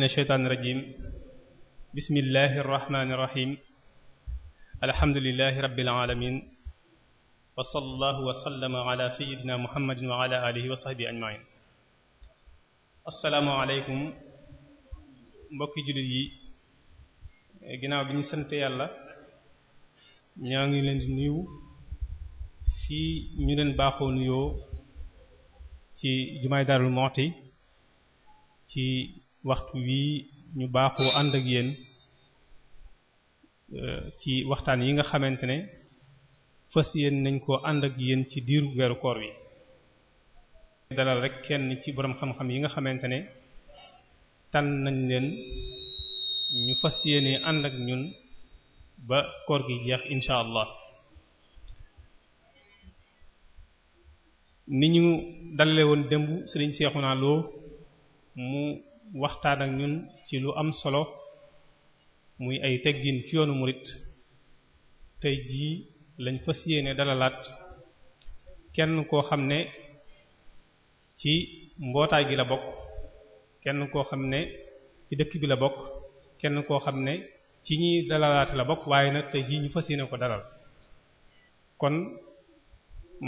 min asheytaan irajim bismillahi arrahmani irrahim alhamdulilahi rabbil alamin wa sallallahu wa sallama ala sayidina muhammadin wa ala alihi wa sahbihi ajmain asalaamaaleykum mbokki jullit yi ginnaaw bi ñu sant yàlla ñaa ngi leen di nuyu fii ñu leen baaxoo nuyoo ci jumaay Darou Moukhty ci waxtu wii ñu baaxoo ànd ak yéen euh, ci waxtaan yi nga xamante ne fas yéen nañ koo ànd ak yéen ci diiru weeru koor wi dalal rek kenn ci boroom xam-xam yi nga xamante ne tànn nañ leen ñu fas yéene ànd ak ñun ba koor gi jeex incha allah ni ñu dalale woon démb sëriñ Seexuna Lo mu waxtaan ak ñun ci lu am solo muy ay teggin ci yoonu murit tey jii lañ fas yéene dalalaat kenn koo xam ne ci mbootaay gi la bokk kenn koo xam ne ci dëkk bi la bokk kenn koo xam ne ci ñi dalalaate la bokk waaye nag tey jii ñu fas yéene ko dalal kon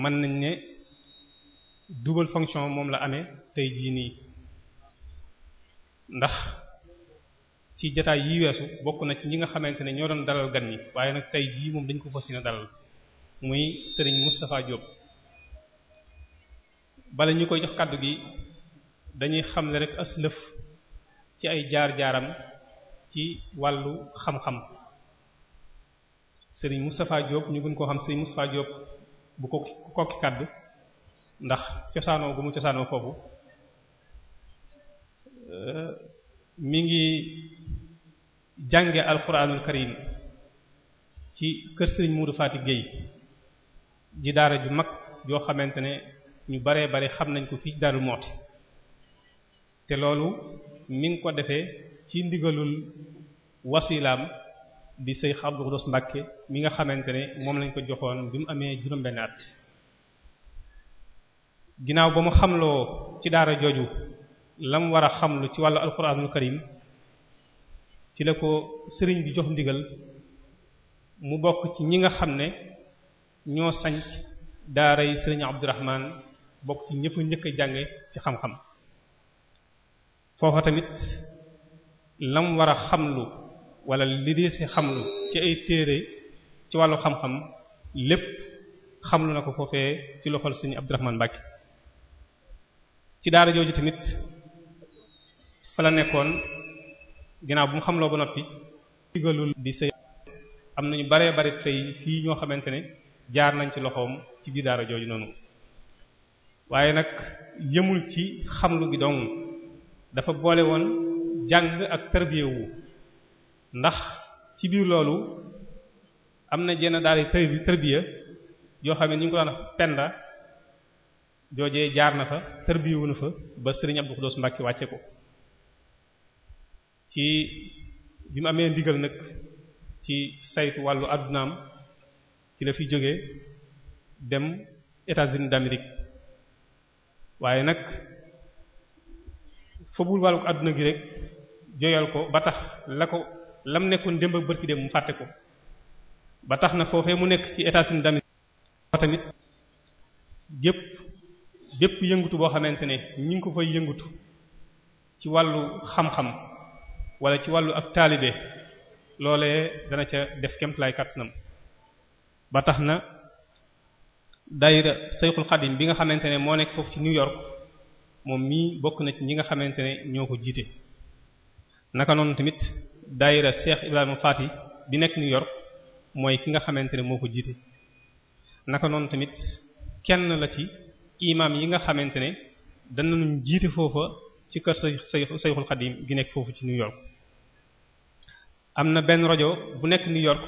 mën nañ ne double fonction moom la ame tey jii nii ndax ci jataay yi weesu bokk na ñi nga xamante ne ñoo doon dalal gan ñi waaye nag tey jii moom dañ ko fas yéene dalal muy sëriñ Moustapha Diop. bala ñu koy jox kàddu gi dañuy xamle rek as ci ay jaar-jaaram ci wàllu xam-xam sëriñ Moustapha Diop ñu gën koo xam sëriñ Moustapha Diop bu ko kokki kàddu ndax cosaanoo gu mu cosaanoo foofu. Euh, mi ngi jànge alquranul karim ci kër Serigne Moudou Fati ji daara ju mag joo xamante ne ñu baree bare xam nañ ko fii ci Darou Moukhty te loolu mi ngi ko defee ci ndigalul wasilaam di sëy Abdou Khoudoss Mbacke mi nga xamante ne moom lañ ko joxoon bi mu amee juróom-benn at ginnaaw ba mu xamloo ci daara jooju lam war a xamlu ci wàllu alquranul karim ci la ko sëriñ bi jox ndigal mu bokk ci ñi nga xam ne ñoo sanc yi sëriñ Abdurahman bokk ci ñëpp njëkk a jànge ci xam-xam foofa tamit lam war a xamlu walla li dee si xamlu ci ay téere ci wàllu xam-xam lépp xamlu na ko foofee ci loxol sëriñ Abdurahman Mbàkke ci daara jooju tamit fa la nekkoon ginnaaw bu mu xamloo ba noppi digalul di sëy am nañu baree bari tey fii ñoo xamante ne jaar nañ ci loxoom ci biir daara jooju noonu waaye nag yëmul ci xamlu gi dong dafa boole woon jàng ak tarbiyewu ndax ci biir loolu am na jenn daara tër tërbiya yoo xam ne ñu ngi ko daan penda joojee jaar na fa tërbiyewu na fa ba Serigne Abdou Khoudoss Mbacké wàcce ko ci bi mu amee ndigal nag ci saytu wàllu àddunaam ci la fi jóge dem États-Unis waaye nag fobul wàllu àdduna gi rek joyal ko ba tax la ko lam nekkoon démb ak bërki dem mu fàtte ko ba tax na foofee mu nekk ci États-Unis d'Amérique tamit gépp bépp yëngutu boo xamante ne ñu ngi ko fay yëngutu ci wàllu xam-xam wala ci wàllu ak taalibe loolee dana ca def kemtalaay kàttanam ba tax na daayira Sayxul Xadim bi nga xamante ne moo nekk foofu ci New York moom mii bokk na ci ñi nga xamante ne ñoo ko jiite naka noonu tamit daayira Cheikh Ibrahima bi nekk New York mooy ki nga xamante ne moo ko jiite naka noonu tamit kenn la ci imam yi nga xamante ne danañu jiite foofa ci kër Sayxul Xadim gi nekk foofu ci New York am na benn rajo bu nekk New York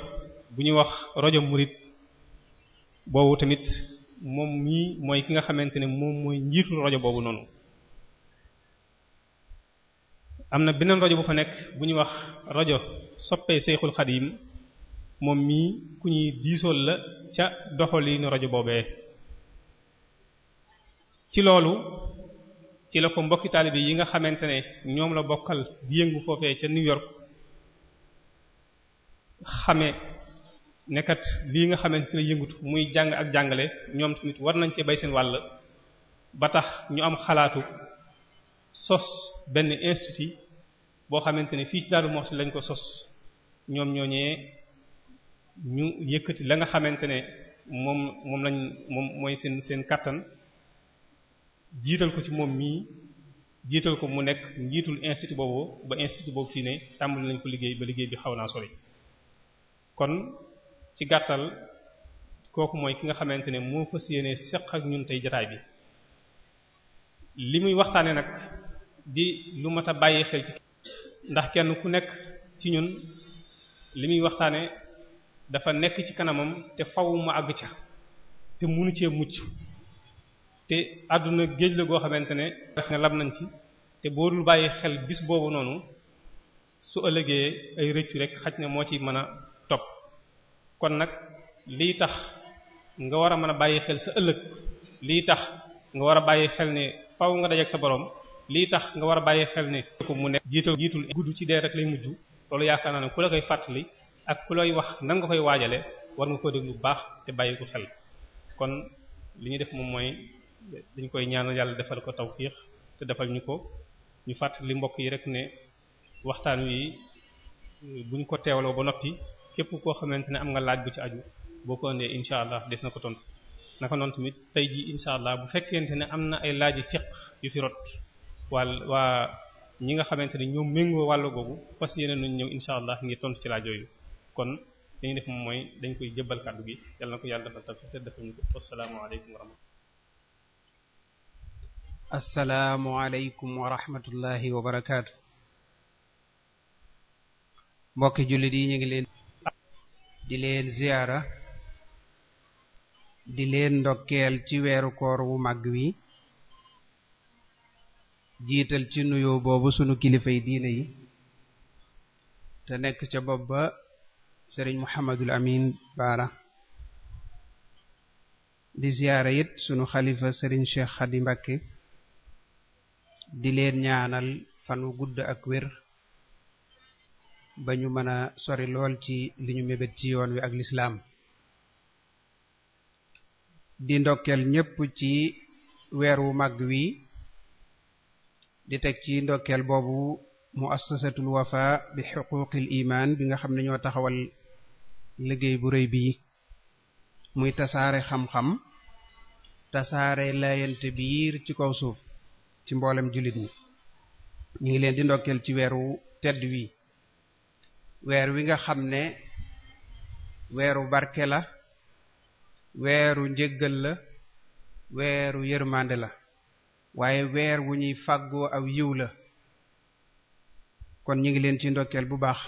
bu ñuy wax rajo murit boobu tamit moom mii mooy ki nga xamante ne moom mooy njiitul rajo boobu noonu am na beneen rajo bu fa nekk bu ñuy wax rajo soppee Seyxul Xadim moom mii ku ñuy diisool la ca doxaliinu rajo boobee ci loolu ci la ko mbokki taalibe yi nga xamante ne ñoom la bokkal di yëngu foofee ca New York xamee nekkat lii nga xamante ne yëngutu muy jàng ak jàngale ñoom tamit war nañ cee bay seen wàll ba tax ñu am xalaatu sos benn institut boo xamante ne fii ci Darou Moukhty lañ ko sos ñoom ñooñee ñu yëkkati la nga xamante ne moom moom lañ moom mooy seen seen kàttan jiital ko ci moom mii jiital ko mu nekk njiitul institut boobu ba institut boobu fii ne tàmbali nañ ko liggéey ba liggéey bi xaw naa sori kon ci gàttal kooku mooy ki nga xamante ne moo fas yéene seq ak ñun tey jotaay bi li muy waxtaane nag bi lu mat a bàyyi xel ci ndax kenn ku nekk ci ñun li muy waxtaane dafa nekk ci kanamam te faw àgg ca te munu cee mucc te àdduna géej la goo xamante ne def nga lam nañ ci te boo dul bàyyi xel bis boobu noonu su ëllëgee ay rëccu rek xaj na moo ci mën a topp kon nag lii tax nga war a mën a bàyyi xel sa ëllëg lii tax nga war a bàyyi xel ne faw nga dajeek sa borom lii tax nga war a bàyyi xel ne ko mu ne jiital jiitul gudd ci dee rek lay mujj loolu yaakaar naa ne ku la koy fàttali ak ku lay wax nan nga koy waajale war nga ko déglu bu baax te bàyyi ko xel kon li ñu def moom mooy dañ koy ñaanal yàlla defal ko taw tawfiix te defal ñu ko ñu fàttali mbokk yi rek ne waxtaan wi buñ ko teewloo ba noppi képp koo xamante ne am nga laaj bu ci aju boo ko indee incha allah des na ko tontu naka noonu tamit tey jii incha allah bu fekkente ne am na ay laaj yu fiq yu fi rot waa ñi nga xamante ne ñoom méngoo wàll googu fas yéene nañu ñëw incha allah ngir tontu ci laaj yooyu kon li def mooy dañ koy jëbbal kàddu gi yàlla na ko yàlla defal tawfiq te defal ñu ko asalaamaaleykum wa rahmatullah. wa rahmatullahi wa barakaatu. mbokki jullit yi ñu ngi leen. di leen ziyaara di leen ndokkeel ci weeru koor wu màgg wi jiital ci nuyoo boobu sunu kilifay diine yi te nekk ca bopp ba sëriñ Muhammadul Amin Baara di ziyaara it sunu xalifa sëriñ Cheikh Xadi Mbakke di leen ñaanal fan wu gudd ak wér ba ñu mën a sori lool ci li ñu mébét ci yoon wi ak lislaam di ndokkeel ñépp ci weer wu màgg wi di teg ci ndokkeel boobu muassasatul wafa bi xuquqil imaan bi nga xam ne ñoo taxawal liggéey bu réy bii muy tasaare xam-xam tasaare laayante biir ci kaw suuf ci mboolem jullit ñi ñu ngi leen di ndokkeel ci weeru tedd wi weer wi nga xam ne weeru barke la weeru njëggal la weeru yërmande la waaye weer wu ñuy faggoo aw yiw la kon ñu ngi leen ci ndokkeel bu baax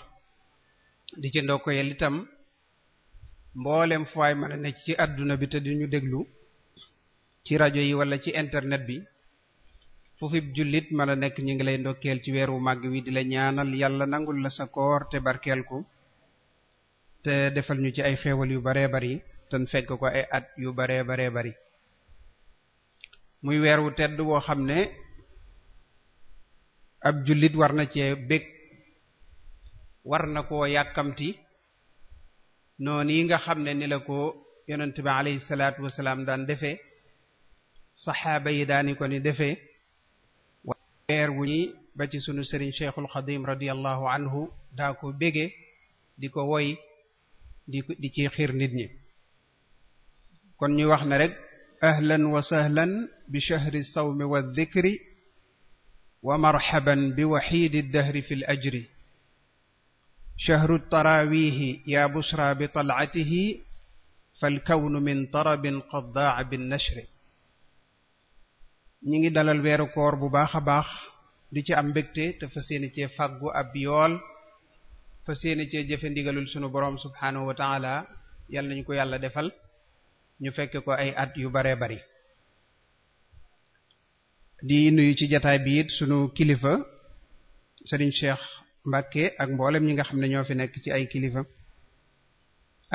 di ci ndokkeel itam mboolem fu waay mën a ne ci àdduna bi te di ñu déglu ci rajo yi wala ci internet bi foofu jullit mën a nekk ñi ngi lay ndokkeel ci weer wu màgg wi di la ñaanal yàlla nangul la sa koor te barkeel ko te defal ñu ci ay xéewal yu baree bari ten fekk ko ay at yu baree bare bari muy weer wu tedd woo xam ne ab jullit war na cee bég war na koo yàkkamti noonu yi nga xam ne ni la ko yonent bi alayhi salaatu wasalaam daan defee saxaaba yi daani ko ni defee weer wu ñi ba ci sunu sëriñ cheikhul xadim radiallahu anhu daa ko bége di ko woy di di ci xiir nit ñi kon ñu wax na rek ahlan wa sahlan bi chahri sawmi wa dhikri wa marhaban bi waxiidi dahri fi l ajri chahru taraawihi yaa bushra bi talcatihi falkawnu min tarabin qad daaca binnashri ñi ngi dalal weeru koor bu baax a baax di ci am mbégte te fas yéene cee fàggu ab yool fas yéene cee jëfe ndigalul sunu borom subhaanahu wa taala yal nañu ko yàlla defal ñu fekk ko ay at yu baree bari di nuyu ci jataay bi it sunu kilifa Serigne Cheikh Mbacke ak mboolem ñi nga xam ne ñoo fi nekk ci ay kilifa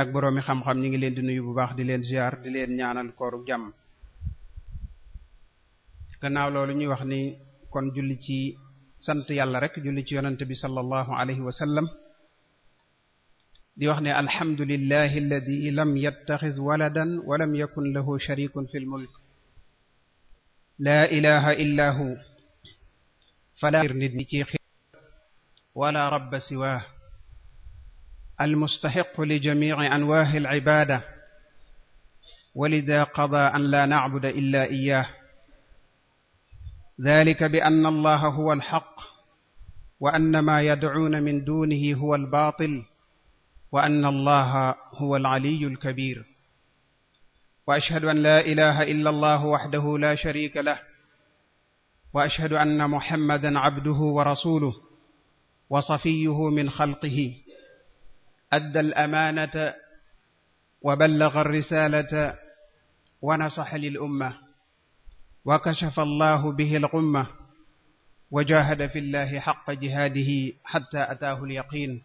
ak boroomi xam-xam ñi ngi leen di nuyu bu baax di leen ziar di leen ñaanal kooru jàmm gannaaw loolu ñuy wax ni kon julli ci sant yàlla rek julli ci yonent bi sallallahu alayhi wa sallam di wax ne alhamdulillahi alladi lam yattaxiz waladan wa lam yakun lahu sharikun fil mulk laa ilaha illa hu fala nit ñi ci wala rabba siwaa almustaxiqu li jamici anwaahi alcibaada walida qada an la nacbuda illa iyaah ذلك بأن الله هو الحق وأن ما يدعون من دونه هو الباطل وأن الله هو العلي الكبير وأشهد أن لا إله إلا الله وحده لا شريك له وأشهد أن محمدا عبده ورسوله وصفيه من خلقه أدى الأمانة وبلغ الرسالة ونصح للأمة wa kachafa allahu bihi al-ghumma wa jahada fi llahi xaqa jihaadihi xatta ataahu al-yaqiin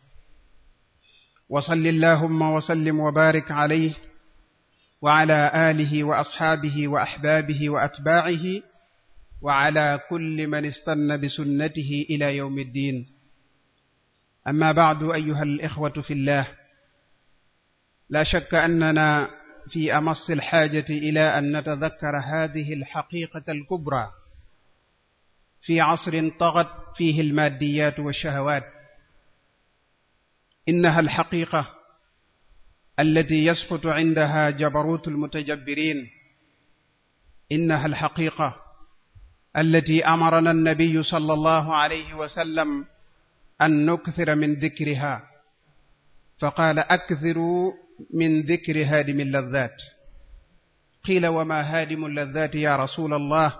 wa salli allahumma wa sallim wa baarik alayhi wa ala aalihi wa asxaabihi wa axbaabihi wa atbaacihi wa ala kulli man istanna bi sunnatihi ila yawmi ddiin amma bacdu ayyuha al-ixwatu fi llah la shakka annana في أمص الحاجة إلى أن نتذكر هذه الحقيقة الكبرى في عصر طغت فيه الماديات والشهوات إنها الحقيقة التي يسقط عندها جبروت المتجبرين إنها الحقيقة التي أمرنا النبي صلى الله عليه وسلم أن نكثر من ذكرها فقال أكثروا من ذكر هادم اللذات قيل وما هادم اللذات يا رسول الله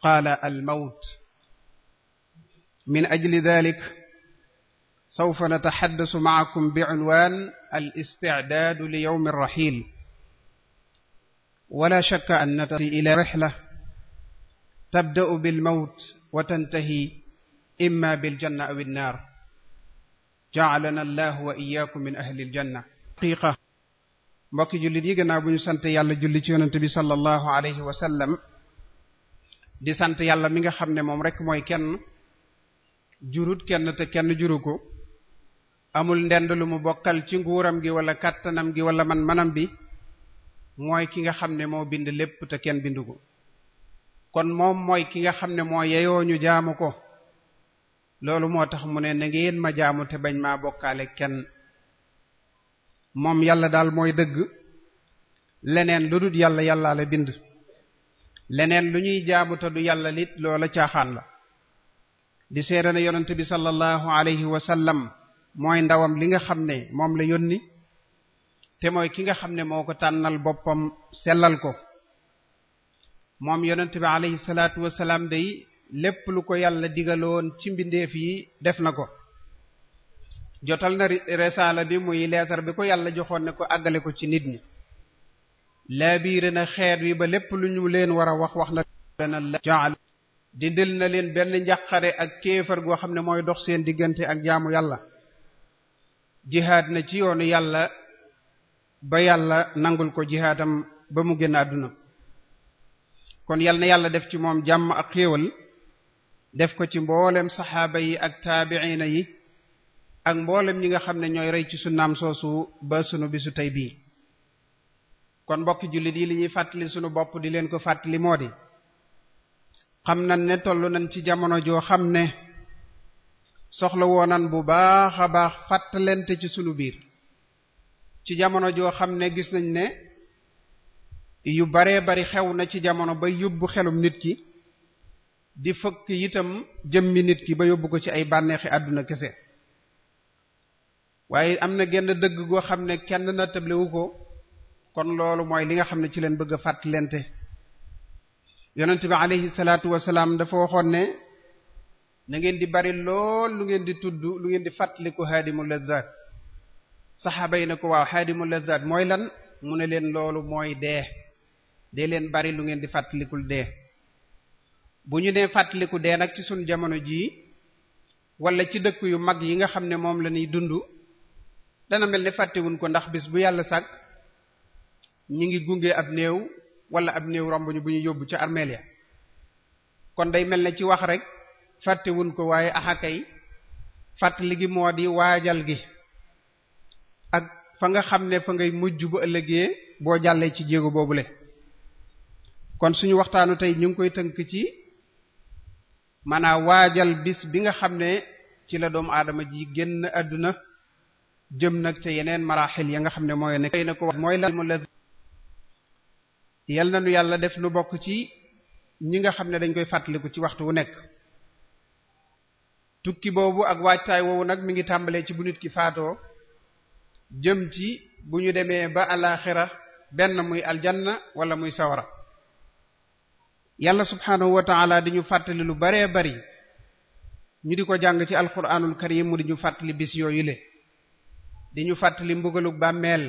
قال الموت من أجل ذلك سوف نتحدث معكم بعنوان الاستعداد ليوم الرحيل ولا شك أن نتطي إلى رحلة تبدأ بالموت وتنتهي إما بالجنة أو النار جعلنا الله وإياكم من أهل الجنة xaqiqa mbokki jullit yi gannaaw bu ñu sant yàlla julli ci yonent bi sallallahu alayhi wa sallam di sant yàlla mi nga xam ne moom rek mooy kenn jurut kenn te kenn juru ko amul ndend lu mu bokkal ci nguuram gi wala kàttanam gi wala man manam bi mooy ki nga xam ne moo bind lépp te kenn bindu ko kon moom mooy ki nga xam ne moo yeyoo ñu jaamu ko loolu moo tax mu ne ngeen ma jaamu te bañ maa bokkaale kenn moom yàlla daal mooy dëgg leneen lu dul yàlla yàllaa la bind leneen lu ñuy jaamu te du yàlla lit loola caaxaan la di seere na yonent bi sallallahu alayhi wa sallam mooy ndawam li nga xam ne moom la yónni te mooy ki nga xam ne moo ko tànnal boppam sellal ko moom yonent bi alayhi salaatu wa day lépp lu ko yàlla digaloon ci mbindeef yi def na ko jotal na risaala bi muy leetar bi ko yàlla joxoon ne ko àggale ko ci nit ñi laabiire na xeet wi ba lépp lu ñu leen war a wax wax na di dindil na leen benn njàqare ak kéefar goo xam ne mooy dox seen diggante ak jaamu yàlla jihaad na ci yoonu yàlla ba yàlla nangul ko jihaadam ba mu génn àdduna kon yal na yàlla def ci moom jàmm ak xéewal def ko ci mboolem saxaaba yi ak taabiina yi ak mboolem ñi nga xam ne ñooy rey ci sunnaam soosu ba sunu bisu tey bii kon mbokki jullit yi li ñuy fàttali sunu bopp di leen ko fàttali moo di xam nañ ne tollu nañ ci jamono joo xam ne soxlawoo nan bu baax a baax fàttalente ci sunu biir ci jamono joo xam ne gis nañ ne yu baree bari xew na ci jamono ba yóbbu xelum nit ki di fëkk itam jëmmi nit ki ba yóbbu ko ci ay bànneexi àdduna kese waaye am na genn dëgg goo xam ne kenn na tablewu ko kon loolu mooy li nga xam ne ci leen bëgg a fàttalente yonent bi alayhi salaatu wasalaam dafa waxoon ne na ngeen di bari lool lu ngeen di tudd lu ngeen di fàttaliku haadimu lazzaat saxaaba yi ne ko waaw haadimu lazzaat mooy lan mu ne leen loolu mooy dee dee leen bari lu ngeen di fàttalikul dee bu ñu nee fàttaliku dee nag ci sunu jamono jii wala ci dëkk yu mag yi nga xam ne moom la ñuy dund dana mel ni fàttewuñ ko ndax bis bu yàlla sàkk ñi ngi gunge ab néew wala ab néew romb ñu bu ñu yóbbu ca armeel ya kon day mel na ci wax rek fàttewuñ ko waaye axakay fàttali gi moo di waajal gi ak fa nga xam ne fa ngay mujj bu ëllëgee boo jàllee ci jéego le kon suñu waxtaanu tey ñu ngi koy tënk ci maanaam waajal bis bi nga xam ne ci la doomu aadama ji génn àdduna jëm nag ca yeneen maraaxil ya nga xam ne mooy nekk na ko mooy la yal na nu yàlla def nu bokk ci ñi nga xam ne dañ koy fàttaliku ci waxtu wu nekk tukki boobu ak waajtaay woowu nag mi ngi tàmbalee ci bu nit ki faatoo jëm ci bu ñu demee ba alaaxira benn muy aljanna wala muy sawara yàlla subhaanahu wa taala di ñu fàttali lu baree bari ñu di ko jàng ci alquranul karim mu di ñu fàttali bis le di ñu fàttali mbugalug bàmmeel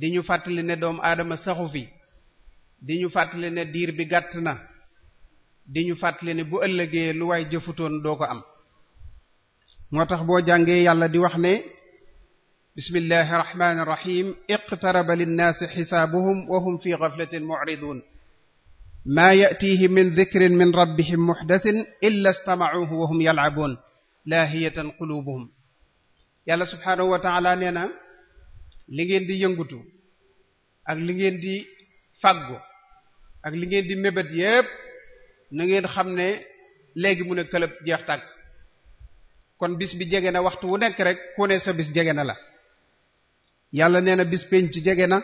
di ñu fàttali ne doomu aadama saxu fi di ñu fàttali ne diir bi gàtt na di ñu fàttali ne bu ëllëgee lu waay jëfutoon doo ko am moo tax boo jàngee yàlla di wax ne bismillahi irrahmani irrahim iqtaraba xisaabuhum wa hum fi gaflatin mucriduun maa yatihim min dikrin min rabbihim muxdatin illa stamacuuhu wa hum yalcabuun laahiyatan quluubuhum yàlla subhaanahu wa nee na li ngeen di yëngutu ak li ngeen di fàggu ak li ngeen di mébét yépp na ngeen xam ne léegi mu ne këlëb jeex tàgg kon bis bi jege na waxtu wu nekk rek ku ne sa bis jege na la yàlla nee na bis penc jege na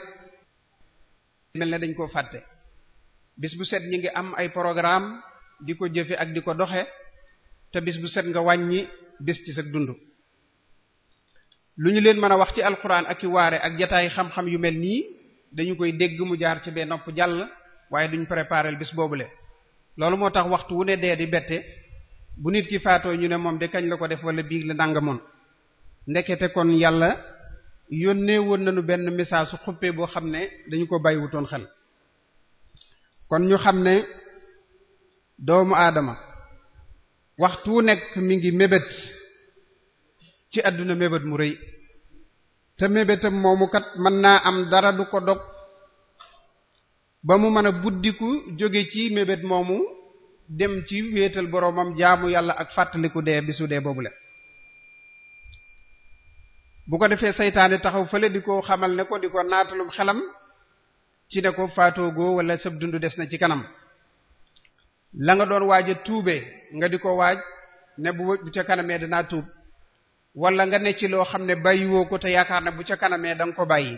mel na dañ koo fàtte bis bu set ñi ngi am ay programme di ko jëfe ak di ko doxe te bis bu set nga wàññi bis ci sa dund lu ñu leen mën a wax ci alxuraan ak i waare ak jataay xam-xam yu mel nii dañu koy dégg mu jaar ci bee nopp jàll waaye duñu duñ préparer boobu le loolu moo tax waxtu wu ne dee di bette bu nit ki faatoo ñu ne moom de kañ la ko def wala biig la nangamoon ndekete kon yàlla yónnee woon nañu benn message su xuppe boo xam ne dañu ko wutoon xel kon ñu xam ne doomu aadama waxtu wu nekk mi ngi mébét. ci àdduna mébét mu rëy te mébétam moomu kat mën naa am dara du ko dog ba mu mën a buddiku jóge ci mébét moomu dem ci wéetal boroomam jaamu yàlla ak fàttaliku dee bisu dee boobu la bu ko defee seytaane taxaw fële di ko xamal ne ko di ko naatalum xelam ci ne ko faatoogoo wala sab dund des na ci kanam la nga doon waaj tuube nga di ko waaj ne bu ca kanamee danaa tuub wala nga ne ci loo xam ne bàyyiwoo ko te yaakaar ne bu ca kanamee da nga ko bàyyi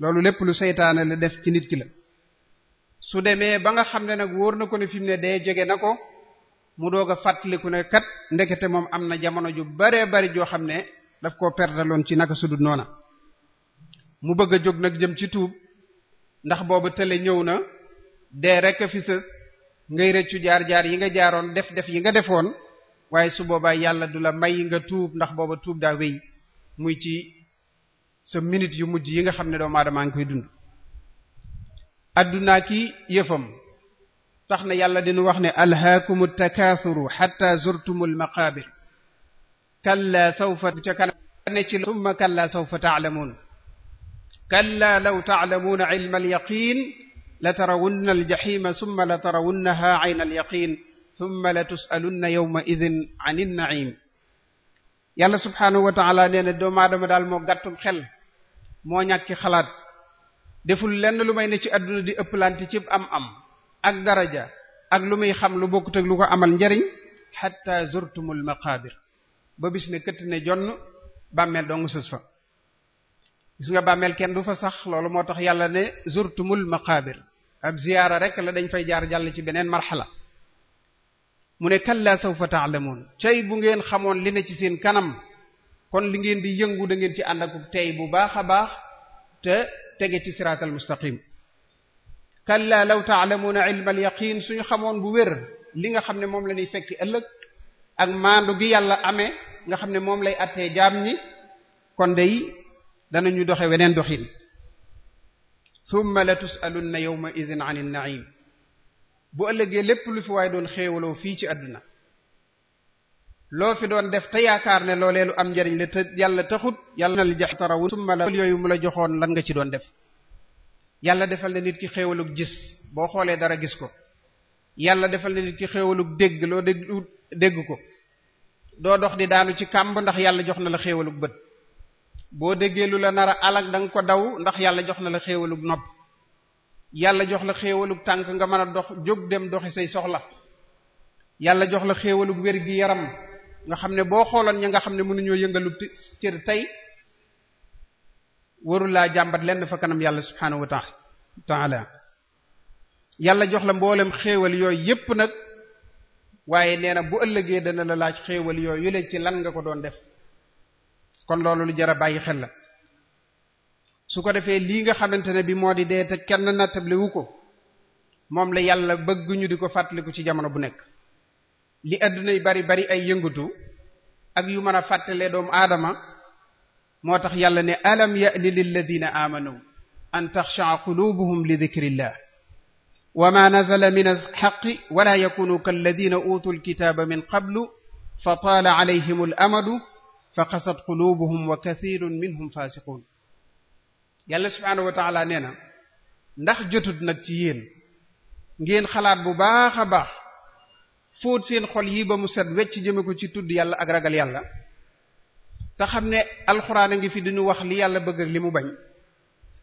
loolu lépp lu seytaane la def ci nit ki la su demee ba nga xam ne nag wóor na ko ne fi mu ne dee jege na ko mu doog a fàttaliku ne kat ndekete moom am na jamono ju baree bari joo xam ne daf koo perdaloon ci naka sudul noona mu bëgg a jóg nag jëm ci tuub ndax boobu tële ñëw na dee rek a fi sës ngay rëccu jaar jaar yi nga jaaroon def def yi nga defoon waaye su boobaa yàlla du la may nga tuub ndax booba tuub daa wéy muy ci sa minute yu mujj yi nga xam ne doomu aadama ngi koy dund. addunaa ki yëfam tax na yàlla dinu wax ne alhaakumu takaasuru xatta zurtumul maqaabir kalla sawfa ca kana ne ci summa kalla sawfa taalamuun kalla law taalamuuna ilma alyaqiin la tarawunna aljaxiima summa la tarawunnaha ayna alyaqiin thumma la tusalunna yawma idin anin naim yàlla subhaanahu wa taala nee na doomu aadama daal moo gàttum xel moo ñàkki xalaat deful lenn lu may ne ci àdduna di ëpplante ci am am ak daraja ak lu muy xam lu bokkut ak lu ko amal njariñ xatta zurtumul maqabir ba bis ne këtt ne jonn bàmmeel dong sës fa gis nga bàmmeel kenn du fa sax loolu moo tax yàlla ne zurtumul maqabir ab ziyaara rek la dañ fay jaar jàll ci beneen marxala mu ne kalla sawfa ta'lamun cay bu ngeen xamoon li ne ci seen kanam kon li ngeen di yëngu da ngeen ci ànd ak tey bu baax a baax te tege ci siraatal mustaqim kalla law ta'lamuna ilma al yaqin suñu xamoon bu wér li nga xam ne moom la fekki ëllëg ak maandu gi yàlla amee nga xam ne moom lay attee jaam ñi kon dey dana danañu doxe weneen doxin thumma la tus'alunna yawma idhin 'anil na'im bu ëllëgee lépp lu fi waay doon xéewaloo fii ci àdduna loo fi doon def te yaakaar ne loolee lu am njariñ la te yàlla taxut yàlla na la jox tarawu summa la yooyu mu la joxoon lan nga ci doon def yàlla defal na nit ki xéewalug gis boo xoolee dara gis ko yàlla defal na nit ki xéewalug dégg loo dégg dégg ko doo dox di daanu ci kàmb ndax yàlla jox na la xéewalug bët boo déggee lu la nar a danga ko daw ndax yàlla jox na la xéewalug nopp yàlla jox la xéewalug tànk nga mën a dox jóg dem doxi say soxla yàlla jox la xéewalug wér gi yaram nga xam ne boo xooloon ña nga xam ne mënuñoo yëngalu cër tey waru laa jàmbat lenn fa kanam yàlla subhaanahu wa ta'ala yàlla jox la mboolem xéewal yooyu yépp nag waaye nee na bu ëllëgee dana la laaj xéewal yooyu yële ci lan nga ko doon def kon loolu lu jar a bàyyi xel la su ko defee lii nga xamante ne bi moo di dee te kenn nattable wu ko moom la yàlla bëgg di ko fàttaliku ci jamono bu nekk li àdduna yi bari bari ay yëngatu ak yu mën a fàttalee doomu aadama moo tax yàlla ne alam ya'ni lilladina amanu an taxsha'a qulubuhum li dhikrillah wa ma nazala min alxaqi wala yakunu kalladina utu alkitaba min qablu fa taala alayhim al amadu qulubuhum wa kathirun minhum fasiqun yàlla subhaanahu wa nee na ndax jotut nag ci yéen ngeen xalaat bu baax a baax fóot seen xol yii ba mu set wecc jëme ko ci tudd yàlla ak ragal yàlla te xam ne alxuraan a ngi fi duñu wax li yàlla bëgg ak li mu bañ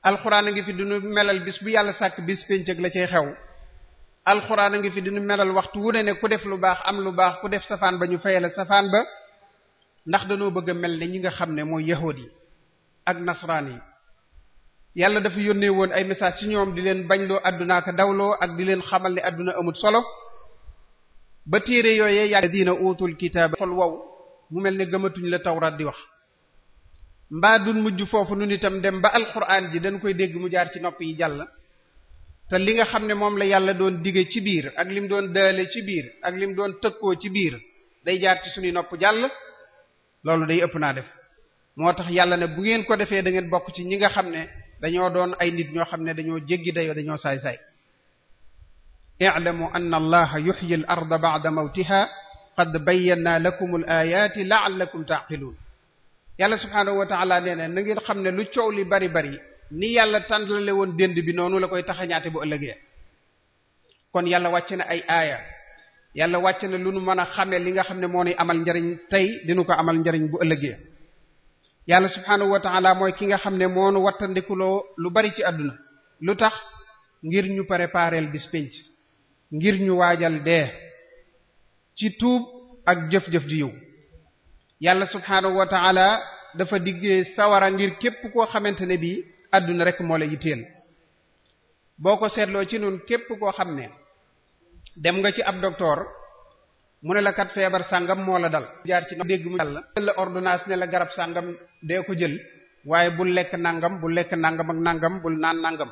alxuraan a ngi fi nu melal bis bu yàlla sàkk bis pénc ak la cay xew alxuraan a ngi fi duñu melal waxtu wu ne ne ku def lu baax am lu baax ku def safaan ba ñu fayale safaan ba ndax dañoo bëgg a mel ne ñi nga xam ne mooy yahood yi ak nasraan yi yàlla dafa yónnee woon ay message ci ñoom di leen bañloo àdduna ka dawloo ak di leen xamal ne àdduna amut solo ba téere yooyee yàlla diina utul kitaab xol wow mu mel ne gëmatuñu la tawraat di wax mbaa dun mujj foofu nun itam dem ba alxuraan ji dañ koy dégg mu jaar ci nopp yi jàll te li nga xam ne moom la yàlla doon dige ci biir ak li mu doon daale ci biir ak li mu doon tëkkoo ci biir day jaar ci suñuy nopp jàll loolu day ëpp naa def moo tax yàlla ne bu ngeen ko defee da ngeen bokk ci ñi nga xam ne dañoo doon ay nit ñoo xam ne dañoo jéggi dayoo dañoo saay-saay i'lamu anna allaha yuhyi al arda ba'da mawtiha qad bayyana lakum al ayati la'allakum ta'qiluun yàlla subhaanahu na ngeen xam ne lu coow li bari bari ni yàlla tàndale woon dénd bi noonu la koy taxañaate bu ëllëgee kon yàlla wàcc na ay aaya yàlla wàcc na lu nu mën a xamee li nga xam ne moo ni amal njariñ tey dinu ko amal njariñ bu ëllëgee yàlla subhaanahu wa ta'ala mooy ki nga xam ne moonu wattandikuloo lu bari ci àdduna lu tax ngir ñu préparel bis ngir ñu waajal dee ci tuub ak jëf-jëf ji yow yàlla subhaanahu wa dafa diggee sawara ngir képp koo xamante ne bii àdduna rekk moo la yitteel boo ko seetloo ci noonu képp koo xam ne dem nga ci ab docteur mu ne la kat feebar sàngam moo la dal jaar ci dégg mu yàlla jël la ordonnance ne la garab sàngam dee ko jël waaye bul lekk nangam bul lekk nangam ak nangam bul naan nangam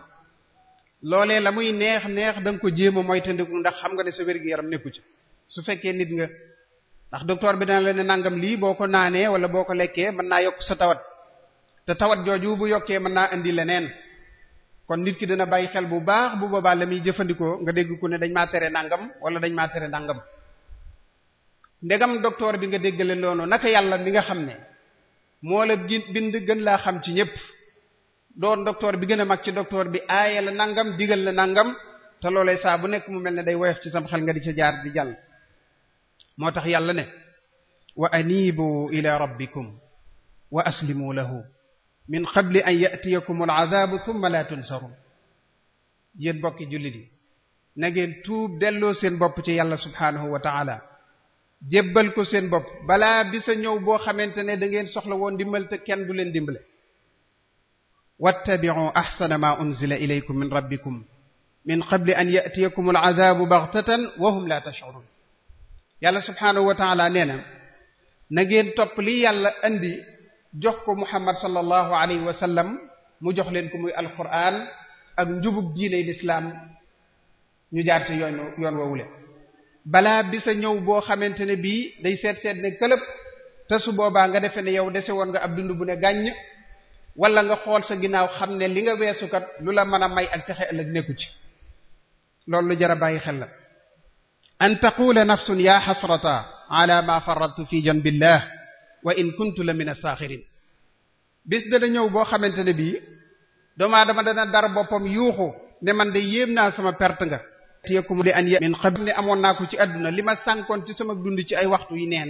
loolee la muy neex neex danga ko jéem a moytandiku ndax xam nga ne sa wér-gu-yaram nekku ci su fekkee nit nga ndax docteur bi dana la ne nangam lii boo ko naanee wala boo ko lekkee mën naa yokk sa tawat te tawat jooju bu yokkee mën naa indi leneen kon nit ki dana bàyyi xel bu baax bu boobaa la muy jëfandikoo nga dégg ku ne dañ maa tere nangam wala dañ maa tere nangam ndegam docteur bi nga déggale loonu naka yàlla mi nga xam ne moo la bind gën laa xam ci ñépp doon docteur bi gën a mag ci docteur bi aaye la nangam digal la nangam te loolee saa bu nekk mu mel ne day woyof ci sam xel nga di ca jaar di jàll moo tax yàlla ne wa anibu ila rabbikum wa aslimu lahu min qabli an yatiyakum aladabu thumma la tunsarun yéen bokki jullit yi na tuub delloo seen bopp ci yàlla subhanahu wa taala jébbal ko seen bopp balaa bisa ñëw boo xamante ne dangeen soxla woon dimbal te kenn du leen dimbale wattabi'u ahsana ma unzila ilaykum min rabbikum min qabli an ya'tiyakum al'adhabu baghtatan wa hum la tash'urun yàlla subhanahu wa nee na na ngeen topp lii yàlla indi jox ko muhammad sallallahu alayhi wa sallam mu jox leen ko muy alquran ak njubug diine l'islam ñu jaarte yoon yoon woowule balaa bi sa ñëw boo xamante ne bii day seet seet ne këlëb te su boobaa nga defee ne yow dese woon nga ab dund bu ne gàññ walla nga xool sa ginnaaw xam ne li nga weesu kat lu la mën a may ak texe ëllëg nekku ci loolu lu jar a bàyyi xel la an taqula nafsun ya xasrata ala ma faradtu fi janbillah wa in kuntu la min as-saxirin bis dana ñëw boo xamante ne bii doomu aadama dana dar boppam yuuxu ne man de yéem naa sama pert nga yatiyakum li an ya min qabl ne amoon naa ko ci àdduna li ma sànkoon ci sama dund ci ay waxtu yi neen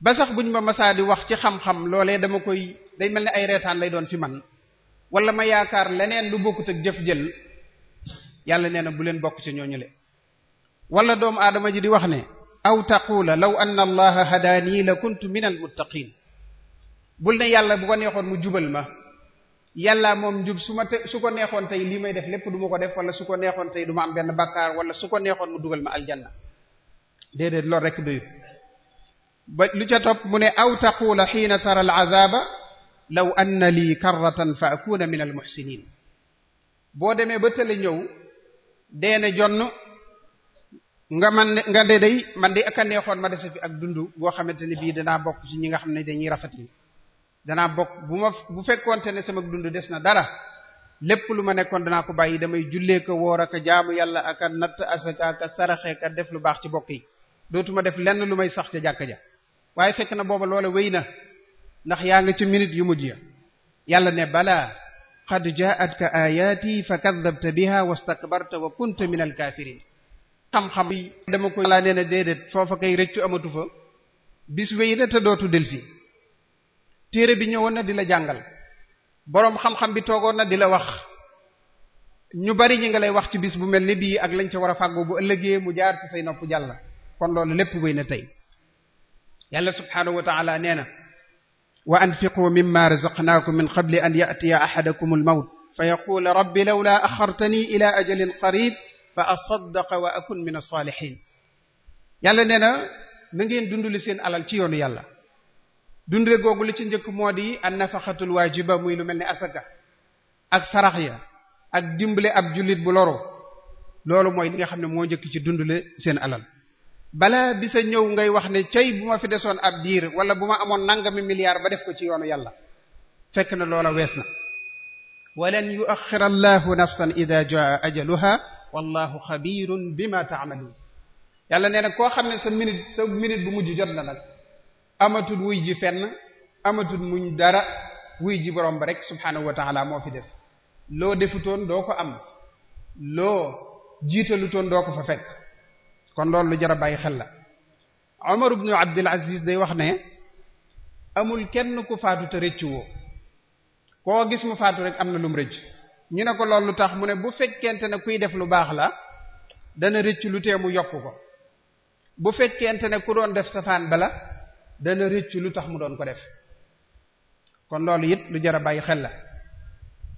ba sax buñ ma masaa di wax ci xam-xam loolee dama koy day mel ni ay reetaan lay doon fi man wala ma yaakaar leneen lu bokkut ak jëf jël yàlla nee na bu leen bokk ci ñooñu le wala doomu aadama ji di wax ne aw taqula law anna allaha hadaanii la kuntu min al muttaqin bul ne yàlla bu neexoon mu jubal ma yàlla moom njub su ma te su ko neexoon tey lii may def lépp duma ko def wala su ko neexoon tey duma am benn bakkaar wala su ko neexoon mu dugal ma aljanna déedéet loolu rek doyut ba lu ca topp mu ne aw taqula xiina tara al azaba law anna lii karratan fa akuna min al muhsinin boo demee ba tële ñëw deene jonn nga man nga de day man de ak neexoon ma dese fi ak dund goo xamante ne bii danaa bokk ci ñi nga xam ne dañuy rafet yi danaa bokk bu ma bu fekkoonte ne sama dund des na dara lépp lu ma nekkoon danaa ko bàyyi damay jullee ko woor ak jaamu yàlla ak a natt asaka ak a saraxe ak a def lu baax ci bokk yi dootuma def lenn lu may sax ca jàkk ja waaye fekk na booba loola wéy na ndax yaa nga ci minute yu mujj ya yàlla ne balaa qad ja'atka ayaati fa kadhabta biha wastakbarta wa kunta minal kaafiriin xam-xam dama ko laa nee na déedéet foofa kay rëccu amatu fa bis wéy na te dootu delsi téere bi ñëwoon na di la jàngal boroom xam bi toogoon na di la wax ñu bari ñi nga wax ci bis bu mel ni bii ak lañ ca war a fàggoo bu ëllëgee mu jaar ci say nopp jàll kon loolu lépp wéy na tey yàlla subhaanahu wa taala nee na wa anfiquu mimma razaqnaakum min qabli an ya'tiya ahadakum al-mawt fa yaqula rabbi lawla axartani ila ajalin qarib fa asaddaqa wa akun min as-salihin yàlla nee na seen alal ci yoonu yàlla dundee googu li ci njëkk moo di an nafaxatul waajiba muy lu mel ne asaka ak saraxya ak dimbale ab jullit bu loro loolu mooy li nga xam ne moo njëkk ci dundale seen alal balaa sa ñëw ngay wax ne cey bu ma fi desoon ab diir wala bu ma amoon mi milliard ba def ko ci yoonu yàlla fekk na loola wees na walan yuaxira allahu nafsan ida jaa ajaluha wallahu xabirun bima taamaluun yàlla nee na koo xam ne sa minute sa bu mujj jot na nag amatul wuy ji fenn amatul muñ dara wuy ji borom ba rek subhaanahu wa moo fi des loo defutoon doo ko am loo jiitalutoon doo ko fa fekk kon loolu lu jar a bàyyi xel la Umar ibn Abdul Aziz day wax ne amul kenn ku faatu te rëccu koo gis mu faatu rek am na lu mu rëcc ñu ne ko lu tax mu ne bu fekkente ne kuy def lu baax la dana rëcc lu tee mu yokk ko bu fekkente ne ku doon def safaan bala dana rëccu lu tax mu doon ko def kon loolu it lu jar a bàyyi xel la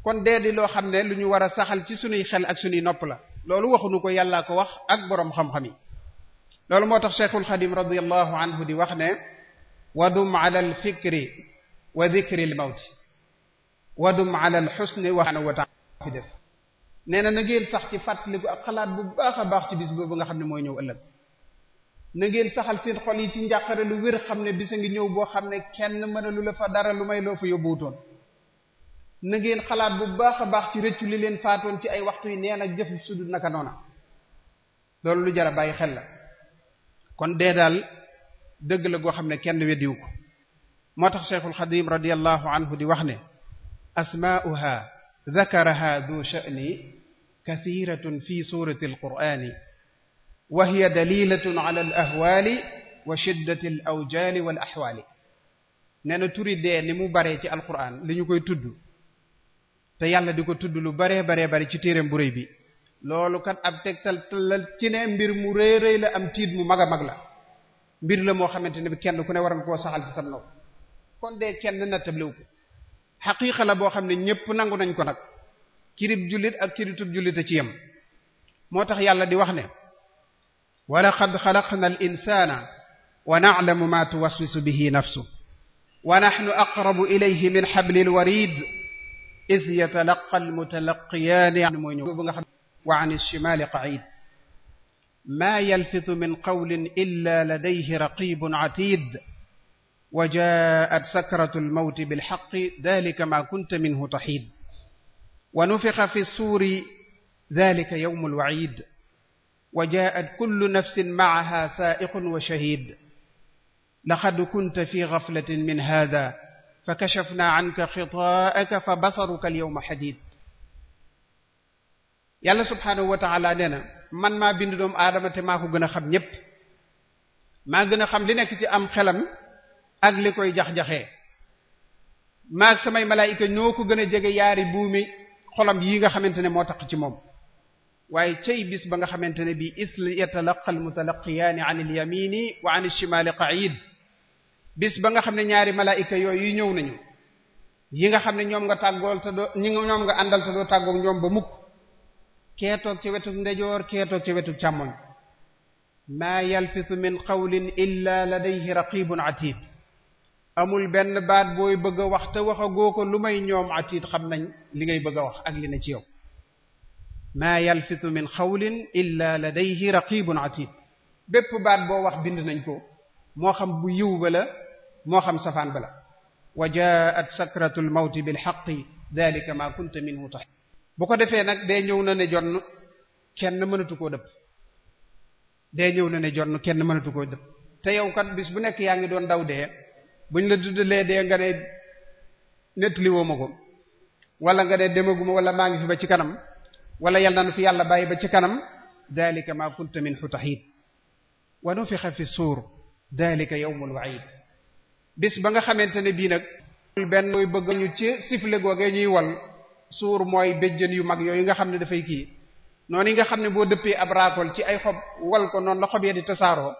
kon dee di loo xam ne lu ñu war a saxal ci suñuy xel ak sunuy nopp la loolu waxuñu ko yàllaa ko wax ak boroom xam-xam yi loolu moo tax Cheikhul Xadim radiyallahu anhu di wax ne wadum ala al fikri wa dhikri al mawt wadum ala al husni wa wa taala fi des nee na na ngeen sax ci fàttaliku ak xalaat bu baax a baax ci bis boobu nga xam ne mooy ñëw ëllëg na ngeen saxal seen xol yi ci njàqare lu wér xam ne bisa ngi ñëw boo xam ne kenn mënalu la fa dara lu may loo fa yóbbuwutoon na ngeen xalaat bu baax a baax ci rëccu li leen faatoon ci ay waxtu yi neen ak jëf su loolu lu jara bàyyi xel la kon dee daal dëgg la goo xam ne kenn weddiwu ko moo tax Cheikhul Xadim radiyallahu anhu di wax ne asmaa'uha dhakaraha du sha'ni kathiratun fi surati al wa hiya dalilatun ala al ahwaali wa shiddati al awjaali wal ahwaali nee na turi dee ni mu bare ci alquran li ñu koy tudd te yàlla di ko tudd lu baree baree bari ci téereem bu rëy bi loolu kat ab tegtal talal ci ne mbir mu rëy rëy la am tiit mu mag a mag la mbir la moo xamante ne bi kenn ku ne war koo saxal ci sa nopp kon dee kenn nattabliwu ko xaqiiqa la boo xam ne ñëpp nangu nañ ko nag kirib jullit ak kirib tub jullit a ci yem moo tax yàlla di wax ne wa laqad xalaqna al insana wa naclamu ma tuwaswisu bihi nafsu wa naxnu aqrabu ilayhi min xabli lwarid id yatalaqa almutalaqiyaani mooy ñëw bu nga xam wa an alchimaali qaciid maa yalfitu min qawlin illa ladayhi raqibun atid wa jaat sakratu almawti bilxaqi dalika ma kunta minhu taxiid wa nufixa fi suuri dalika yowmu alwacid wa jaat kullu nafsin maaha saaiqun wa shahid laqad kunta fi gaflatin min hada fa kachafna anka xitaaka fa basaruka alyawma xadid yàlla subhaanahu wa taala nee na man maa bindu doomu aadama te maa ko gën a xam ñépp maa gën a xam li nekk ci am xelam ak li koy jax-jaxee maag samay malaayika ñoo ko gën a jege yaari buumi xolam yi nga xamante ne moo tax ci moom waaye cay bis ba nga xamante ne bii is yatalaqa almutalaqiyaani an ilyamini wa an alchimaali qaid bis ba nga xam ne ñaari malaayika yooyu ñëw nañu yi nga xam ne ñoom nga tàggool te doo ñi ñoom nga àndal te doo tàggoog ñoom ba mukk kee toog ci wetu ndejoor kee toog ci wetu càmmoñ maa yalfisu min qawlin illa ladayhi raqibun atid amul benn baat booy bëgg a wax te waxagoo ko lu may ñoom atid xam nañ li ngay bëgg a wax ak li ci yow ma yalfitu min xawlin illa ladayhi raqibun atid bépp baat boo wax bind nañ ko moo xam bu yiw bala moo xam safaan ba la wa jaat sakratul mawti bi haqqi dalika ma min mu tax bu ko defee nag day ñëw na ne jon kenn mënatu koo dëpp day ñëw na ne jonn kenn mënatu koo dëpp te yow kat bis bu nekk yaa ngi doon daw dee buñ la tuddalee dee nga ne nettaliwoo ma ko walla nga ne demaguma wala maa ngi fi ba ci kanam wala yal nañu fi yàlla bàyyi ba ci kanam dalika ma kunta minhu tahid wa nufixa fi suur dalika yawmul wa'id ba nga xamante ne bii nag benn mooy ci sifle googee ñuy wal suur mooy béjjën yu mag yooyu nga xam ne dafay kii noonu yi nga xam ne boo dëppee ab ci ay xob wal xob ya tasaaroo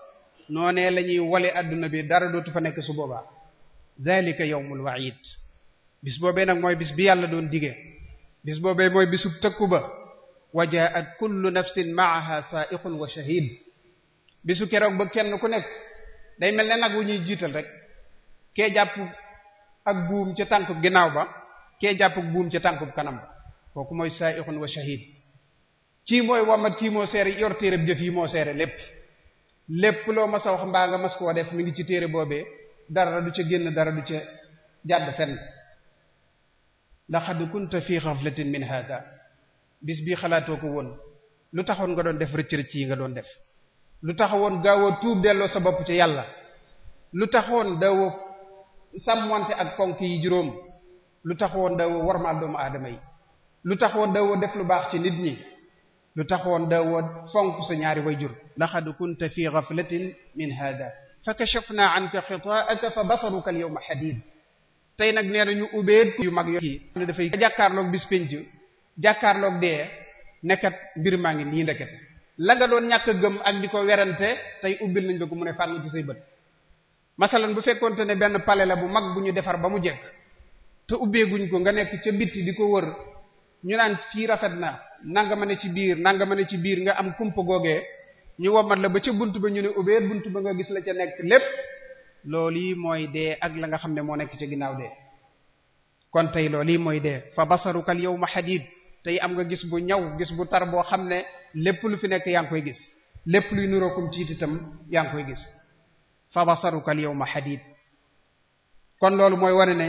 noonee la ñuy wale adduna bi dara dootu fa nekk su boobaa dalika yawmul wa'id bis boobee nag mooy bis bi yàlla doon digee bis boobee mooy bisub tëkku ba wa ak kullu nafsin maaha saaiqun wa shahid bisu keroog ba kenn ku nekk day mel ne nag wu ñuy jiital rek kee jàpp ak buum ca tànkub ginnaaw ba kee jàpp ak buum ca tànkub kanam ba kooku mooy saaiqun wa shahid kii mooy wamat kii moo seere yor téereb jëf yi moo seere lépp lépp loo mas a wax mbaa nga mas koo def mu ngi ci téere boobee dara du ca génn dara du ca jàdd fenn laqad kunta fi ghaflatin min hada bis bii xalaatoo ko woon lu taxoon nga doon def rëcc rëcc yi nga doon def lu taxawoon gaawoo tuub delloo sa bopp ci yàlla lu taxoon daawoo sàmmante ak ponk yi juróom lu taxoon daawoo warmaal doomu aadama yi lu taxoon daawoo def lu baax ci nit ñi lu taxoon daawoo fonk sa ñaari wayjur laqad kunta fi ghaflatin min hada fa kashafna anka xitaa'aka fa basaruka al yawma hadid tey nag nee na ñu ubeet yu mag yo yi dafay jàkkaarloog bis penc jàkkaarloog de nekkat mbir maa ngi nii ndeket la nga doon ñàkk gëm ak di ko werante tey ubbil nañ la ko mu ne fànn ci say bët masalan bu fekkoonte ne benn pale la bu mag bu ñu defar ba mu jekk te ubbeeguñ ko nga nekk ca bitti di ko wër ñu naan fii rafet na nanga ma ne ci biir nanga ma ne ci biir nga am kumpa googee ñu womat la ba ca bunt ba ñu ne ubbee bunt ba nga gis la ca nekk lépp loolu yi mooy dee ak la nga xam ne moo nekk ca ginnaaw dee kon tey loolu yi mooy dee fa basaruka al yawma hadid tey am nga gis bu ñaw gis bu tar boo xam ne lépp lu fi nekk yaa ngi koy gis lépp luy nurookum tiit itam yaa ngi koy gis fa basaruka al yawma hadid kon loolu mooy wane ne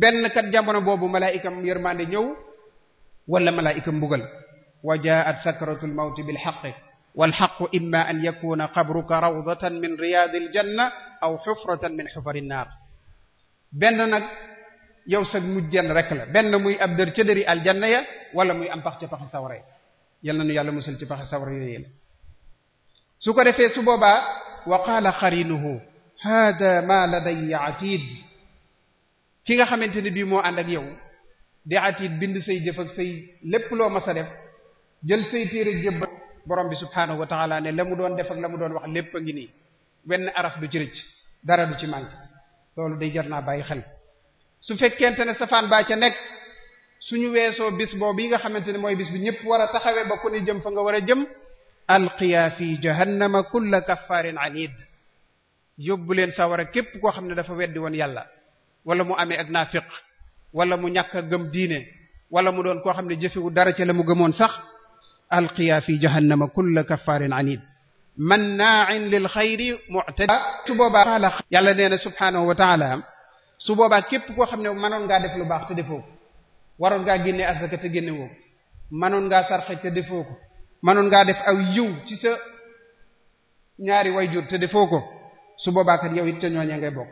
benn kat jamono boobu malaayikam yërmande ñëw wala malaayikam mbugal wa jaat sakratu lmawti bilxaqi walxaqu imma an yakuna qabruka rawdatan min riyaadi aljanna aw xufratan min xufari nnaar benn nag yow sag mujj jenn rek la benn muy ab dër ca dëri aljanna ya wala muy am pax ca paxi nanu yal na nu yàlla musal ci paxi sawara yooyu la su ko defee su boobaa wa qaala xarinuhu hada ma ladayya ki nga xamante ne bii moo ànd ak yow di atid bind say jëf ak lépp loo mas def jël say téere jëbb borom bi subhaanahu wa taala ne la mu doon def ak la mu doon wax lépp a ngi nii wenn araf du ci dara du ci man loolu day jar naa bàyyi xel su fekkente ne safaan baa ca nekk suñu weesoo bis boobu yi nga xamante ne mooy bis bi ñëpp war a taxawee ba ku jëm fa nga war a jëm alqiya fi jahannama kulla kaffaarin anid yóbbu leen sawara képp koo xam ne dafa weddi woon yàlla wala mu amee ak naafiq wala mu ñàkk gëm diine wala mu doon koo xam ne jëfewu dara ca la mu gëmoon sax alqiya fi jahannama kulla kaffaarin anid mannaa'in lil xayri mu'tadi su boobaa yàlla nee na subhaanahu wa ta'ala su boobaa képp koo xam ne mënoon ngaa def lu baax te defoo ko waroon ngaa génne asaka te génnewoo manoon ko mënoon ngaa te defoo ko mënoon ngaa def aw yiw ci sa ñaari wayjur ko su boobaa kat yow it ca ñooñee ngay bokk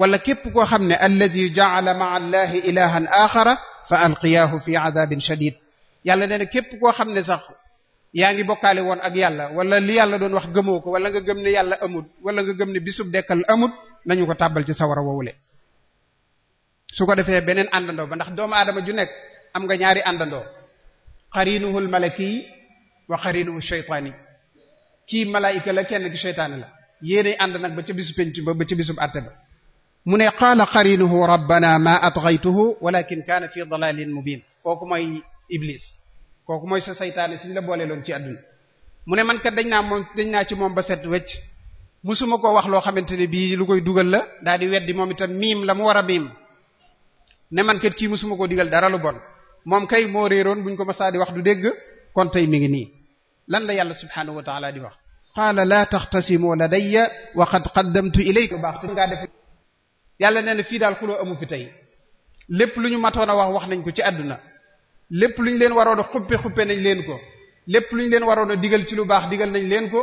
wala képp koo xam ne alladi ja'ala ma'a allahi ilahan axara fa alqiyaahu fi adabin shadid yàlla nee na képp koo xam ne sax yaa ngi bokkaale woon ak yàlla wala li yàlla doon wax gëmoo ko wala nga gëm ne yàlla amut wala nga gëm ne bisub dekkal amut nañu ko tàbbal ci sawara wowule su ko defee beneen àndandoo ba ndax doomu aadama ju nekk am nga ñaari àndandoo xariinuhul malaki wa xariinuhu shaytaani kii malaayika la kenn ki shaytaani la yéenay ànd nag ba ca bisu penc ba ba ca bisub àtte ba mu ne qaala xariinuhu rabbana ma atghaytuhu walakin kaana fi dalalin mubin kooku mooy iblis kooku mooy sa saytaane suñ la boole loon ci àdduna mu ne man kat dañ naa ci moom ba wecc musuma koo wax loo xamante ne bii lu koy dugal la daal di weddi moom itam miim la mu war a miim ne man kat kii musuma koo digal dara lu bon moom kay moo réeroon buñ ko masaa di wax du dégg kon tey mi ngi nii lan la yàlla subhaanahu wa taala di wax qaala laa taxtasimoo ladayya wa qad qaddamtu ilayka baax te ngaa def yàlla nee na fii daal xuloo amu fi tey lépp lu ñu matoon a wax wax nañ ko ci àdduna lépp lu ñu leen waroon a xuppe xuppe nañ leen ko lépp lu ñu leen waroon a digal ci lu baax digal nañ leen ko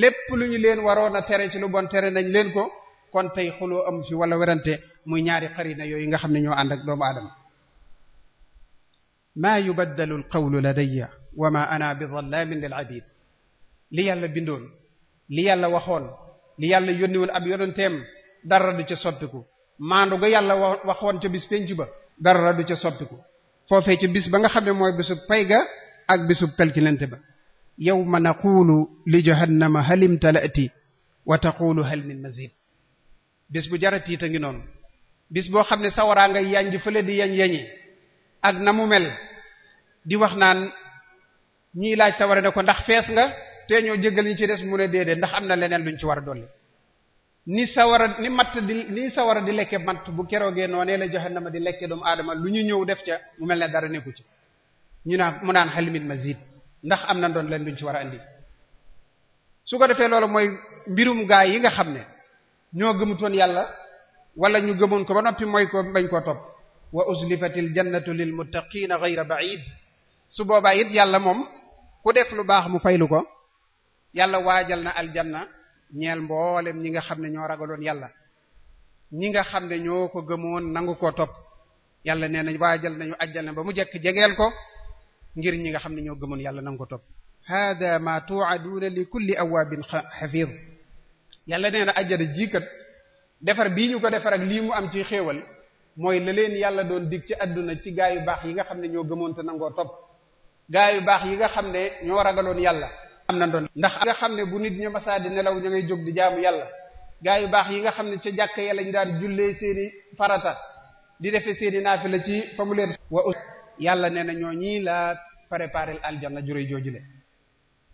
lépp lu ñu leen waroon a tere ci lu bon tere nañ leen ko kon tey xuloo am fi wala werante muy ñaari xarina yooyu nga xam ne ñoo ànd ak doomu aadama maa yubaddalu alqawlu ladayya wa ma ana bi dhallaamin lil abid li yàlla bindoon li yàlla waxoon li yàlla yónni woon ab dara du ca soppiku maandu ga yàlla waxoon ca bis penc ba dara du ca soppiku foofee ci bis ba nga xam ne mooy bisub pay ga ak bisub kalkilante ba yow yawma naqulu li jahannama hal imtala'ti wa taqulu hal min mazid bis bu jara tiita ngi noonu bis boo xam ne sawaraa nga yanj fële di yañ yañi ak na mu mel di wax naan ñii laaj sawara ne ko ndax fees nga te ñoo jéggal ñi ci des mu ne déedéet ndax am na leneen luñ ci war a dolli ni sawara ni matt di ni sawara di lekke matt bu keroogee noonee la jahannama di lekke doomu aadama lu ñu ñëw def ca mu mel ne dara nekku ci ñu naan mu naan hal min mazid ndax am na ndoon leen duñ ci war a andi su ko defee loolu mooy mbirum gaay yi nga xam ne ñoo gëmutoon yàlla wala ñu gëmoon ko ba noppi mooy ko bañ koo topp wa uslifatil jannatu lil muttaqina ghayra ba'id su boobaa it yàlla moom ku def lu baax mu faylu ko yàlla waajal na aljanna ñeel mboolem ñi nga xam ne ñoo ragaloon yàlla ñi nga xam ne ñoo ko gëmoon nangu ko topp yàlla nee na waajal nañu aljanna ba mu jekk jegeel ko ngir ñi nga xam ne ñoo gëmoon yàlla nanga ko topp hada ma tu'aduna li kulli awabin xafiid yàlla nee na ajjana jiikat defar bii ñu ko defar ak lii mu am ci xéewal mooy la leen yàlla doon dig ci àdduna ci gaa yu baax yi nga xam ne ñoo gëmoon te nangoo topp gaa yu baax yi nga xam ne ñoo ragaloon yàlla am na doon ndax nga xam ne bu nit ñu masaa di nelaw ñu ngay jóg di jaamu yàlla gaa yu baax yi nga xam ne ci jàkk ya lañ daan jullee seeni farata di defe seeni naafila ci fa mu leen yàlla nee na ñoo ñii laa préparé aljanna juróy joojule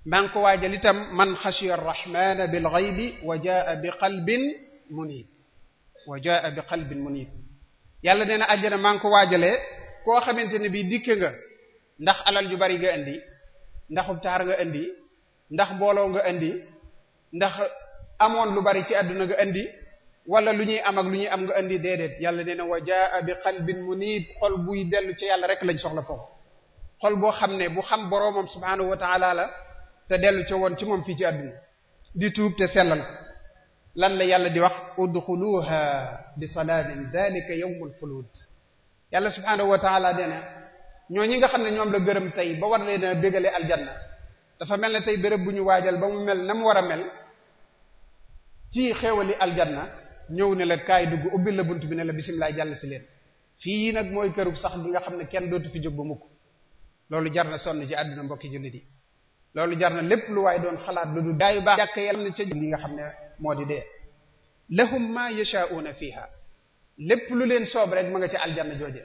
maa ngi ko waajal itam man xashiya arrahmana bil ghaybi wa jaa bi qalbin munib wa jaa bi qalbin munib yàlla nee na àjjana maa ngi ko waajalee koo xamante ne bii dikke nga ndax alal ju bari nga indi ndaxub taar nga indi ndax mbooloo nga indi ndax amoon lu bari ci àdduna nga indi wala lu ñuy am ak lu ñuy am nga indi déedéet yàlla de na wa jaa bi qalbin munib xol buy dellu ci yàlla rek lañ soxla foofu xol boo xam ne bu xam boroomam subhaanahu wa taala la te dellu ci woon ci moom fii ci àdduna di tuub te sellal lan la yàlla di wax udxuluha bi salaamin dalika yawmul xuluud yàlla subhaanahu wa taala ñoo ñi nga xam ne ñoom la gërëm tey ba war leen a bégale aljanna dafa mel ne tey béréb bu ñu waajal ba mu mel na mu war a mel ci xéewali aljanna ñëw ne la kaay dugg ubbil la bunt bi ne la bisimilah jàll si leen fii nag mooy kërug sax bi nga xam ne kenn dootu fi jóg ba mukk loolu jar na sonn ci àdduna mbokki jullit yi loolu jar na lépp lu waaye doon xalaat lu du daayu baax jàkk na ca li nga xam ne moo di dee lahum ma yasha'una fiha lépp lu leen soob rek ma nga ci aljanna jooje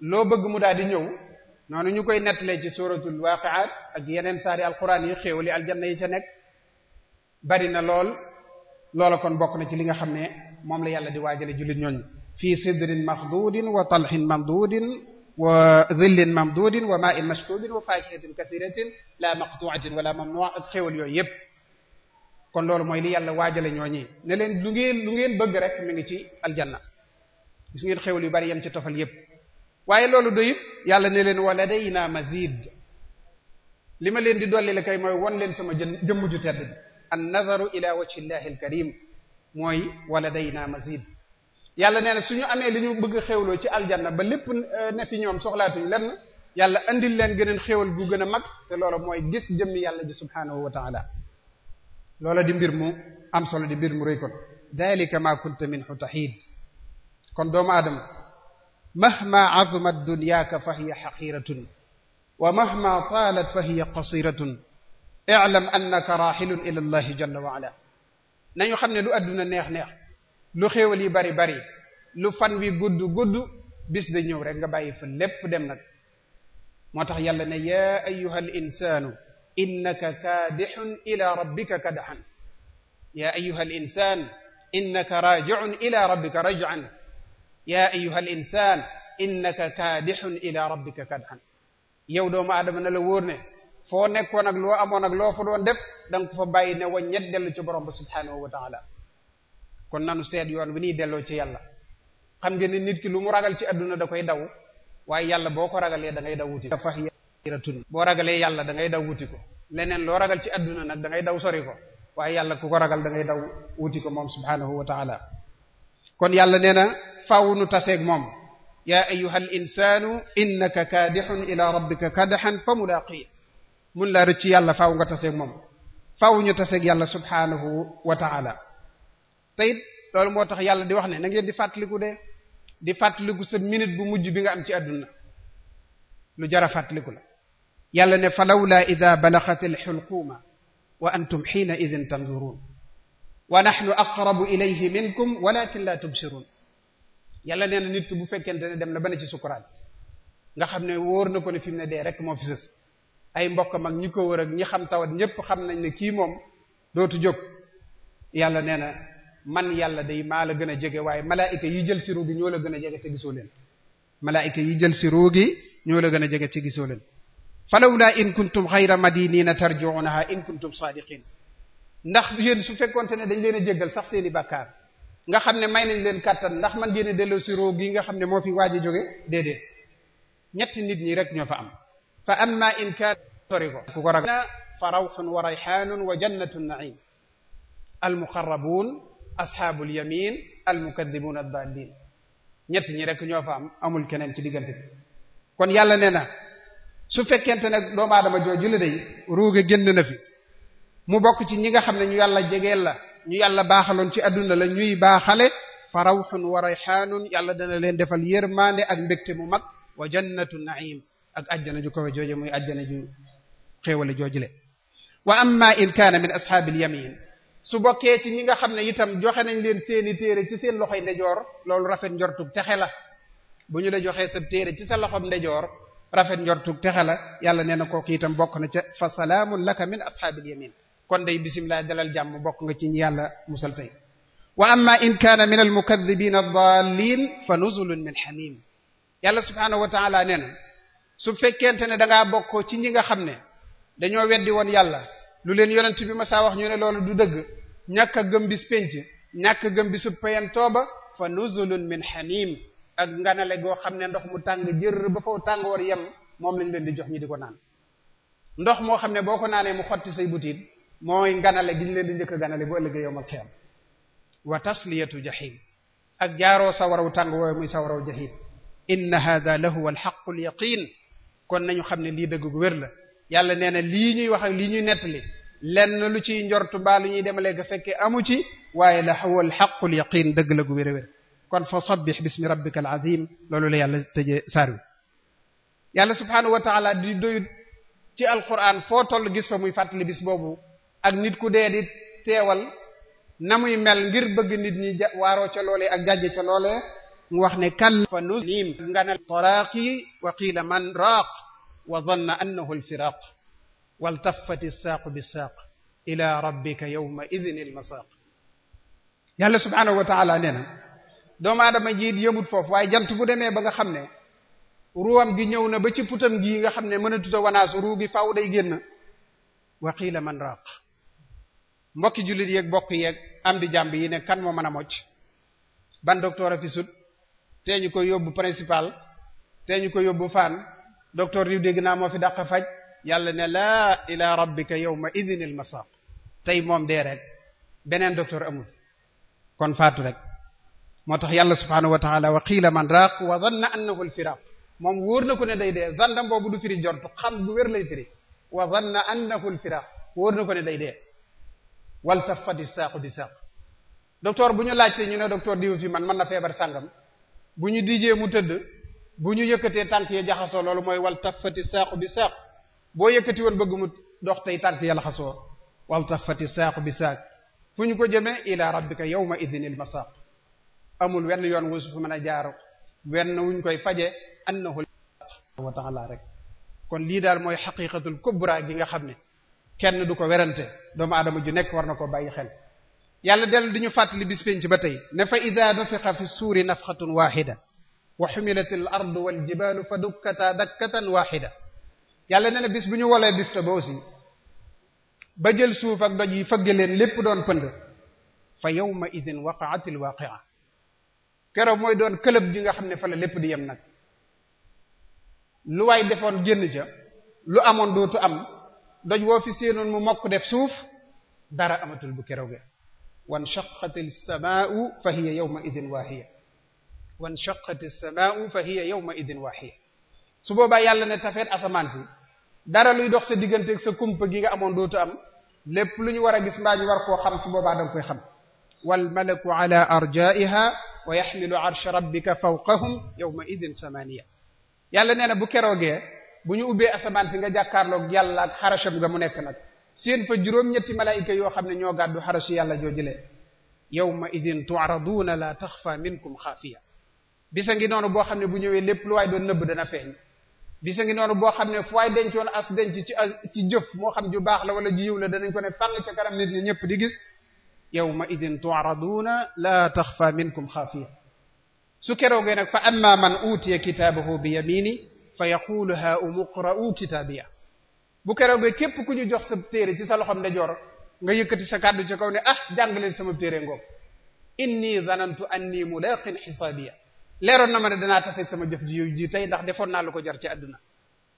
loo bëgg mu daal di ñëw noonu ñu koy nettalee ci suratul waqi'at ak yeneen saari alquran yi xéewali aljanna yi ca nekk bari na lool loola kon bokk na ci li nga xam ne moom la yàlla di waajale jullit ñooñu fii sidrin maxduudin wa talhin mamduudin wa dhillin mamduudin wa ma'in mashkubin wa faakihatin kathiratin la maqtu'atin wala mamnu'a ak xéwal yooyu yëpp kon loolu mooy li yàlla waajale ñooñi ne leen lu ngeen lu ngeen bëgg rek mi ngi ci aljanna gis ngeen xéwal yu bari yem ci tofal yëpp waaye loolu doyut yàlla ne leen wa ladaynaa mazid li ma leen di dolli la kay mooy won leen sama jën jëmm ju tedd an nazaru ila wajhi llahi al karim mooy wala day naa mazid yàlla nee na suñu amee li ñu bëgg a xéwloo ci aljanna ba lépp euh, ne fi ñoom soxlaatuñ lenn yàlla andil leen gëneen xéwal gu gën a mag te loola mooy gis jëmmi yàlla ji subhaanahu wa taala loola di mbir mu am solo di mbir mu rëy kon dalika ma kunta minhu tahid kon doomu aadama mahma azumat dunyaaka fa hiya haqiratun wa mahma taalat fa hiya qasiratun i'lam annaka rahilun ila allahi jalla wa ala nañu xam ne du àdduna neex-neex lu xéewal yi bari bari lu fan wi gudd gudd bis da ñëw rek nga bàyyi fa lépp dem nag moo tax yàlla ne yaa ayyuhal insaanu innaka kaadixun ila rabbika kadaxan yaa ayyuhal insaan innaka raaji'un ila rabbika raj'an yaa ayyuhal insaan innaka kaadixun ila rabbika kadaxan yow doomu aadama na la wóor ne foo nekkoon ak loo amoon ak loo fa doon def da nga ko fa bàyyi ne waññet dellu ci borom ba subhaanahu wa taala kon nanu seet yoon wi niy delloo ci yàlla xam ngeen ni nit ki lu mu ragal ci adduna da koy daw waaye yàlla boo ko ragalee da ngay daw wuti ko boo ragalee yàlla da ngay daw wuti ko leneen loo ragal ci adduna nag da ngay daw sori ko waaye yàlla ku ko ragal da ngay daw wuti ko moom subhaanahu wa taala kon yàlla nee na faaw nu taseeg moom yaa ayyuhal insaanu innaka kaadixun ila rabbika kadaxan fa mulaaqiih mun laa rëcc yàlla faaw nga taseeg moom faaw ñu taseeg yàlla subhaanahu wa taala te it loolu moo tax yàlla di wax ne na ngeen di fàttaliku de di fàttaliku sa minute bu mujj bi nga am ci àdduna lu jara fàttaliku la yàlla ne falawlaa ida balaxat alxulquuma wa antum xiina idin tanzuruun wa naxnu aqrabu ilayhi minkum walakin la tubsiruun yàlla nee na nit ki bu fekkente ne dem na ba ne ci sukuraat nga xam ne wóor na ko ne fi mu ne dee rek moo fi sës ay mbokkam mag ñi ko wër ñi xam tawat ñépp xam nañ ne kii moom dootu jóg yàlla nee na man yàlla day maa la gën a jege waaye malaayika yi jël si ruugi ñoo la gën a jege te gisoo leen malaayika yi jël si ruugi ñoo la gën a jege te gisoo leen falawla in kuntum xayra madinina tarji'unaha in kuntum saadiqin ndax yéen su fekkonte ne dañ leen a jéggal sax seeni bàkkaar nga xam ne may nañ leen kàttan ndax man ngeen a delloo si ruugi nga xam ne moo fi waaj a jóge déedéet ñetti nit ñi rek ñoo fa am fa amma in kaan sori ko ku ko ragal fa rawxun wa rayxaanun wa jannatu naim almuqarrabuun asxaabul yamin almukadibuun addaalin ñett ñi rek ñoo fa am amul keneen ci diggante kon yàlla nee na su fekkente nag doomu aadama jooju la day ruuge génn na fi mu bokk ci ñi nga xam ne ñu yàlla jegeel la ñu yàlla baaxaloon ci adduna la ñuy baaxale fa rawxun wa rayxaanun yàlla dana leen defal yërmande ak mbégte mu mag wa jannatu naim ak ajjana ju kowe jooje muy ajjana ju xéewale joojule wa amma in kaana min ashaabil yamin su bokkee ci ñi nga xam ne itam joxe nañ leen seeni téere ci seen loxoy ndejoor loolu rafet njortug texe la bu ñu la joxe sa téere ci sa loxob ndejoor rafet njortug texe la yàlla nee na kooku itam bokk na ca fa salaamun laka min ashaabil yamin kon day bisimilah dalal jàmm bokk nga ci ñi yàlla musal tey wa amma in kaana min almukadibina ad-dallin fa nuzulun min hamim yàlla subhaanahu wa taala nee su fekkente ne danga ngaa bokkoo ci ñi nga xam ne dañoo weddi woon yàlla lu leen yonent bi ma saa wax ñu ne loolu du dëgg ñàkk a gëm bis penc ñàkk a su bisu payantooba fa nuzulun min hamim ak nganale goo xam ne ndox mu tàng jër ba faw tàng war yem moom lañ leen di jox ñi di ko naan ndox moo xam ne boo ko naanee mu xotti say butit mooy nganale gi ñu leen di njëkk a ganale bu ëllëgee yowmal qiyam wa tasliyatu jahim ak jaaroo sawaraw tàng woowe muy sawara kon nañu xam ne lii dëgg gu wér la yàlla nee na lii ñuy wax ak lii ñuy nettali lenn lu ciy njortu baa lu ñuy demalee ga fekkee amu ci waaye la xawal xaqul yaqin dëgg la gu wér a wér kon fa sabbih bismi rabbikal azim loolu la yàlla tëjee saar wi yàlla subhaanahu wa taala di doyut ci alquran foo toll gis fa muy fàttali bis boobu ak nit ku dee di teewal na muy mel ngir bëgg nit ñi waaroo ca loolee ak jàjje ca loolee mu wax ne kal fa nuslim nga ne taraaqi wa wa danna annahu alfiraaq waltafati saaqu bisaaq ila rabbika yawma idin almasaaq yàlla subhaanahu wa taala nee na doomu aadama jiit yëmut foofu waaye jant bu demee ba nga xam ne ruwam gi ñëw na ba ci putam gii nga xam ne mën a tuta wanaas ruu gi faw day génn wa qiila man raaq mbokki jullit yeek bokk yeeg am di jàmb yi ne kan moo mën a mocc ban docteur a tee ñu ko yóbbu principal tee ñu ko yóbbu fan docteur diw dégg naa moo fi dàq faj yàlla ne laa ila rabbika yawma idhin al masaq tey moom dee rek beneen docteur amul kon faatu rek moo tax yàlla subhanahu wa taala wa qiila man raaq wa dhanna annahu al firaq moom woor na ko ne day dee zandam boobu du firi jortu xam bu wér lay firi wa dhanna annahu al firaq woor na ko ne day de wal tafati saaqu bi saaq docteur bu ñu laaj ñu ne docteur diw fi man mën na feebar sàngam bu ñu dijee mu tëdd bu ñu yëkkatee tànk ya jaxasoo loolu mooy wal tafati saaqu bi saaq boo yëkkati woon bëgg mu dox tey tànk ya laxasoo wal tafati saaqu bi saaq fu ñu ko jëmee ila rabbika yawma idhinil masaq amul wenn yoon wu su mën a jaar wenn wuñ koy faje annahu wa ta'ala rek kon lii daal mooy xaqiqatul kubra gi nga xam ne kenn du ko werante doomu aadama ju nekk war na ko bàyyi xel yàlla dellu di ñu fàttali bis penc ba tey ne fa ida nufixa fi suuri nafxatun waxida wa xumilat al ardu wal jibaalu fa dukkata dakkatan waaxida yàlla nee na bis bu ñu wolee bifta ba aussi ba jël suuf ak doj yi fëgg leen lépp doon pënd fa yawma idin waqaatil waaqia keroog mooy doon këlëb ji nga xam ne fa la lépp di yem nag lu waay defoon génn ca lu amoon dootu am doj woo fi séenoon mu mokk def suuf dara amatul bu keroog wan shaqqatil samaa'u fa hiya yawma idin waahiya wan shaqqati as-samaa'u fa hiya yawma idin waahiya su boobaa yàlla ne tafeet asamaan dara luy dox sa digganteeg sa kumpa gi nga amoon dootu am lépp lu ñu war a gis mbaa ñu war koo xam su boobaa danga koy xam wal malaku ala arja'iha wa yaxmilu arsha rabbika fawqahum yawma idin samaniya yàlla nee na bu keroogee bu ñu ubbee asamaan si nga jàkkaarloog yàlla ak xarasham nga mu nekk nag seen fa juróom-ñetti malaayika yoo xam ne ñoo gàddu xarashi yàlla joojule yawma idin tu'raduna la taxfa minkum xaafiya bisa ngi noonu boo xam ne bu ñëwee lépp lu waay doon nëbb dana feeñ bisa ngi noonu boo xam ne fu waay dencoon as denc ci ci jëf moo xam ju baax la wala ju yiw la dana ko ne fàng ca kanam nit ñi ñëpp di gis yawma idin tu'raduna la taxfa minkum xaafiya su keroogee nag fa amma man utiya kitaabahu bi yamini fa yaqulu haumu qra'u kitaabiya bu keroogee képp ku ñu jox sa téere ci sa loxom ndeyjoor nga yëkkati sa kàddu ci kaw ne ah jàng leen sama téere ngoog inni zanantu anni mulaqin xisaabiya leeroon na ma ne danaa taseeg sama jëf ji yow ji tey ndax defoon naa lu ko jar ci àdduna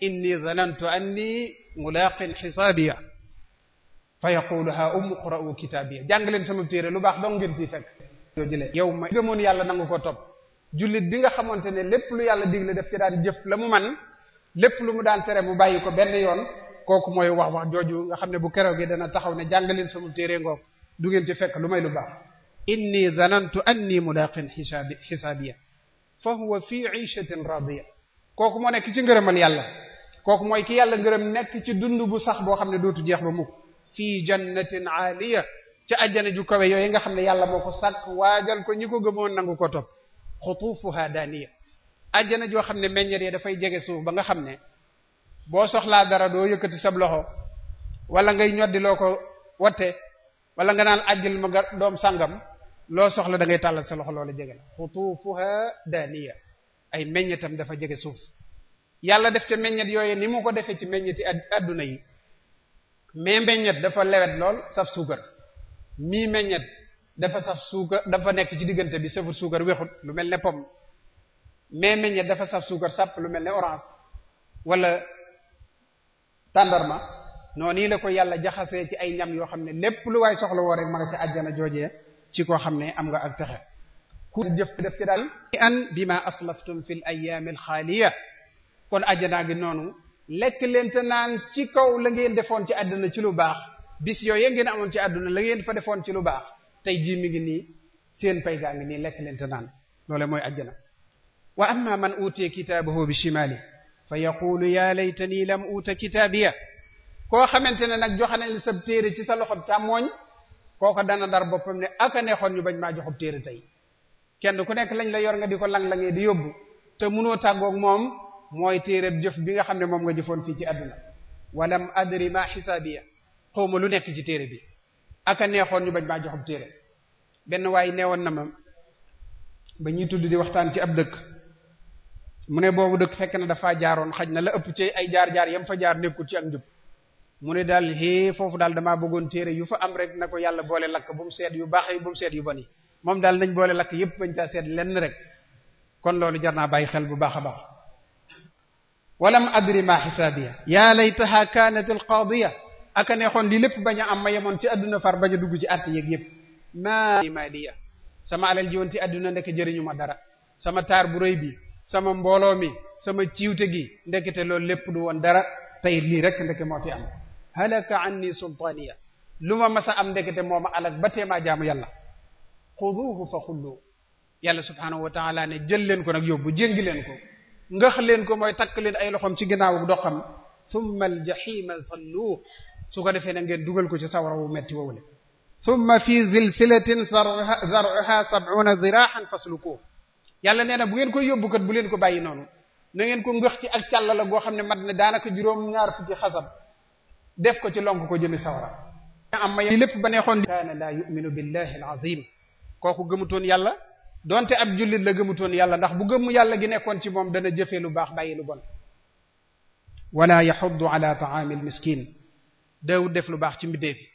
inni zanantu anni mulaqin xisaabiya fa yaqulu ha umu qra'u kitaabiya jàng sama téere lu baax dong ngeen ciy fekk joojule yow ma gëmoon yàlla nangu ko topp jullit bi nga xamante ne lépp lu yàlla digle def ci daan jëf la mu man lépp lu mu daan tere mu bàyyi ko benn yoon kooku mooy wax wax jooju nga xam ne bu kerew gi dana taxaw ne jàng sama téere ngoog du ngeen ci fekk lu may lu baax inni zanantu anni mulaqin xisaabiya fa huwa fii ishatin radiya kooku moo nekk ci ngërëmal yàlla kooku mooy kii yàlla ngërëm nekk ci dund bu sax boo xam ne dootu jeex ba mukk fii jannatin aaliya ci ajjana ju kawe yooyu nga xam ne yàlla moo ko sàkk waajal ko ñi ko gëmoon nangu ko topp xutuufuha daaniya ajjana joo xam ne meññeer yi dafay jege suuf ba nga xam ne boo soxlaa dara doo yëkkati sab loxo wala ngay ñoddiloo ko watte wala nga naan ajjil ma doom sàngam loo soxla da ngay tàllal sa loxo loola jege la xutuufuha daaniya ay meññetam dafa jege suuf yàlla def ca meññet yooyu ni mu ko defee ci meññeti àdduna yi mais meñet dafa lewet lool saf suukar mii meññet dafa saf suukar dafa nekk ci diggante bi safut suukar wexut lu mel ne pomme mais meññet dafa saf suukar sàpp lu mel ne orange wala tàndarma noonu nii la ko yàlla jaxasee ci ay ñam yoo xam ne lépp lu waay soxla woo rek ma nga ca àjjana joojee ci ko xam ne am nga ak texe ku jëf def ci daal an bima aslaftum fil ayyaami alxaaliya kon ajjanaa gi noonu lekk leen naan ci kaw la ngeen defoon ci àdduna ci lu baax bis yooyu ngeen amoon ci adduna la ngeen fa defoon ci lu baax tey jii mi ngi nii seen pay gaa ngi nii lekk leen te naan loole mooy ajjana wa amma man utiya kitaabahu bi shimaali fa yaqulu ya laytani lam uta kitaabiya koo xamante ne nag joxanañ la sab téere ci sa ca càmmooñ kooka dana dara boppam ne aka neexoon ñu bañ maa joxub téere tey kenn ku nekk lañ la yor nga di ko lang-langee di yóbbu te munoo tàggoog moom mooy téere jëf bi nga xam ne moom nga jëfoon fii ci àdduna walam adri ma xisaabiya xawma lu nekk ci téere bi aka neexoon ñu bañ maa joxub téere benn waaye neewoon na ma ba ñuy tudd di waxtaan ci ab dëkk mu ne boobu dëkk fekk na dafa jaaroon xaj na la ëpp ci ay jaar-jaar yam fa jaar nekkul ci ak njub mu ne daal hee foofu daal damaa bëggoon téere yu fa am rek na ko yàlla boole lakk bu mu seet yu baax yi bu mu seet yu bon yi moom daal nañ boole lakk yépp bañ caa seet lenn rek kon loolu jar naa bàyyi xel bu baax a baax walam adri ma xisaabiya yaa laytaha kanat al qadiya aka neexoon li lépp bañ a am ma yemoon ci adduna far bañ a dugg ci àtt yeeg yépp ma maliya sama alal ji woon ci adduna ndek jëriñu ma dara sama taar bu rëy bi sama mbooloo mi sama ciwte gi ndekete loolu lépp du woon dara tey lii rek ndeke moo fi am halaka anni sultaaniya lu ma masa am ndekete moo ma alak ba teemaa jaamu yàlla xuduhu fa xullu yàlla subhaanahu wa taala ne jël leen ko nag yóbbu jéngi leen ko ngax leen ko mooy takk leen ay loxom ci ginnaawu doxam thumma aljahima salluuh su ko defee na ngeen dugal ko ci sawra wu metti wowle thumma fi zilsilatin zaruha sab'una ziraahan faslukuuh yàlla nee na bu ngeen koy yóbbu kat bu leen ko bàyyi noonu na ngeen ko ngëx ci ak càlla la goo xam ne mat na daanaka juróom ñaar fukki xasab def ko ci lonk ko jëmi sawara am ma lépp ba neexoon kaana laa yu'minu billahi alazim kooku gëmutoon yàlla donte ab jullit la gëmutoon yàlla ndax bu gëmu yàlla gi nekkoon ci moom dana jëfe lu baax bàyyi lu bon wala yaxuddu ala taamil miskin daawud def lu baax ci mbidee fi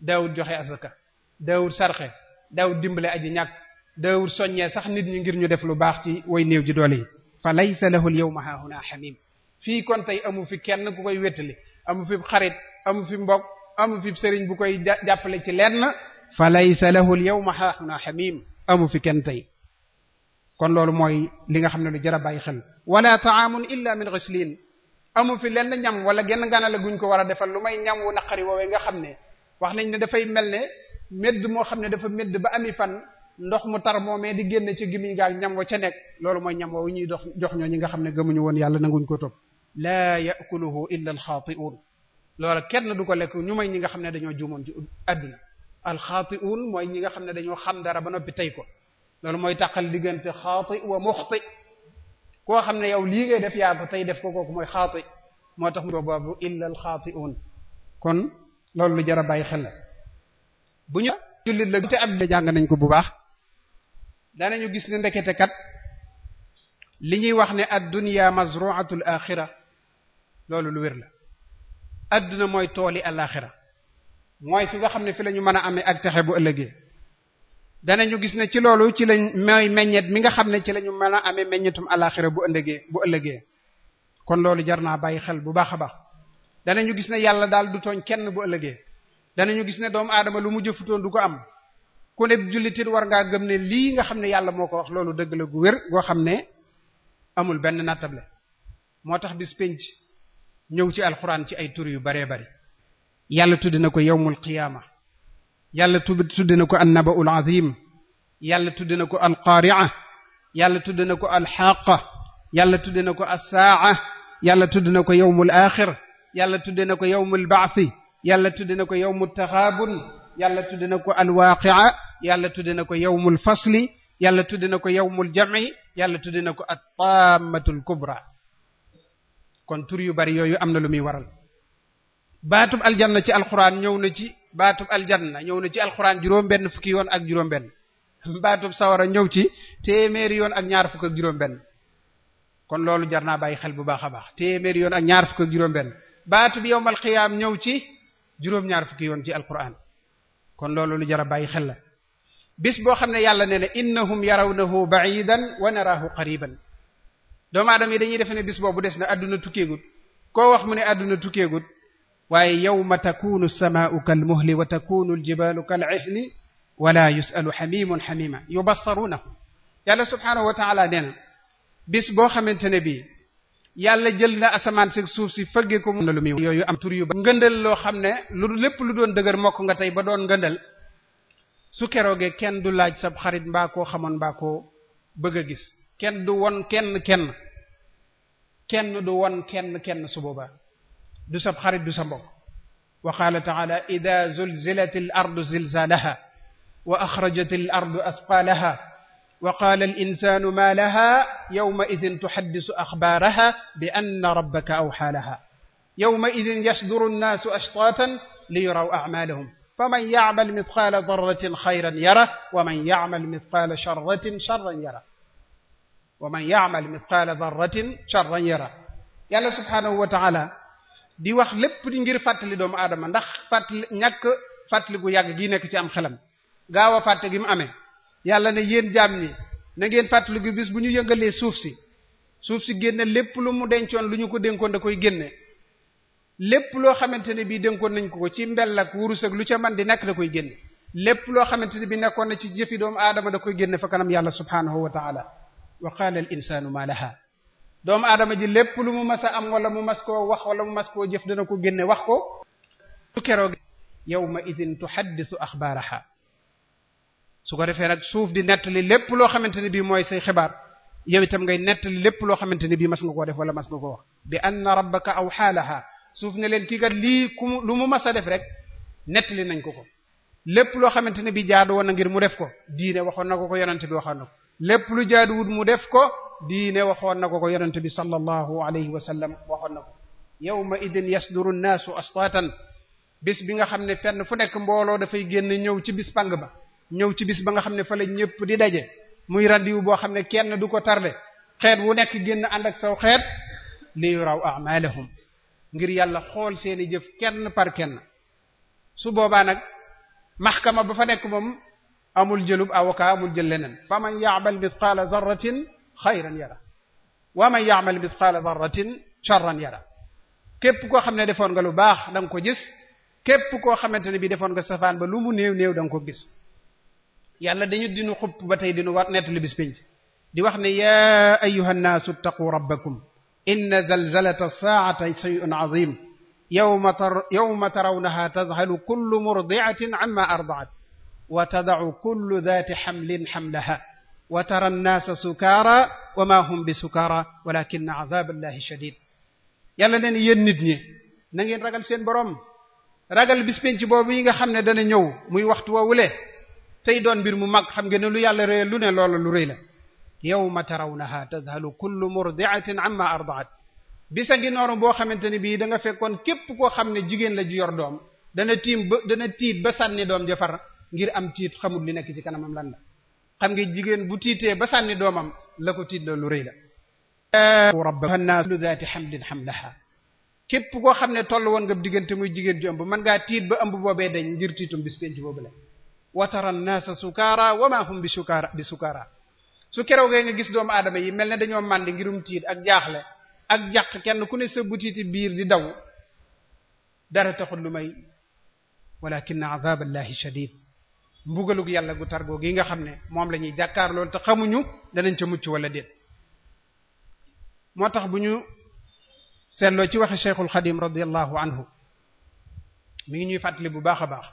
daawud joxe asaka daawud sarxe daawud dimbale aji ñàkk daawud soññee sax nit ñi ngir ñu def lu baax ci way new ji doole yi fa laysa lahu al yawma hahuna hamim fii kon tey amu fi kenn ku koy wéttali amu fi xarit amu fi mbog amu fi sëriñ bu koy jàppale ci lenn fa laysa lahu al yawma haahuna hamim amu fi kenn tey kon loolu mooy li nga xam ne lu jar bàyyi xel wala taamun illa min ghislin amu fi lenn ñam wala genn ganale guñ ko war a defal lu may ñam wu naqari woowee nga xam ne wax nañ ne dafay mel ne medd moo xam ne dafa medd ba ami fan ndox mu tar moomee di génn ci gimiñ gaal ñam wa ca nekk loolu mooy ñam woowu ñuy dox jox ñoo ñi nga xam ne gëmuñu woon yàlla nanguñ ko topp laa yakuluhu illa alxaati'uun loola kenn du ko lekk ñu may ñi nga xam ne dañoo juumoon ci àdduna alxaati'uun mooy ñi nga xam ne dañoo xam dara ba noppi tey ko loolu mooy tàqal diggante xaati wa muxti koo xam ne yow lii ngay def yaa ko tey def ko kooku mooy xaati moo tax boobu illa alxaati'uun kon loolu lu jar a bàyyi xel la bu ñu jullit la te jàng nañ ko bu baax danañu gis ne ndekete kat li ñuy wax ne ad dunya mazru'atul axira loolu lu wér la adduna mooy tooli alaxira mooy fi nga xam ne fi lañu ñu mën a amee ak texe bu ëllëgee ñu gis ne ci loolu ci lañ mooy meññet mi nga xam ne ci lañu ñu mën a amee meññetum alaxira bu ëllëgee bu ëllëgee kon loolu jar naa bàyyi xel bu baax a baax danañu gis ne yàlla daal du tooñ kenn bu ëllëgee danañu gis ne doomu aadama lu mu jëfutoon du ko am ku ne jullitit war ngaa gëm ne lii nga xam ne yàlla moo ko wax loolu dëgg la gu wér goo xam ne amul benn nattable moo tax bis ñëw ci alxuraan ci ay tur yu baree bari yàlla tudde na ko yawmul qiyaama yàlla tudde na ko annabaul azim yàlla tudde na ko alqaaria yàlla tudde na ko alxaaqa yàlla tudde na ko assaaca yàlla tudde na ko yawmul aaxir yàlla tudde na ko yawmul baathi yàlla tudde na ko yawmul taxaabun yàlla tudde na ko alwaaqica yàlla tudde na ko yawmul fasli yàlla tudde na ko yawmul jamci yàlla tudde na ko attaammatul kubra kon tur yu bari yooyu am na lu muy waral baatub aljanna ci alquran ñëw na ci baatub aljanna ñëw na ci alquran juróom-benn fukki yoon ak juróom-benn baatub sawara ñëw ci téeméeri yoon ak ñaar fukk juróom-benn kon loolu jar naa bàyyi xel bu baax a baax téeméeri yoon ak ñaar fukk ak juróom-benn baatub yowmal xiyaam ñëw ci juróom-ñaar fukki yoon ci alquran kon loolu lu jar a bàyyi xel la bis boo xam ne yàlla nee na innahum yarawnahu ba'idan wa narahu qariban doomu aadama yi dañuy defe ne bis boobu des na àdduna tukkeegut koo wax mu ne àdduna tukkeegut waaye yawma takunu samaa'u kal muhli wa takunu al jibaalu kal ihni wala yusalu xamimun xamima yubassaruunahu yàlla subhaanahu wa taala nee na bis boo xamante ne bii yàlla jël na asamaan si suuf si fëggee ko na lu muy yooyu am tur yu ba ngëndal loo xam ne lu lépp lu doon dëgër mokk nga tey ba doon nga ngëndal su keroogee kenn du laaj sab xarit mbaa koo xamoon mbaa ko bëgg a gis kenn du won kenn kenn kenn du won kenn kenn su boobaa du sa xarit du sa mbokk wa qaala taala ida zulzilat al ardu zilzalaha wa axrajat al ardu athqalaha wa qaala al insanu ma laha yawma idin tuhaddisu axbaaraha bi anna rabbaka awxa laha yawma idin yasduru annaasu ashtaatan li yuraw acmaalahum faman yacmal mitqaala darratin xayran yara wa man yacmal mitqaala sharratin sharran yara wa man ya'mal mithqala dharratin sharran yara yàlla subhaanahu wa ta'ala di wax lépp di ngir fàttali doomu aadama ndax fàttali ñàkk fàttali gu yàgg gi nekk ci am xelam gaaw a gi mu amee yàlla ne yéen jaam ñi na ngeen fàttali gu bis bu ñu yëngalee suuf si suuf si génne lépp lu mu dencoon lu ñu ko dénkoon da koy génne lépp loo xamante ne bii dénkoon nañ ko ko ci mbell ak wurus ak lu ca man di nekk da koy génne lépp loo xamante ni bii nekkoon na ci jëfi doomu aadama da koy génne fa kanam yàlla subhaanahu wa wa qaala al insaanu laha doomu aadama ji lépp lu mu mas a am wala mu mas koo wax wala mu mas koo jëf dana ko génne wax ko su keroog yawma idin tuhaddisu axbaaraha su ko defee nag suuf di nettali lépp loo xamante ne bii mooy say xibaar yow itam ngay nettali lépp loo xamante ne bii mas koo def wala mas nga koo wax bi anna rabbaka aw xaalaha suuf ne leen kii kat lii lu mu mas a def rek nettali nañ ko ko lépp loo xamante ne bii jaadu woon na ngir mu def ko diine waxoon na ko ko yonante bi waxoon na ko lépp lu jaaduwut mu def ko diine waxoon na ko ko yonente bi sallallahu alayhi wa sallam waxoon na ko yawma idin yasduru nnaasu aswatan bis bi nga xam ne fenn fu nekk mbooloo dafay génn ñëw ci bis pang ba ñëw ci bis ba nga xam ne fa la ñëpp di daje muy randiwu boo xam ne kenn du ko tarde xeet wu nekk génn ànd ak saw xeet li yuraw a'malahum ngir yàlla xool seeni jëf kenn par kenn su boobaa nag maxkama ba fa nekk moom amul jëlub avocat amul jël leneen fa man ya'mal mithqala dharratin xayran yara wa man ya'mal mithqala dharratin sharran yara képp koo xam ne defoon nga lu baax da ko gis képp koo xamante ne bi defoon nga safaan ba lu mu néew néew da nga ko gis yàlla dañu dinu xupp ba tey dinu war nett li bis di wax ne ya ayyuha nnaasu ittaqu rabbakum inna zalzalata saa'ati shay'un 'azim yawma tarawnaha tadhhalu kullu murdi'atin 'amma arda'at wa tada'u kullu dhati hamlin hamlaha wa tara an-naasa sukaara wa ma hum bi sukaara walakin adhab allahi shadid yàlla neen yéen nit ñi na ngeen ragal seen borom ragal bis penc boobu yi nga xam ne dana ñëw muy waxtu woowule tey doon mbir mu mag xam ngeen ne lu yàlla réyal lu ne loola lu rëy la yawma tarawnaha tadhalu kullu murdi'atin amma arda'at bisa ngi nooru boo xamante ne bii da nga fekkoon képp koo xam ne jigéen la ju yor doom dana tiim ba dana tiit ba sànni doom ja far ngir am tiit xamul li nekk ci kanamam lan la xam nga jigéen bu tiitee ba sànni doomam la ko tiit loolu rëy la rabbanaasu zaati hamdin hamdaha képp koo xam ne toll woon nga diggante muy jigéen ju ëmb mën ngaa tiit ba ëmb boobee dañ ngir tiitum bis penc boobu la watara naasa sukaara wa ma hum bi sukaara bi sukaara su gis doomu aadama yi mel ne dañoo màndi ngirum tiit ak jaaxle ak jàq kenn ku ne bu butiiti biir di daw dara taxul lu may walakin azab allahi shadid mbugalug yàlla gu targoo gi nga xam ne moom la ñuy jàkkaar loolu te xamuñu danañ ca mucc walla déet moo tax bu ñu seetloo ci waxi cheikhul xadim radiallahu anhu mi ngi ñuy fàttali bu baax a baax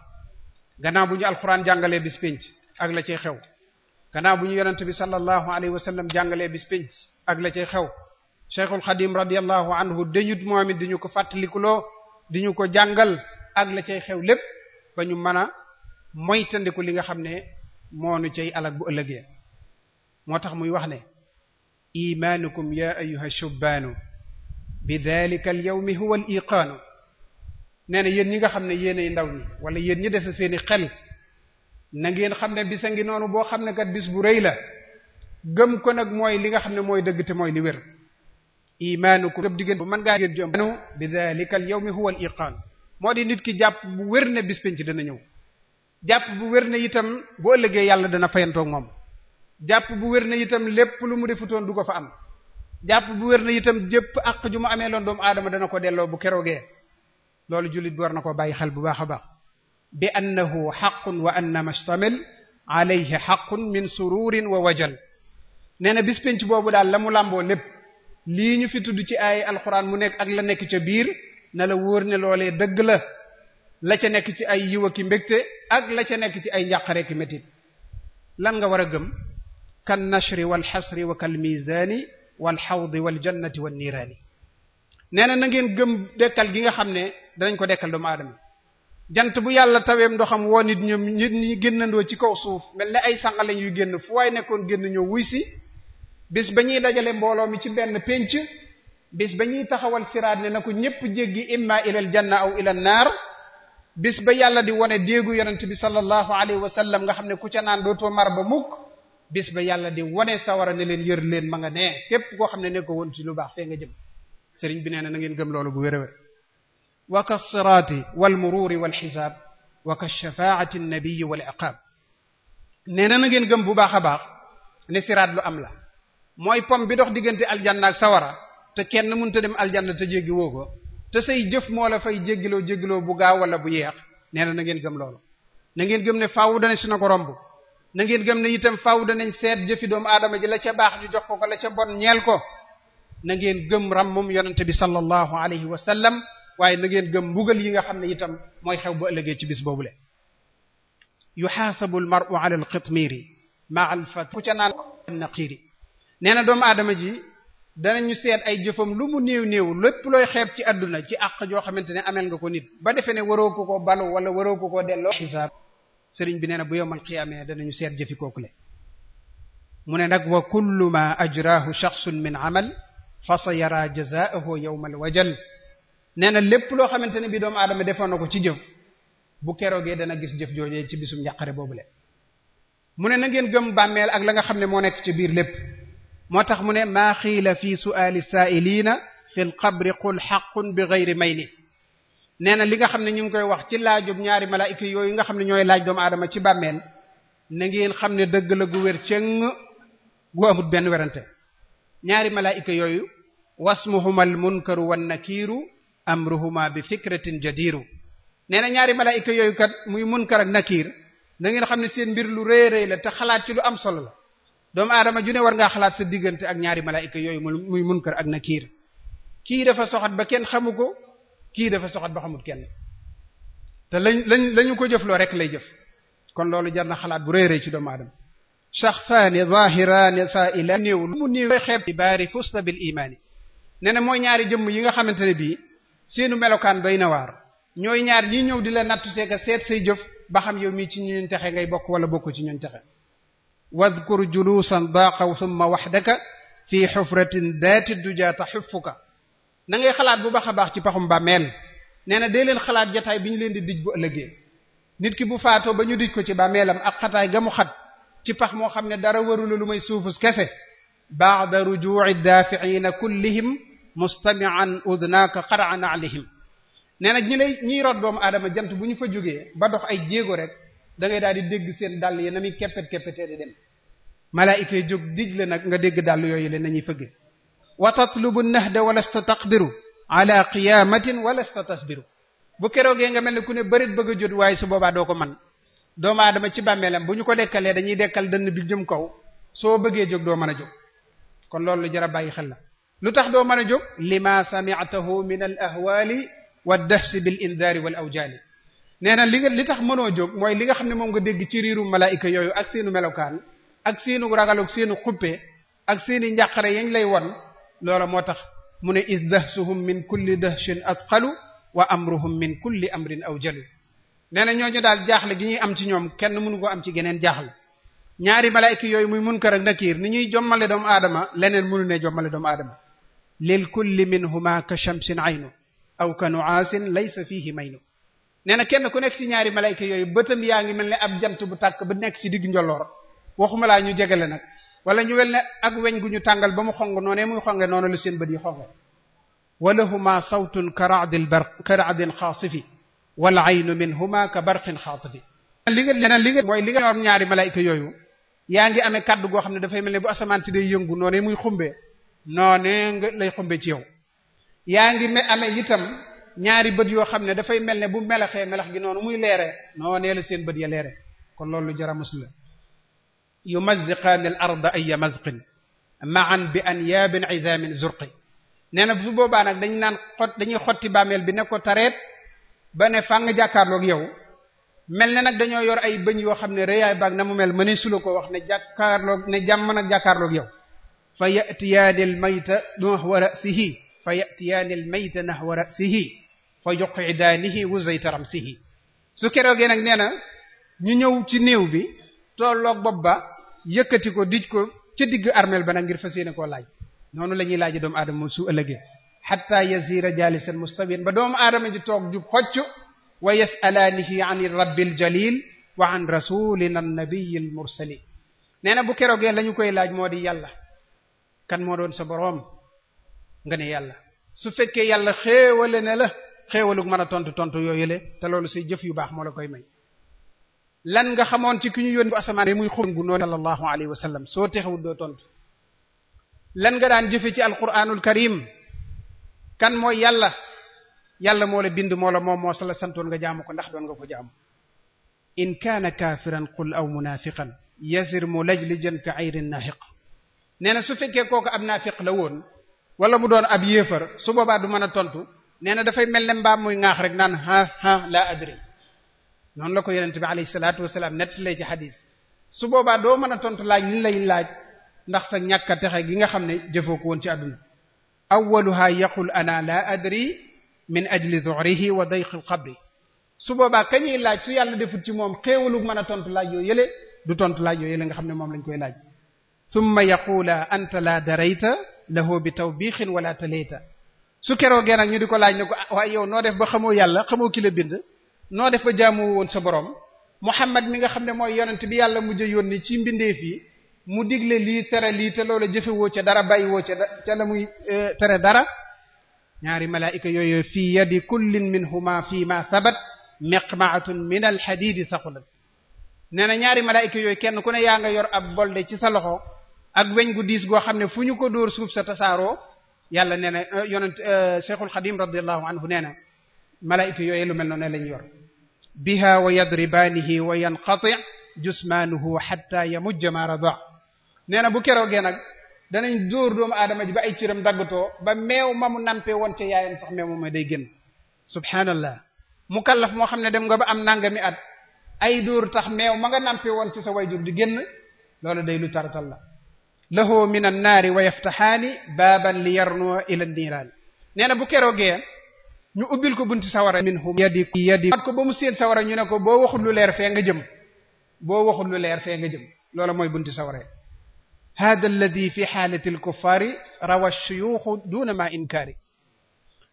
gannaaw bu ñu alxuraan jàngalee bis pénc ak la cay xew gannaaw bu ñu yonent bi sallallahu alayhi wa jàngalee bis pénc ak la cay xew cheikhul xadim radiallahu anhu dañut moom it di ñu ko fàttalikuloo di ñu ko jàngal ak la cay xew lépp ba ñu mën a moytandiku li nga xam ne moonu cay alak bu ëllëgee moo tax muy wax ne imaanukum ya ayuha shubbaanu bi dhalika al yawmi huwa al iqaanu nee na yéen ñi nga xam ne yéenay ndaw ñi wala yéen ñi dese seeni xel na ngeen xam ne bisa ngi noonu boo xam ne kat bis bu rëy la gëm ko nag mooy li nga xam ne mooy dëgg mooy li wér imaanukum gëm diggéen bu mën ngaa ngeen jom bi dhalika al yawmi huwa moo di nit ki jàpp bu wér ne bis penc dana ñëw jàpp bu wér na itam bu ëllëgee yàlla dana fayantoog moom jàpp bu wér ne itam lépp lu mu defutoon du ko fa am jàpp bu wér na itam jëpp àq ju mu amee loon doomu aadama dana ko delloo bu keroogee loolu jullit bi war na ko bàyyi xel bu baax a baax bi annahu xaqun wa anna mashtamil alayhi xaqun min sururin wa wajal nee na bis penc boobu daal la mu làmboo lépp lii ñu fi tudd ci ay alxuraan mu nekk ak la nekk ca biir na la wóor ne loolee dëgg la la ca nekk ci ay yiwa ki mbégte ak la ca nekk ci ay njàqare ki métit lan nga war a gëm kan nashri wal xasri wa kal mizaani wal xawdi wal jannati wan niiraani nee na na ngeen gëm dekkal gi nga xam ne danañ ko dekkal doomu bu yàlla taweem ndoxam woo nit ñoom nit ñi génnandoo ci kaw suuf mel ne ay sànqaleñ yuy génn fu nekkoon génn ñëw wuy si bis ba ñuy dajale mbooloo mi ci benn pénc bis ba ñuy taxawal siraat ne na ko ñépp jéggi imma ilal janna aw ilal naar bis ba yàlla di wone déegu yonent bi sallallahu alayhi wa sallam nga xam ne ku ca naan dootoo mar ba mukk bis ba yàlla di wone sawara ne leen yër leen ma nga nee képp koo xam ne nekko woon ci lu baax fee nga jëm sëriñ bi nee na na ngeen gëm loolu bu wérawé wa ka siraati wal mururi wal xisaab wa ka shafaati nnabiyi wal iqaab nee na na ngeen gëm bu baax a baax ne siraat lu am la mooy pom bi dox diggante aljanna ak sawara te kenn ta dem aljanna te jéggi ko te say jëf moo la fay jéggiloo jéggiloo bu gaaw wala bu yeex nee na na ngeen gëm loolu na ngeen gëm ne faaw dana su na ko romb na ngeen gëm ne itam faaw danañ seet jëfi doomu aadama ji la ca baax ñu jox ko ko la ca bon ñeel ko na ngeen gëm ràmmum yonente bi sallallahu alayhi wa sallam waaye na ngeen gëm mbugal yi nga xam ne itam mooy xew bu ëllëgee ci bis boobule yuxaasabu almaru ala alqitmiri ma alfat ku ca naan naqiiri nee na doomu aadama ñu seet ay jëfam lu mu néew néew lépp looy xeeb ci àdduna ci àq joo xamante ne amel nga ko nit ba defee ne waroo ko ko balu wala waroo ko koo delloo xisaab sëriñ bi nee na bu yowmal qiyaamee danañu seet jëfi kooku le ne nag wa kullu ma ajrahu shaxsun min amal fa sa yara jazaahu yowmal wajal nee na lépp loo xamante ne bi doomu aadama defoon na ko ci jëf bu keroogee dana gis jëf joojee ci bisum njàqare boobu le mu ne na ngeen gëm bàmmeel ak la nga xam ne moo nekk ci biir lépp moo tax mu ne maa xiila fi su'aali saa'iliina fil qabri qul xaqun bi gayri mayli nee na li nga xam ne ñu ngi koy wax ci laajub ñaari malaayika yooyu nga xam ne ñooy laaj ci bàmmeel na ngeen xam ne dëgg la gu wer cëng gu amut benn werante ñaari malaayika yooyu wasmuhuma al munkaru wan nakiiru amruhuma bi fikratin jadiiru nee na ñaari malaayika yooyu kat muy munkar ak nakiir na ngeen xam ne seen mbir lu réy rey la te xalaat ci lu am solo la doomu aadama ju ne war ngaa xalaat sa diggante ak ñaari malaayika yooyu muy munkar ak nakiir kii dafa soxat ba kenn xamu ko kii dafa soxat ba xamut kenn te lañ lañu ko jëfloo rek lay jëf kon loolu jar na xalaat bu rëy rëy ci doomu aadama shaxsaani zahiraani sa néew lu mu néew xeeb baari fusta bil imaani ne ne mooy ñaari jëmm yi nga xamante ne bii seenu melokaan doy na waar ñooy ñaar ñi ñëw di la nattu seeka seet say jëf ba xam yow mii ci ñun texe ngay bokk wala bokk ci ñun texe wadkur juluusan daaqa summa waxdaka fi xufratin daati duja taxifuka na ngay xalaat bu baax a baax ci paxum bàmmeel nee na dee leen xalaat jataay bi ñu leen di dij bu nit ki bu faatoo ba ñu dij ko ci bàmmeelam ak xataay gamu xat ci pax moo xam ne dara warula lu may suufus kese baada rujuci daaficiina kullihim mustamian udnaaka xara naalihim nee na ñi lay ñiy rot doomu jant bu ñu fa jógee ba dox ay jéego rek da ngay daal di dégg seen dàll yi na muy keppet keppetee di dem malaayika yi jóg digle nag nga dégg dàll yooyu leen nañuy fëgge wa tatlubu nahda walasta taqdiru ala qiyamatin walasta tasbiru bu keroogee nga mel ne ku ne bërit bëgg a jot waaye su boobaa doo ko man doomu aadama ci bàmmeelam bu ñu ko dekkalee dañuy dekkal dënn bi jëm kaw soo bëggee jóg doo mën a jóg kon loolu lu jar a bàyyi xel la lu tax doo mën a jóg lima sami'tahu min al ahwali waddahsi bil indaari wal awjaali nee na li nga li tax mënoo jóg mooy li nga xam ne moom nga dégg ci riiru malaayika yooyu ak seenu melokaan ak seenu ragaluk seenu xuppe ak seeni njàqare yañ lay won loola moo tax mu ne is dahsuhum min kulli dahshin asqalu wa amruhum min kulli amrin aw jalu nee na ñooñu daal jaaxle gi ñuy am ci ñoom kenn mënu ko am ci geneen jaaxle ñaari malaayika yooyu muy munkar ak nakiir ni ñuy jommale doomu aadama leneen mënu ne jommale doomu aadama lil kulli minhuma ka shamsin aynu aw ka nuaasin laysa fihi maynu nee na kenn ku nekk ci ñaari malaayika yooyu bëtam yaa ngi mel ne ab jant bu tàkk bu nekk ci digg njolloor waxuma laa ñu jegele nag wala ñu wel ak weñ gu ñu tàngal ba mu xong noonee muy xonge noonu la seen bët yi xonge walahuma sawtun ka radil barq ka radin xaasifi wal aynu minhuma ka barqin xaatifi li nga leneen li nga mooy li nga am ñaari malayka yooyu yaa ngi amee kaddu goo xam ne dafay mel ne bu asamaan si day yëngu noonee muy xumbe noonee nga lay xumbe ci yow yaa ngi ame amee itam ñaari bët yoo xam ne dafay mel ne bu melaxee melax gi noonu muy leeree noonee la seen bët ya leere kon loolu lu jaramus la yumaziqaani al arda ay mazqin maan bi an ay izaamin zurqi nee na su boobaa nag dañ naan xot dañuy xotti bi ne ko tareet ba ne fàng jàkkaarloog yow mel ne nag dañoo yor ay bëñ yoo xam ne rëyaay baag na mu mel mëne sula ko wax ne jàkkaarloog ne jàmm nag jàkkaarloog yow fa yatiyaani l mayta nahwa rasihi fa yatiyaani l mayta nahwa rasihi fa yuqidaanihi wa zayta ramsihi su keroogee nag nee ñu ñëw ci néew bi tolloog bopp ba yëkkati ko dij ko ca digg armeel ba nag ngir fas yéene ko laaj noonu la ñuy laaj doomu aadama su ëllëgee hatta yazira jalisan mustawiyan ba doomu aadama ji toog jub xocc wa yasalaanihi an rabbil jalil wa an rasulina nabiyil mursalin nee na bu keroogee la koy laaj moo di yàlla kan moo doon sa boroom nga ne yàlla su fekkee yàlla xéewale ne la xéewalug man a tontu tontu yooyu le te loolu say jëf yu baax moo la koy may lan nga xamoon ci ki ñu yónni bu asamaan muy xóon gu noonu sallallahu alayhi wa sallam soo texewul doo tontu lan nga daan jëfe ci alquranul karim kan mooy yàlla yàlla moo la bind moo la moom moo sa la santoon nga jaamu ko ndax doon nga ko jaamu in kaana kaafiran qul aw munaafiqan yasir mu lajlijan ka ayrin naaxiq nee na su fekkee kooku ab naafiq la woon wala mu doon ab yéefar su boobaa du mën a tontu nee na dafay mel ne mbaam muy ŋaax rek naan ha ha laa adri noonu la ko yonent bi alayhi salaatu wasalaam nettalee ci su boobaa doo mën a tontu laaj li lay laaj ndax sa ñàkk texe gi nga xam ne jëfoo ko woon ci àdduna awwaluha yaqul ana la adri min ajli dhuhrihi wa dayqil qabri su boobaa kañuy laaj su yàlla defut ci moom xéewalu mën a tontu laaj yoo yële du tontu laaj yoo yële nga xam ne moom lañ koy laaj summa yaqula anta la darayta lahu bi tawbixin wala talayta su keroogee nag ñu di ko laaj ne ko ah, waaye yow noo def ba xamoo yàlla xamoo ki bind noo def ba jaamu woon sa borom Muhammad mi nga xam ne mooy yonent bi yàlla mu yoon yónni ci mbindee yi mu digle lii tere lii te loola jëfewoo ca dara bàyyiwoo ca ca la muy e, tere dara ñaari malaayika yooyu fii yadi kullin minhuma fii ma sabat miqmaatun min alxadidi saqulat nee na ñaari malaayika yooyu kenn ku ne yaa nga yor ab bolde ci sa loxo ak weñ gu diis goo xam ne fu ñu ko door suuf sa tasaaroo yàlla nee na e, yonent e, Cheikhul Xadim radiyallahu anhu nee na malaayika yooyu lu mel noonu lañ yor biha wa yadribaanihi wa yanqati jusmaanuhu xatta yamujja ma rada nee na bu keroogee nag danañ dóor doomu aadama ji ba ay ciram daggatoo ba meew ma mu nampee woon ca yaayam sax meew ma day génn mu mukallaf moo xam ne dem nga ba am nangami at ay dóor tax meew ma nga nampee woon sa sa jur di génn loolu day lu taratal la lahu min an naari wa yaftaxaani baaban ila niiraan nee na bu ñu ubbil ko bunti sawara minhum yadi yadi at ko ba mu seen sawara ñu ne ko boo waxul lu leer fee nga jëm boo waxul lu leer fee nga jëm loola mooy bunti sawara hada di fi xaalati alkuffari rawa shuyuxu duna ma inkaari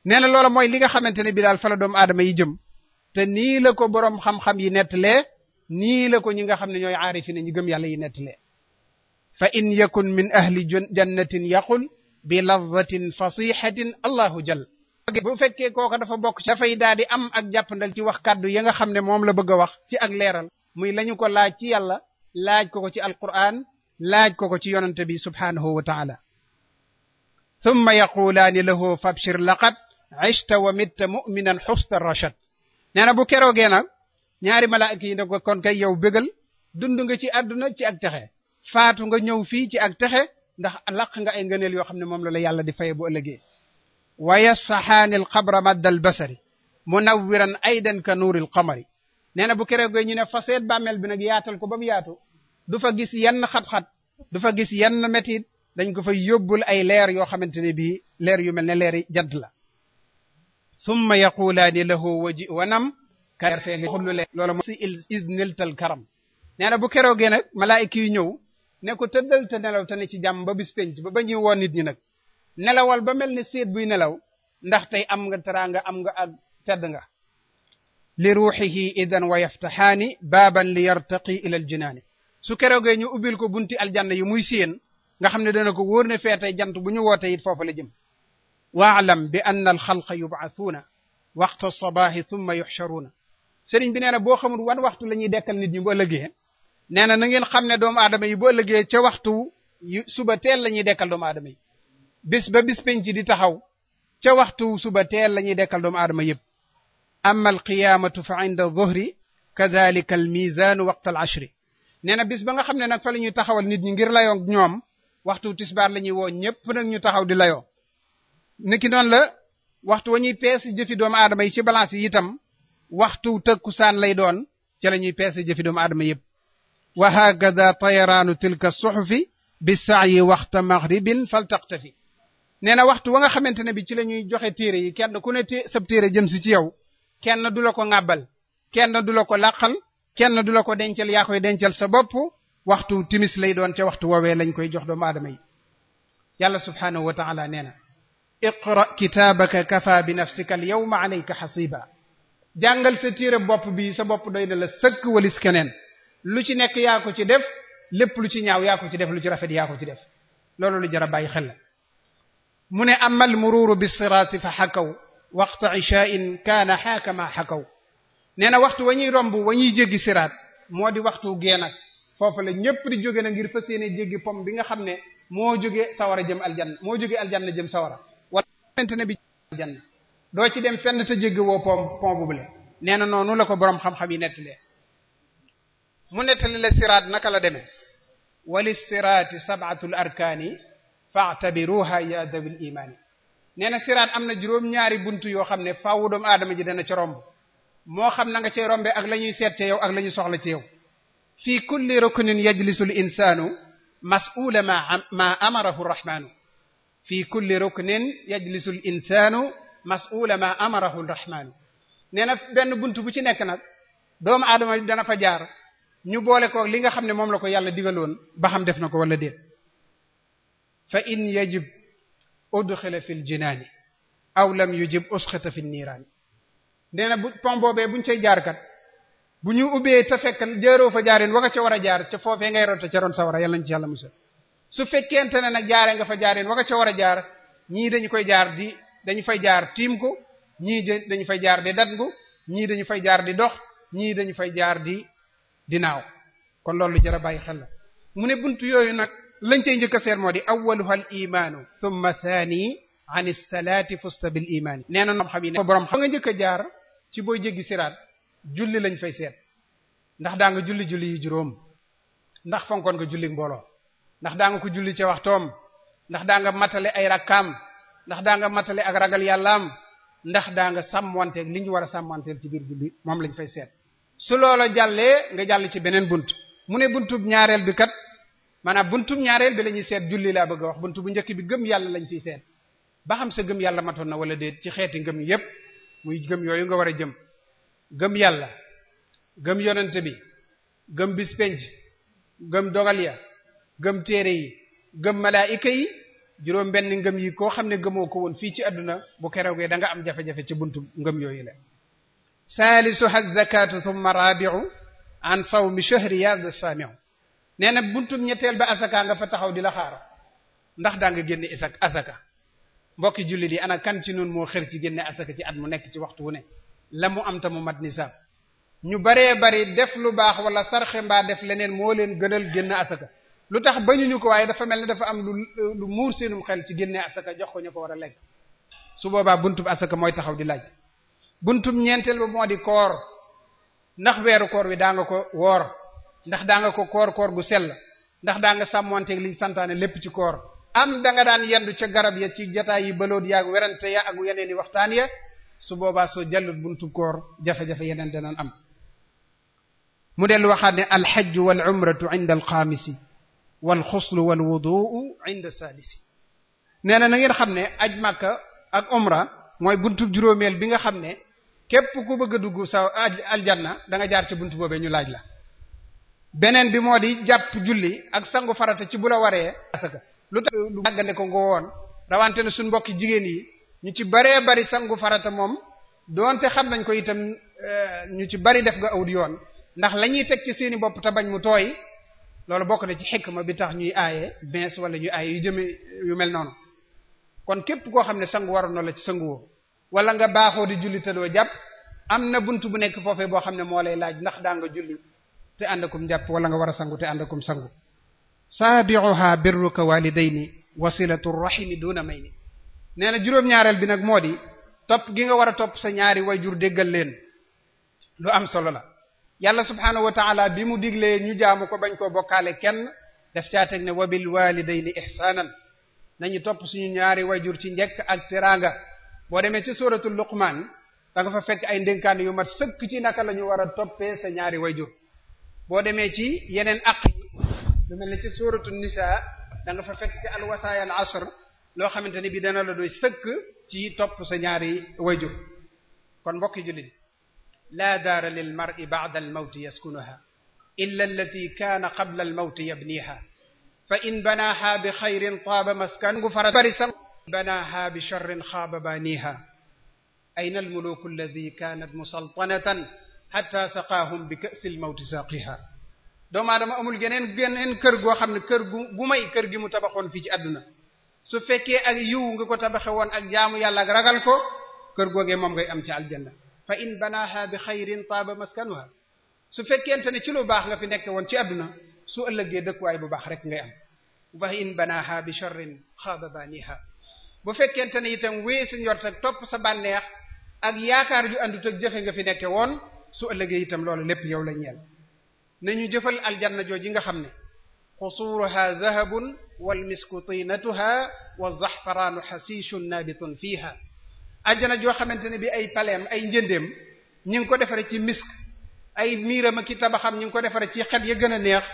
nee na loola mooy li nga xamante ne bi daal fala doomu aadama yi jëm te nii la ko borom xam-xam yi nettalee nii la ko ñi nga xam ne ñooy aarifi ne ñu gëm yàlla yi nettalee fa in yakun min ahli jannatin yaqul bi lafdatin fasihatin allahu jal boo fekkee kooka dafa bokk ci dafay daal di am ak jàppandal ci wax kàddu ya nga xam ne moom la bëgg a wax ci ak leeral muy lañu ko laaj ci yàlla laaj ko ko ci alquran laaj ko ko ci yonante bi subhaanahu wa taala thumma yaqulaani lahu fabshir laqad ishta wa mitta mu'minan xusta rashad nee na bu keroogee nag ñaari malaaka yi ne ko kon kay yow bégal dund nga ci àdduna ci ak texe faatu nga ñëw fii ci ak texe ndax laq nga ay ngëneel yoo xam ne moom la la yàlla di faye bu ëllëgee wa yasfaxaani alxabra madda albasari munawwiran aydan ka nuuril qamari nee na bu keroogee ñu ne faseet bàmmeel bi nag yaatal ko ba mu yaatu du fa gis yenn xat-xat du fa gis yenn metit dañ ko fa yóbbul ay leer yoo xamante ne bii leer yu mel ne leeri jant la summa yaqulaani lahu waji wanam kar fee nga xullu lee loolu mo si isniltal karam nee bu keroogee nag malaayika yi ñëw ne ko tëddal te nelaw te ne ci jàmm ba bis penc ba ba ñuy woo nit ñi nag nelawal ba mel ni seet buy nelaw ndax tey am nga teraanga am nga ak tedd nga li ruuxihi idan wa yaftaxaani baaban li yartaqi ila aljinaani su keroogee ñu ubbil ko bunti aljanna yi muy séen nga xam ne dana ko woor ne fee tey jant bu ñu woote it foofa la jëm waalam bi ann alxalqa yubcathuuna waxta sabaahi thumma yuxcharuuna sëriñ bi nee na boo xamul wan waxtu la ñuy dekkal nit ñi bu ëllëgee nee na na ngeen xam ne doomu aadama yi bu ëllëgee ca waxtu suba teel la ñuy dekkal doomu aadama yi bis ba bis penc di taxaw ca waxtu suba teel la ñuy dekkal doomu adama yëpp amma alqiyaamatu fa inda dhuhri kadhalika almizaanu waqta al nee na bis ba nga xam ne nag la ñuy taxawal nit ñi ngir layoo ñoom waxtu tisbaar la ñuy woo ñëpp nag ñu taxaw di layo niki noon la waxtu wa ñuy peese doomu aadama yi ci balance yi itam waxtu saan lay doon ca la ñuy peese jëfi doomu aadama yëpp wa hakada tayaraanu tilka suxufi bisaayi waxta maghribin faltaqtafi nee na waxtu wa nga xamante ne bi ci la ñuy joxe téere yi kenn ku ne sab téere jëm si ci yow kenn du la ko ŋàbbal kenn du la ko làqal kenn du la ko dencal yaa koy dencal sa bopp waxtu timis lay doon ca waxtu woowee lañ koy jox doomu aadama yi yàlla subhaanahu wa taala nee na iqra kitaabaka kafa bi nafsika al yawma alayka xasiba jàngal sa téere bopp bi sa bopp doy na la sëkk walis keneen lu ci nekk yaa ci def lépp lu ci ñaaw yaa ci def lu ci rafet yaa ko ci def loolu lu jar a bàyyi xel la mu ne ama almuruuru bisiraati fa xakaw waxta ishain kaana xaakama xakaw nee na waxtu wa ñuy romb wa ñuy jéggi siraat moo di waxtu geen ak foofu la ñépp di jóge na ngir fas yéene jéggi pom bi nga xam ne moo jóge sawara jëm aljanna moo jóge aljanna jëm sawara wala xamante bi aljanna doo ci dem fenn te jéggi woo pom pom nee na noonu la ko boroom xam-xam yi nettalee mu nettali la siraat naka la demee wali siraati sabaatul arkaani fa'tabiruha ya dawil imaani nee na siraat am na juróom-ñaari bunt yoo xam ne faw doom adama ji dana ca romb moo xam na nga cay rombe ak la ñuy seet ca yow ak la ñuy soxla ca yow fi kulli ruknin yajlisu l insaanu mas'uula ma ma amarahu rahmaanu fi kulli ruknin yajlisu l insaanu mas'uula ma amarahu rahmaanu nee benn bunt bu ci nekk nag doomu aadama dana fa jaar ñu boole ko li nga xam ne moom la ko yàlla digaloon ba xam def na ko wala déet fa in yajib udxila fil jinaani aw lam yujib usxita fi niiraani nee na bu pont bu buñ cay jaar kat bu ñu ubbee te fekk jaaroo fa jaarin wa nga ca war a jaar ca nga ngay rotta ca ron sawara yàlla nañ ci yàlla musal su fekkente ne nag jaaree nga fa jaarin nga ca war a jaar ñii dañu koy jaar di dañu fay jaar tiim ko ñii dañu fay jaar di dat ko ñii dañu fay jaar di dox ñii dañu fay jaar di dinaaw kon loolu lu jar a bàyyi xel la mu ne buntu yooyu nag lañ cay njëkk a seet moo di awwaluha al imaanu thumma thani an ilsalaati fusta bil imaani nee na xam yi borom xam nga njëkk a jaar ci booy jéggi siraat julli lañ fay seet ndax daanga julli julli yi juróom ndax fonkoon nga julli mbooloo ndax daa ko julli ca waxtoom ndax daa nga matale ay rakkaam ndax daa nga ak ragal yàllaam ndax daa nga sàmmanteeg li ñu war a sàmmanteel ci biir julli moom lañ fay seet su loola jàllee nga jàll ci beneen bunt mu ne buntub ñaareel bi kat maanaam buntu ñaareel bi lañuy seet julli laa bëgg a wax buntu bu njëkk bi gëm yàlla lañ fiy seet ba xam sa gëm yàlla matoon na wala déet ci xeeti ngëm yépp muy gëm yooyu nga war a jëm gëm yàlla gëm yonent bi gëm bis gëm dogal ya gëm téere yi gëm malaayika yi juróom benn ngëm yi koo xam ne gëmoo ko woon fii ci àdduna bu keroogee danga am jafe-jafe ci buntu ngëm yooyu la salisuha zakatu thumma rabi'u an sawmi shahri hadha sami'u nee na buntub ñetteel ba asaka nga fa taxaw di la xaar ndax daa nga génne isak asaka mbokki jullit yi ana kan ci noonu moo xër ci génne asaka ci at mu nekk ci waxtu wu ne la mu am ta mu mat ni nisaab ñu baree bari def lu baax wala sarxe mbaa def leneen moo leen gënal génn asaka lu tax bañuñu ko waaye dafa mel ne dafa am lu lu muur seenum xel ci génne asaka jox ko ñu ko war a lekk su boobaa buntub asaka mooy taxaw di laaj buntub ñeenteel ba moo di koor ndax weeru koor wi daa ko woor ndax daa nga ko koor koor gu sell ndax daa nga sàmmonteeg liñ santaane lépp ci koor am da nga daan yendu ca garab ya ci jataay yi balood yaag werante ya ak yeneen yi waxtaan ya su boobaa soo jallut buntu koor jafe-jafe yeneen danañ am mu dellu waxaat ne alxajju wal umratu inda alxaamisi wal xuslu wal wuduu inda saalisi nee na na ngeen xam ne aj màkka ak umra mooy buntu juróomeel bi nga xam ne képp ku bëgg a dugg sa aljanna da nga jaar ci buntu boobee ñu laaj la beneen bi moo di jàpp julli ak sangu farata ci bu la waree asaka lu tax lu àggande ko ngoo woon rawante ne suñ mbokki jigéen yi ñu ci baree bari sangu farata moom doonte xam nañ ko itam eh, ñu ci bari def nga awut yoon ndax lañuy teg ci seeni bopp te bañ mu tooy loolu bokk na ci xikma bi tax ñuy aaye bees wala ñuy aaye yu jëme yu mel noonu kon képp koo xam ne sangu waroon na la ci sangu woo wala nga baaxoo di julli te doo jàpp am na bunt bu nekk foofee boo xam ne moo lay laaj ndax daa nga te ànd akum njàpp wala nga war a sangu te ànd akum sangu saabi'uha birruka walidayni wasilatu rahimi duna may ni nee na juróom-ñaareel bi nag moo di topp gi nga war a topp sa ñaari wayjur déggal leen lu am solo la yàlla subhaanahu wa bi mu diglee ñu jaamu ko bañ koo bokkaale kenn daf caa teg ne wabil walidayni ihsaanan nañu topp suñu ñaari wayjur ci njekk ak teraanga boo demee ci suratul luqmaan da nga fa fekk ay ndénkaan yu mat sëkk ci naka la ñu a toppee sa ñaari wayjur boo demee ci yeneen aq yi lu mel ne ci suuratu nisaa da nga fa fekk ci alwasaaya al asr loo xamante ne bi dana la doy sëkk ci topp sa ñaari wayjur kon mbokki jullit laa daara lil mar'i ba'da al mawti yaskunuha illa allati kaana qabla al mawti yabniha fa in banaaha bi xayrin taaba maskan gu fara bari sam banaaha bi sharrin xaaba baaniha ayna al muluku xatta saqaahum bi kasil mawti saqiha doomu aadama amul geneen geneen kër goo xam ne kër gu gu may kër gi mu tabaxoon fii ci àdduna su fekkee ak yiw nga ko tabaxe woon ak jaamu yàlla ak ragal ko kër googee moom ngay am ci aljanna fa in banaaha bi xayrin taaba maskanuha su fekkente ne ci lu baax nga fi nekk woon ci àdduna su ëllëgee dëkkuwaay bu baax rek ngay am fa in banaaha bi sharrin xaaba baaniha bu fekkente ne itam wéy sa njort ak topp sa bànneex ak yaakaar ju àndut ak nga fi nekke woon su ëllëgee itam loolu lépp yow la ñeel nañu jëfal aljanna jooji nga xam ne xusuuruha dahabun wal misku tinatuha wa zaxfaraanu xasiishun naabitun fiiha aljanna joo xamante ne bi ay paleem ay njëndeem ñi ngi ko defaree ci misk ay miiram ak i tabaxam ñi ngi ko defaree ci xet ya gën a neex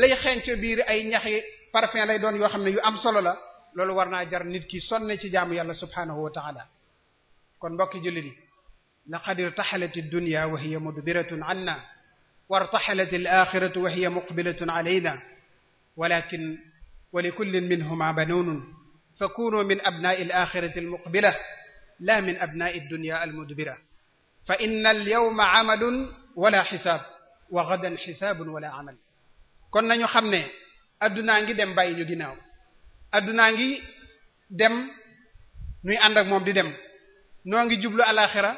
lay xenco biir ay ñaxi parfum lay doon yoo xam ne yu am solo la loolu war naa jar nit ki sonne ci jaamu yàlla subhaanahu wa taala kon mbokki jullit yi laqad irtaxalat addunya wa hiya mudbiratun anna wa irtaxalat alaxiratu wa hiya muqbilatun alayna walakin wa likullin minhuma banuunun fa kunu min abnaa'i alaxirati almuqbila la min abnaa'i addunya almudbira fa inna alyawma amalun wala xisaab wa gadan xisaabun wala amal kon nañu xam ne addunaa ngi dem bàyyi ñu ginnaaw addunaa ngi dem nuy ànd ak moom di dem noo ngi jublu alaxira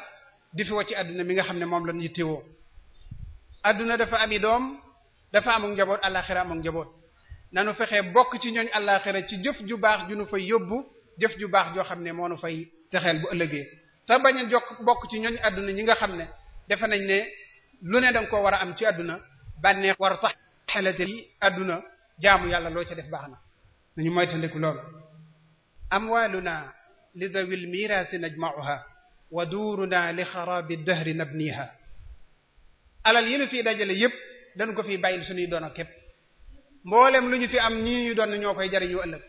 di fi wacci àdduna mi nga xam ne moom la ñuy téwoo àdduna dafa ami doom dafa amuk njaboot àllaaxira amuk njaboot nanu fexe bokk ci ñooñ àllaaxira ci jëf ju baax ju nu fay yóbbu jëf ju baax joo xam ne moo nu fay texeel bu ëllëgee te bañ a jokk bokk ci ñooñ àdduna ñi nga xam ne defe nañ ne lu ne danga ko war a am ci àdduna bànneex war a tax xelate yi àdduna jaamu yàlla loo ci def baax na nañu moytandiku loolu amwaaluna li dawil miraasi najma'uha wa duuruna li xaraabi dahri nabniha alal yi nu fiy dajale yépp dañ ko fiy bàyyil suñuy doon ak képp mboolem lu ñu fi am ñii ñu doon ñoo koy jariñoo ëllëg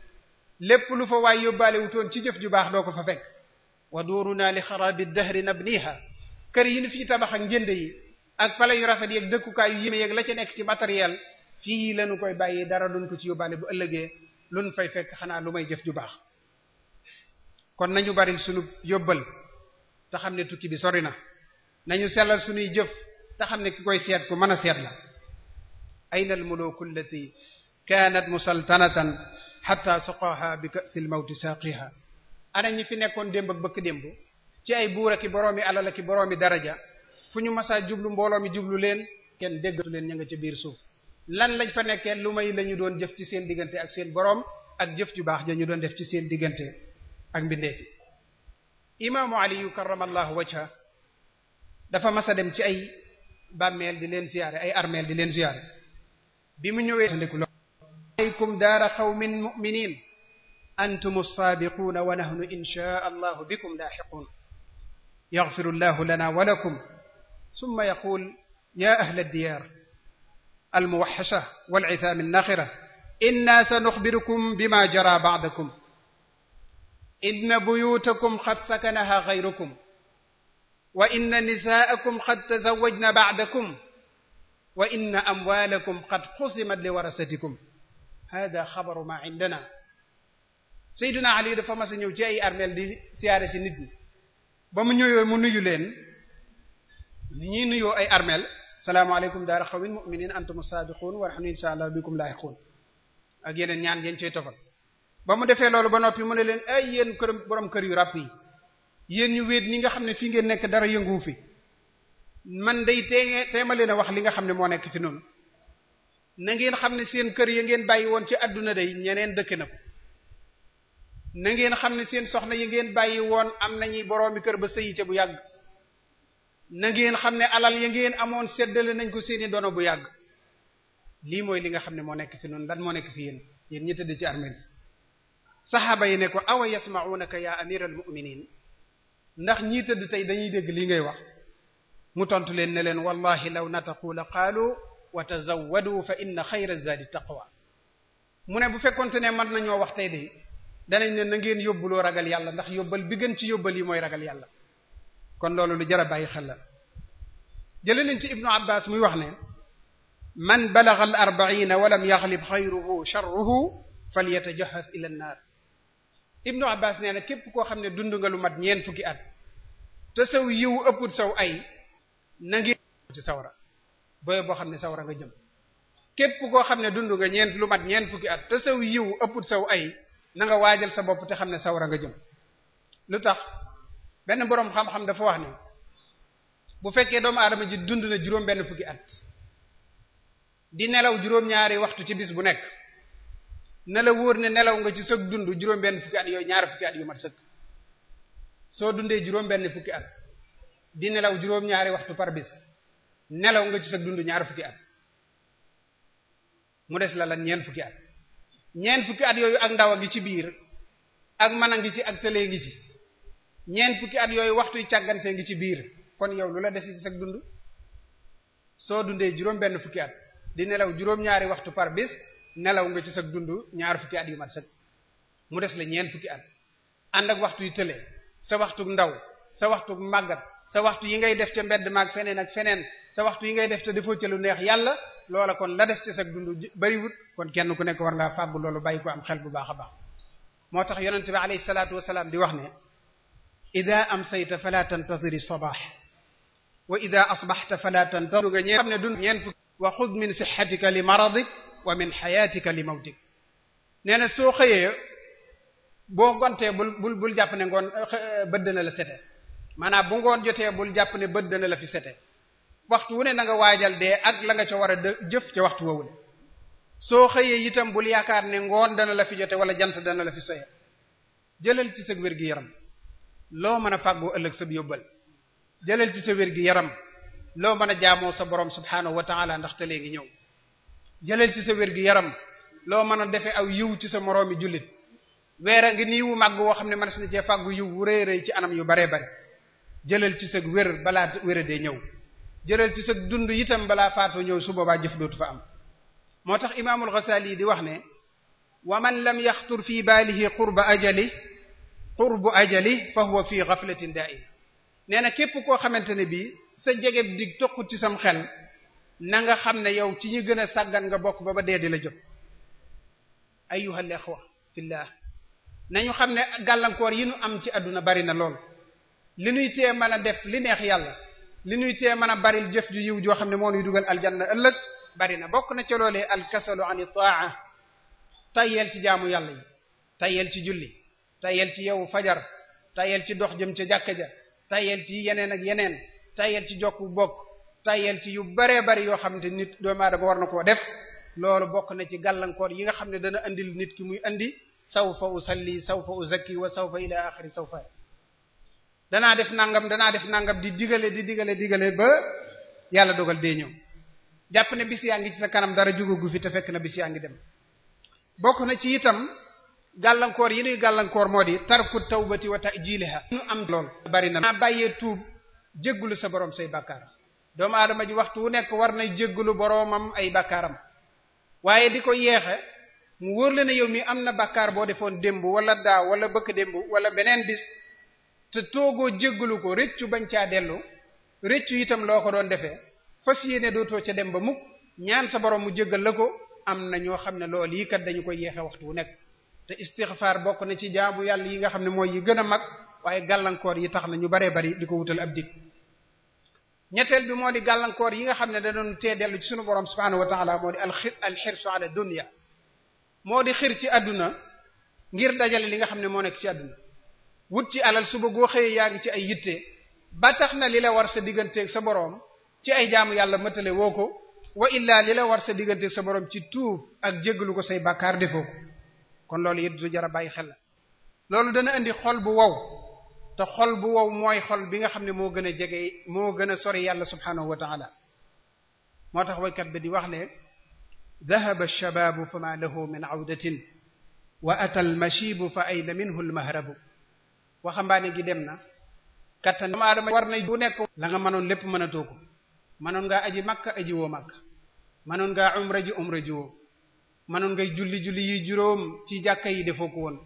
lépp lu fa waay yóbbaale ci jëf ju baax doo ko fa fekk wa duuruna li xaraabi dahri nabniha kër yi nu fi tabax ak njënd yi ak pale yu rafet yeeg dëkkukaay yu yéeme yeeg la ci nekk ci matériel fii lañu koy bàyyi dara duñ ko ci yóbbaale bu ëllëgee luñ fay fekk xanaa lu may jëf ju baax kon nañu bari sunu yóbbal te xam ne tukki bi sori na nañu sellal suñuy jëf te xam ne ki koy seet ku mën a seet la ayna al muluku allati kaanat musaltanatan xatta suqaha bi kasil mawti saaqiha ana ñi fi nekkoon démb ak démb ci buur ak i boroomi alal ak i boroomi daraja fu ñu masaa jublu mbooloo mi jublu leen kenn déggatu leen ña nga ca biir suuf lan lañ fa nekkee lu may la ñu doon jëf ci seen diggante ak seen boroom ak jëf ju baax ja ñu doon def ci seen diggante ak mbindeef imaamu aliyu karamallahu wajha dafa mas a dem ci ay bàmmeel di leen ziyaare ay armeel di leen ziyaare bi mu ñëwee tandiku lo aleykum daara qawmin mu'minin antum as-saabiquuna wa nahnu inshaa allahu bikum laaxiquun yaghfiru llahu lana wa lakum summa yaqul ya ahla ad-diyaar al-muwaxasha wal-'ithaam an-naaxira inna sanukhbirukum bima jara ba'dakum inna buyutakum xad sakanaha xayrukum wa inna nisaakum xad tazawajna baadakum wa inna amwaalakum xad xusimat li warasatikum hada xabaru ma indana sayduna ali dafa mas a ñëw ci ay armeel di siyaare si nit ñi ba mu ñëwee mu nuyu leen ni ñuy nuyoo ay armeel salaamaaleykum daara xawmin muminin antum saabiquun wa nahnu insha allah bikum laahiquun ak yeneen ñaan ngeen cey tofal ba mu defee loolu ba noppi mu ne leen ay yéen kër borom kër yu ràpp yi yéen ñu wéet ñi nga xam ne fii ngeen nekk dara yënguwu fi man day tee ma leen a wax li nga xam ne moo nekk ci noonu na ngeen xam ne seen kër ya ngeen bàyyi woon ci àdduna day ñeneen dëkk na na ngeen xam ne seen soxna yi ngeen bàyyi woon am nañuy boroomi kër ba sëyi ca yàgg na ngeen xam ne alal ya ngeen amoon seddale nañ ko seeni dono bu yàgg lii mooy li nga xam ne moo nekk fi noonu lan moo nekk fi yéen yéen ñi tëdd armeel saxaaba yi ne ko awa yasma'unaka ya amiral mu'minin ndax ñii tëdd tey dañuy dégg li ngay wax mu tontu leen ne leen wallahi law nataqu la qaalu wa tazawwadu fa inna xayra zaadi taqwa mu ne bu fekkonte ne mën nañoo wax tey de danañ ne na ngeen yóbbuloo ragal yàlla ndax yóbbal bi gën ci yóbbal yi mooy ragal yàlla kon loolu lu jar a bàyyi xel la jële nañ ci ibnu abbas muy wax ne man balagha al arbaina wa lam yaxlib xayruhu charruhu falyatajaxas ila naar ibnu abbas nee na képp koo xam ne dund nga lu mat ñeent fukki at te saw yiw ëpput ay na ngi boo xam ne sawra nga jëm képp koo xam ne dund nga ñeent lu mat ñeent fukki at te saw yiw ëpput saw ay na nga waajal sa bopp te xam ne sawra nga jëm lu tax benn boroom xam-xam dafa wax ne bu fekkee doomu aadama ji dund na juróom benn fukki at di nelaw juróom-ñaari waxtu ci bis bu nekk ne la wóor ne nelaw nga ci sëg dund juróom-benn fukki at yooyu ñaar fukki at yu mat dundee juróom-benn at di nelaw juróom-ñaari waxtu par nga ci sëg dund ñaar fukki at mu des la lan ñeent fukki at ñeent at yooyu ak ndaw a ci biir ak mën ngi ci ak tëlee ngi ñeent fukki at yooyu waxtuy càggante ngi ci biir kon yow la des ci sëg soo dundee juróom-benn fukki at di nelaw juróom-ñaari waxtu par bis nelaw nga ci sa dund ñaar fukki at yu mat sëg mu des la ñeent fukki at ànd ak waxtu yu tële sa waxtu ndaw sa waxtu màggat sa waxtu yi ngay def ca mbedd maag feneen ak feneen sa waxtu yi ngay def te defoo ca lu neex yàlla loola kon la des ci sa dund bariwut kon kenn ku nekk war ngaa fàggu loolu bàyyi ko am xel bu baax a baax moo tax yonent bi alayhi salaatu wasalaam di wax ne ida amsayta fala tantaziri sabah wa ida asbaxta fala tantazir nga ñeen xam ne dund ñeen fukki wa xud min wa min xayaatika li mawtik nee na soo xëyee boo ngontee bul bul jàpp ne ngoon bët dana la sete maanaam bu ngoon jotee bul jàpp ne bët dana la fi sete waxtu wu ne na nga waajal dee ak la nga ca war a jëf ca waxtu woowu soo xëyee itam bul yaakaar ne ngoon dana la fi jote wala jant dana la fi soye jëlal ci sa wér-gi-yaram loo mën a fàggoo ëllëg sab yóbbal jëlal ci sa wér-gi-yaram loo mën a jaamoo sa borom subhaanahu wa taala ndax te léegi ñëw jëlal ci sa wér gi yaram loo mën a defee aw yiw ci sa moroomi jullit weer a ngi nii wu màgg woo xam ne mënees na cee fàggu yiw wu rëy rëy ci anam yu baree bare jëlal ci sa wér balaa wér dee ñëw jëlal ci sa dund itam balaa faatu ñëw su boobaa jëf fa am moo tax imaamul Ghazali di wax ne wa man lam yaxtur fi baalihi qurba ajali qurbu ajali fa huwa fi ghaflatin daa'ima nee na képp koo xamante ne bii sa jegeeb dig toqut ci sam xel na nga xam ne yow ci ñi gën a sàggan nga bokk ba ba dee di la jot ayyuhal ikhwa fillah nañu xam ne gàllankoor yi nu am ci àdduna bari na lool li nuy tee mën a def li neex yàlla li nuy tee mën a baril jëf ju yiw joo xam ne moo nuy dugal aljanna ëllëg bari na bokk na ca loolee alkasalu an taa tayel ci jaamu yàlla yi tayel ci julli tayel ci yewu fajar tayel ci dox jëm ca jàkka ja tayel ci yeneen ak yeneen tayel ci jokk bokk tayel ci yu baree bari yoo xam ne nit doomu aadama war na koo def loolu bokk na ci gàllankoor yi nga xam ne dana indil nit ki muy indi saw andi saw usalli sawfa uzakki wa sawfa ila axiri sawfa danaa def nangam danaa def nangam di digale di digale digale ba yàlla dogal dee ñëw jàpp ne bis yaa ngi ci sa kanam dara jugugu fi te fekk na bis yaa ngi dem bokk na ci itam gàllankoor yi nuy gàllankoor moo di tarku tawbati wa ta'jiliha ñu am lool bari na naa bàyyee tuub jéggulu sa borom say bàkkaar doomu aadama ji waxtu wu nekk war nay jéggalu boroomam ay bakkaaram waaye di ko yeexe mu wóor la ne yow mi am na bakkaar boo defoon démb wala daaw wala bëkk démb wala beneen bis te toogoo jéggalu ko rëccu bañ caa dellu rëccu itam loo ko doon defee fas yéene dootoo ca dem ba mukk ñaan sa borom mu jéggal la ko am na ñoo xam ne lool yi kat dañu koy yeexe waxtu wu nekk te istixfaar bokk na ci jaamu yàlla yi nga xam ne mooy yi gën a mag waaye gàllankoor yi tax na ñu baree bari di ko wutal ab dig ñetteel bi moo di gàllankoor yi nga xam ne da doon tee dellu ci sunu borom subhaanahu wa taala moo di alxir alxirsu ala dunya moo di xir ci àdduna ngir dajale li nga xam ne moo nekk ci àdduna wut ci alal suba goo xëyee yaa ngi ci ay yitte ba tax na li la war sa digganteeg sa boroom ci ay jaamu yàlla matale woo ko wa illaa li la war sa digganteeg sa boroom ci tuub ak jéggalu ko say bàkkaar defoo ko kon loolu it du jar a bàyyi xel la loolu dana indi te xol bu wow mooy xol bi nga xam ne moo gën a jege moo gën a sori yàlla subhaanahu wa taala moo tax waykat bi di wax ne dahaba alshababu fa ma lahu min awdatin wa ata almashibu fa ayna minhu almahrabu waxambaane gi dem na kattan doomu aadama war na bu nekk la nga mënoon lépp mënatoo ko mënoon ngaa aji makka aji woo makka mënoon ngaa umra ji umra ji woo mënoon ngay julli julli yi juróom ci jàkka yi defoo ko woon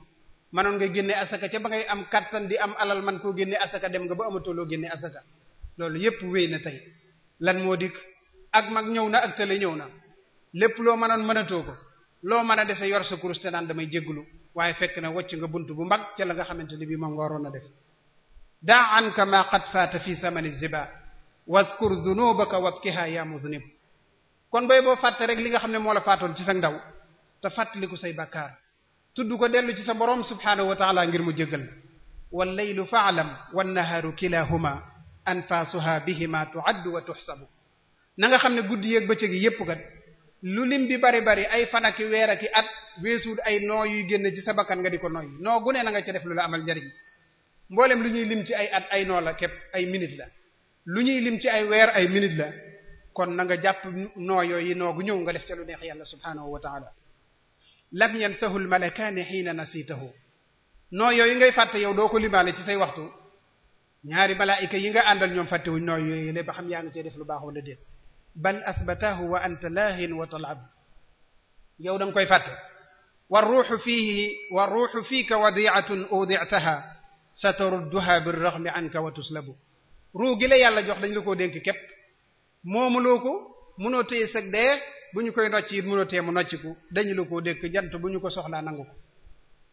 manoon nga génne asaka ca ba ngay am kattan di am alal man koo génne asaka dem nga ba amatuloo génne asaka loolu yépp wéy na tey lan moo dikk ak mag ñëw na ak tële ñëw na lépp loo mënoon mënatoo ko loo mën a dese yor sa kurus te naan damay jégglu waaye fekk na wocc nga bunt bu mag ca la nga xamante ni bii moom nga waroon a def daa anka ma qad faata fi samani ziba wadkur dunubaka wabkiha ya muznib kon bay boo fàtte rek li nga xam ne moo la faatoon ci sa ndaw te ku say bàkkaar tudd ko dellu ci sa borom subhaanahu wa taala ngir mu jéggal wallaylu faalam wannahaaru kilahuma anfaasuha bihima tuaddu wa tuxsabu na nga xam ne guddi yeeg bëccëg yépp kat lu lim bi bari bari ay fan ak weer ak at weesuut ay noo yuy génn ci sa bakkan nga di ko nooy noo gu ne na nga ci def lu amal njariñ mboolem lu ñuy lim ci ay at ay noo la ay minute la lu ñuy lim ci ay weer ay minute la kon na nga jàpp noo yooyu noo ñëw nga def ca lu neex yàlla subhaanahu wa taala lam yansahu almalakaani xiina nasiitahu noo yooyu ngay fàtte yow doo ko limaale ci say waxtu ñaari malaayika yi nga àndal ñoom fàttewuñ nooy yooyu lay ba xam yaa ngi def lu baax wala déet bal asbataahu wa anta laahin wa talab yow da nga koy fàtte wa ruuxu fiihi wa ruuxu fiika wadiatun udictaha sa tarudduha birraxmi anka wa tuslabu ruu gi yàlla jox dañ la koo dénk képp moomuloo ko munoo téye bu ñu koy nocc it mënoo tee mu ku dañu la koo dékk jant bu ñu ko soxlaa nangu ko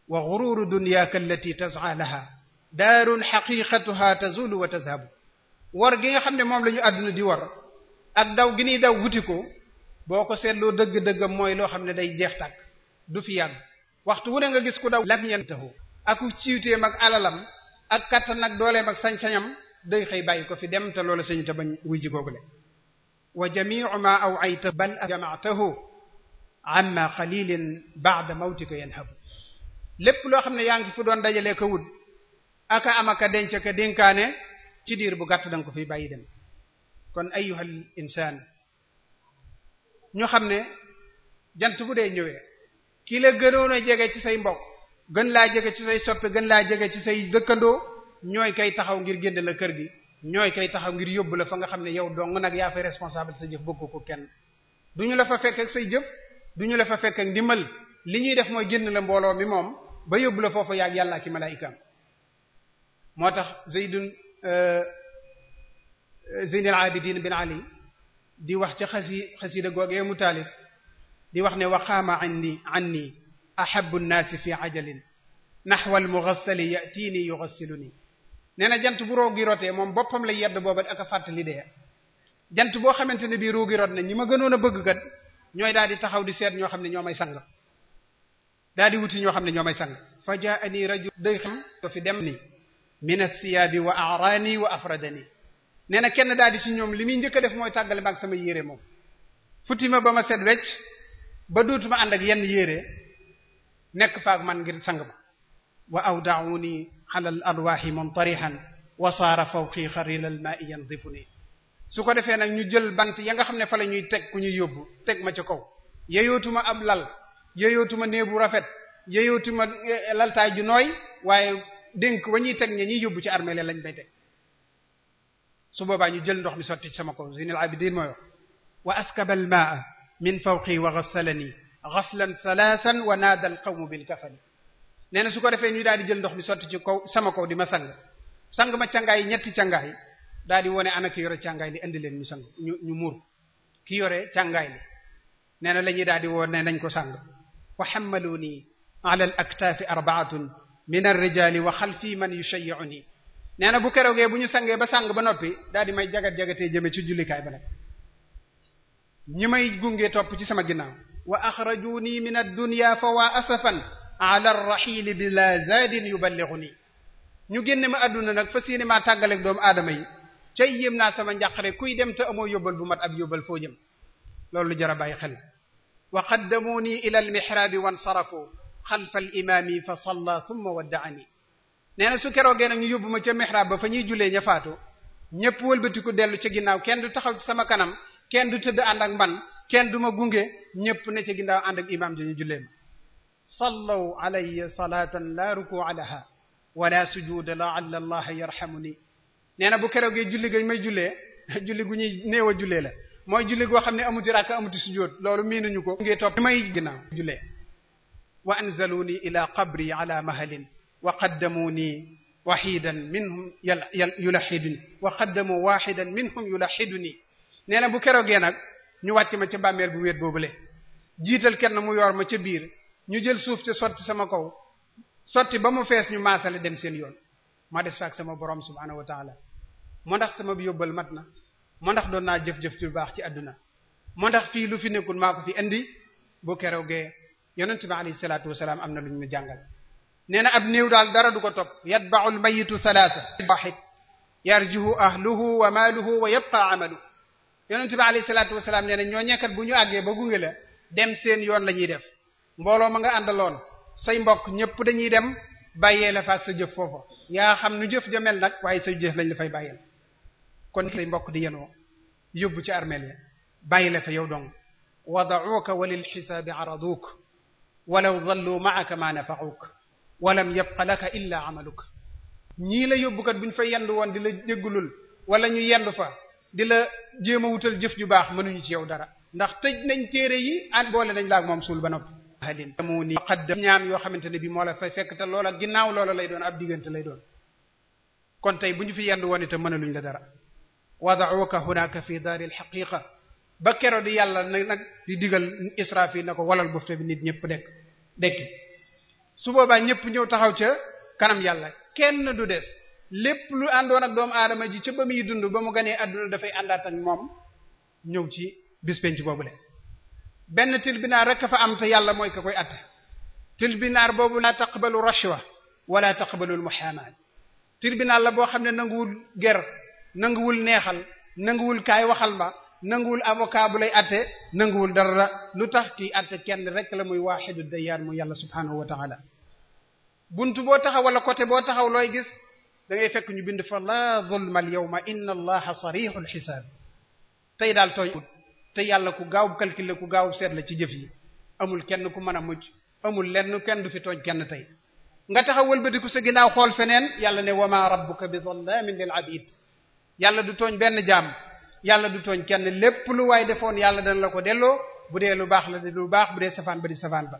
wa gururu dunyaaka allati tas'a laha daarun xaqiqatuha tazulu wa tazhabu war gi nga xam ne moom la ñu àdduna di war ak daw gi ñuy daw wuti ko boo ko seetloo dëgg-dëggam mooy loo xam ne day jeex tàkk du fi yàgg waxtu wu ne nga gis ku daw lam yantahu aku ciwteem ak alalam ak kattan ak dooleem ak sañ-sañam day xëy bàyyi ko fi dem te loola sañu te bañ wuy ji googule wa jamiicu maa awcayta bal jamactahu amma qalilin bacda mawtika yanhabu lépp loo xam ne yaa ngi fi doon dajalee ko wut aka am aka denc ka dénkaane ci diir bu gàtt danga ko fi bàyyi dem kon ayyuhal insaan ñu xam ne jant bu dee ñëwee ki la gënoon a jege ci say mbokk gën laa jege ci say soppe gën laa jege ci say dëkkandoo ñooy kay taxaw ngir génn la kër gi ñooy kay taxaw ngir yóbbu la nga xam ne yow dong nag yaa fay responsable sa jëf bëgg ko kenn du ñu la fa fekk ak say jëf du ñu la fa fekk ak ndimbal li ñuy def mooy génn la mbooloo mi moom ba yóbbu la foofa yaag yàlla ki malaayikaam moo tax Zaydun euh, euh, Zaynul Abidin bin Ali di wax ci xasi xasida googee mu taalif di wax ne waxaama anni anni ahabbu an-naasi fi ajalin nahwa al-mughassali ya'tini yughassiluni nee jant bu roogi rotee moom boppam la yedd booba ak a fàttali dee jant boo xamante ne bii roogi rot na ñi ma gënoon a bëgg kat ñooy daal di taxaw di seet ñoo xam ne ñoo may sang daal di wuti ñoo xam ne ñoo may sang fa jaani rajul day xam to fi dem ni min athiyaabi wa arani wa afradani nee na kenn daal di ci ñoom li muy njëkk def mooy tàggale maag sama yére moom futti ma ba ma set wecc ba duutuma ànd ak yenn yére nekk faak man ngir sang ma wa ala al arwaaxi muntarixan wa saara fawqi xaril al maa'i yanzifuni su ko defee nag ñu jël bant ya nga xam ne fa la ñuy teg ku ñuy yóbbu teg ma ci ca kaw yeyootuma ab lal yeyootuma néebu rafet yeyootuma eh, eh, laltaay ju nooy waaye dénk wa ñuy teg ña ñuy yóbbu ci armée le lañ bay teg su boobaa ñu jël ndox mi sotti ci sama kaw zinil abidin mooyo wa askaba al maa min fawqi wa gassalani gaslan salaasan wa naada al qawmu bil kafani nee na su ko defee ñu daal di jël ndox mi sotti ci kaw sama kaw di ma sang sang ma cangaay ñetti cangaay daal di wone ana ki yore càngaay li indi leen ñu sang ñu ñu muur ki yore càngaay li nee na la daal di woo ne nañ ko sang wa hammaluni ala al aktaafi arbaatun min ar-rijaali wa xalfii man yushayyi'uni nee na bu keroogee bu ñu sangee ba sang ba noppi daal di may jagat-jagatee jëme ci jullikaay ba nag ñi may gunge topp ci sama ginnaaw wa axrajuni min ad ala raxiili bi la zaadin yuballigu nii ñu génne ma àdduna nag fa séeni maa tàggaleeg doomu aadama yi cay naa sama njàqare kuy dem te amoo yóbbal bu mat ab yóbbal foo jëm loolu jara bàyyi xel wa qaddamuuni ila almihraabi wansarafu xalfa alimaami fa salla thumma waddaani nee na su keroogee nag ñu yóbbu ma ca mihraab ba fa ñuy julee ña faatu ñëpp wëlbatiku dellu ca ginnaaw kenn du taxaw ci sama kanam kenn du tëdd ànd ak man kenn du ma gunge ñëpp ne ca ginnaaw ànd ak imaam dañu jullee sallaw alayya salaatan laa ruku'a laha wala sujuuda la'alla allaha yarhamuni nee na bu keroogee julli gañ may jullee julli gu ñuy néew a jullee la mooy julli goo xam ne amuti rakk amuti sujood loolu miinuñu ko ngee topp may ginnaaw jullee wa anzaluni ila qabri ala mahalin wa qaddamuni waxidan minhum yulaxiduni wa qaddamu waxidan minhum yulaxiduni nee na bu keroogee nag ñu wàcc ma ca bàmmeel bu wéet boobule jiital kenn mu yor ma ca biir ñu jël suuf te sotti sama kaw sotti ba mu fees ñu maasale dem seen yoon ma des faak sama borom subhaanahu wa taala moo ndax sama yóbbal mat na moo ndax doon naa jëf-jëf ju baax ci àdduna moo ndax fii lu fi nekkul maa ko fi indi bu keroogee yonent bi alayhi salaatu wasalaam am na lu ñu jàngal nee na ab néew daal dara du ko topp yatba'ul mayitu salaasa wahid yarjihu ahluhu wa maaluhu wa yabqa amalu yonent bi alayhi salaatu wasalaam nee na ñoo ñekkat bu ñu àggee ba gunge la dem seen yoon la ñuy def mbooloo ma nga àndaloon say mbokk ñëpp dañuy dem bàyyee la faak sa jëf foofa yaa xam nu jëf ja mel nag waaye sa jëf lañ la fay bàyyeel kon say mbokk di yenoo yóbbu ci armeel ya bàyyi la fa yow dong wada'uuka wa lil xisaabi araduuk walaw dalluu ma'aka ma nafa'uuk walam yabqa laka illa amaluk ñii la yóbbukat bu ñu fa yendu woon di la jéggulul wala ñu yendu fa di la jéem a wutal jëf ju baax mënuñu ci yow dara ndax tëj nañ téere yi an boole nañ laak moom suul ba noppi ahadin mu ni xadd ñaan yoo xamante ne bi moo la fay fekk te loola ginnaaw loola lay doon ab diggante lay doon kon tey bu ñu fi yendu woon itam luñ la dara wada'uka hunaka fi daari alxaqiqa ba kero di yàlla nag nag di digal israfil na ko walal bufte bi nit ñëpp dekk dekki su boobaa ñëpp ñëw taxaw ca kanam yàlla kenn du des lépp lu àndoon ak doomu aadama ji ca ba muy dund ba mu ganee àdduna dafay àndaatañ moom ñëw ci bispence boobu le benn tilbinaar rek fa am ta yàlla mooy ka koy atte tilbinaar boobu la taqbalu rashwa wala taqbalu muhaanaat tilbinaar la boo xam ne nanguwul ger nanguwul neexal nanguwul kaay waxal ma nanguwul avocat bu lay atte nanguwul dara lu tax kii atte kenn rek la muy waaxidu dayyaar muy yàlla subhaanahu wa taala buntu boo taxaw wala côté boo taxaw looy gis dangay fekk ñu bind fa la zulma al yawma inna allaha sarihul xisaab tey daal tooñ te yàlla ku gaaw calculer ku gaaw seet la ci jëf yi amul kenn ku mën a mucc amul lenn kenn du fi tooñ kenn tey nga taxaw wëlbatiku se ginnaaw xool feneen yàlla ne wama rabbuka bi dhallamin lil abid yàlla du tooñ benn jaam yàlla du tooñ kenn lépp lu waay defoon yàlla dana la ko delloo bu dee lu baax la di lu baax bu dee safaan ba di safaan ba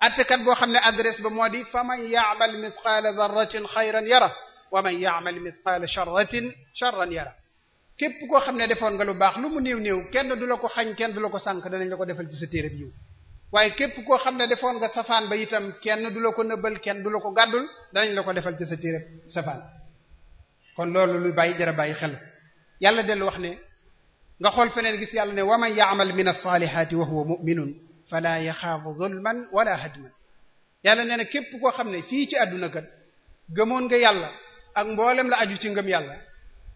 attekat boo xam ne adresse ba moo di fa man ya'mal mithqala dharratin xayran yara wa man ya'mal mithqala sharratin sharran yara képp koo xam ne defoon nga lu baax lu mu néew néew kenn du la ko xañ kenn du la ko sànk danañ la ko defal ci sa téereb yiw waaye képp koo xam ne defoon nga safaan ba itam kenn du la ko nëbbal kenn du la ko gàddul danañ la ko defal ci sa téereb safaan kon loolu lu bàyyi jara bàyyi xel yàlla dellu wax ne nga xool feneen gis yàlla ne wa man ya'mal min as-salihati wa huwa mu'minun fala yaxaafu zulman wala hadman yàlla nee na képp koo xam ne fii ci àdduna kat gëmoon nga yàlla ak mboolem la aju ci ngëm yàlla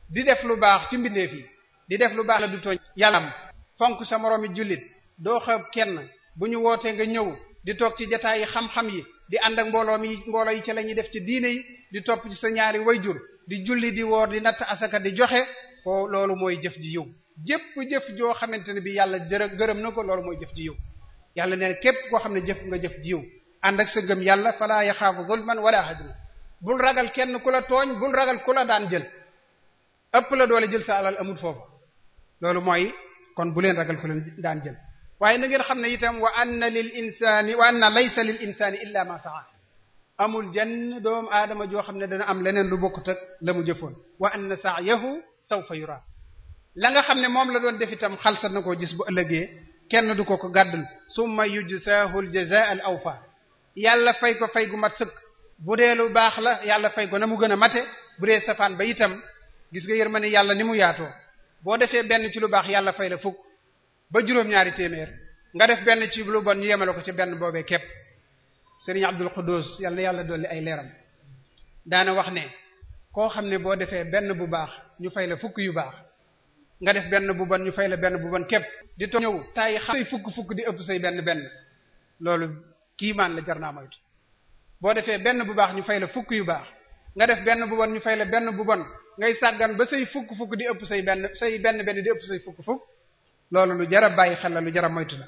di def lu baax ci mbindeef yi di def lu baax la du tooñ yàllam fonk sa moroomi jullit doo xeeb kenn bu ñu wootee nga ñëw di toog ci jataay yi xam-xam yi di ànd ak mbooloo mi mbooloo yi ci la ñuy def ci diine yi di topp ci sa ñaari way jur di jullit di woor di natt asaka di joxe ko loolu mooy jëf ji yiw jëpp jëf joo xamante ne bi yàlla jërë gërëm na ko loolu mooy jëf ji yiw yàlla nee képp koo xam ne jëf nga jëf ji yiw ànd ak sa gëm yàlla falaa yaxaafu zulman wala hadma bul ragal kenn ku la tooñ bul ku la daan jël ëpp la doole jël sa alal amul foofu loolu mooy kon bu leen ragal ku leen daan jël waaye na ngeen xam ne itam wa anna lil insani wa anna laysa lil insani illa ma saa amul jenn doomu aadama joo xam ne dana am leneen lu bokkut ak la mu jëfoon wa anna sa'yahu sawfa yura la nga xam ne moom la doon def itam xalsat na koo gis bu ëllëgee kenn du ko ko gàddul summa yujzaahu al jazaa al awfa yàlla fay ko fay gu mat sëkk bu dee lu baax la yàlla fay ko na mu gën a mate bu dee safaan ba itam gis nga ma ne yàlla ni mu yaatoo boo defee benn ci lu baax yàlla fay la fukk ba juróom-ñaari téeméer nga def benn ci lu bon ñu yemale ko ci benn boobee képp sëriñ Abdul Quddus yàlla na yàlla dolli ay leeram daana wax ne koo xam ne boo defee benn bu baax ñu fay la fukk yu baax nga def benn bu bon ñu fay la benn bu bon képp di toog ñëw tay xam fukk fukk di ëpp say benn benn loolu kiimaan la jar naa moytu boo defee benn bu baax ñu fay la fukk yu baax nga def benn bu bon ñu fay la benn bu bon ngay sàggan ba say fukk fukk di ëpp say benn say benn benn di ëpp say fukk fukk loolu lu jara bàyyi xel la lu jara moytu la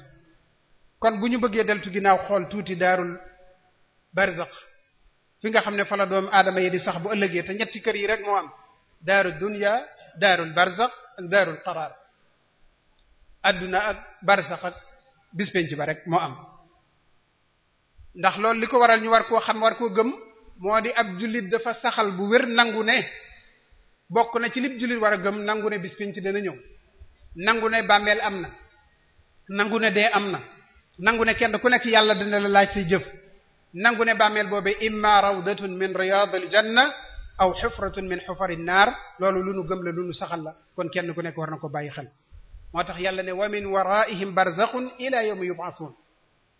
kon bu ñu bëggee deltu ginnaaw xool tuuti daarul barzakh fi nga xam ne fa la doomu aadama yi di sax bu ëllëgee te ñetti kër yi rek moo am daaru dunya daarul barzakh ak daarul qaraar àdduna ak barzakh ak bispenc ba rek moo am ndax loolu li ko waral ñu war koo xam war koo gëm moo di ab jullit dafa saxal bu wér nangu ne bokk na ci lib jullit war a gëm nangu ne bis pinc dana ñëw nangu ne bàmmeel am na nangu ne dee am na nangu ne kenn ku nekk yàlla dina la laaj say jëf nangu ne bàmmeel boobe imma rawdatun min riyadil janna aw xufratun min xufari naar loolu lu nu gëm la lu nu saxal la kon kenn ku nekk war na ko bàyyi xel moo tax yàlla ne wa min waraihim barzaxun ila yawmi yub'athun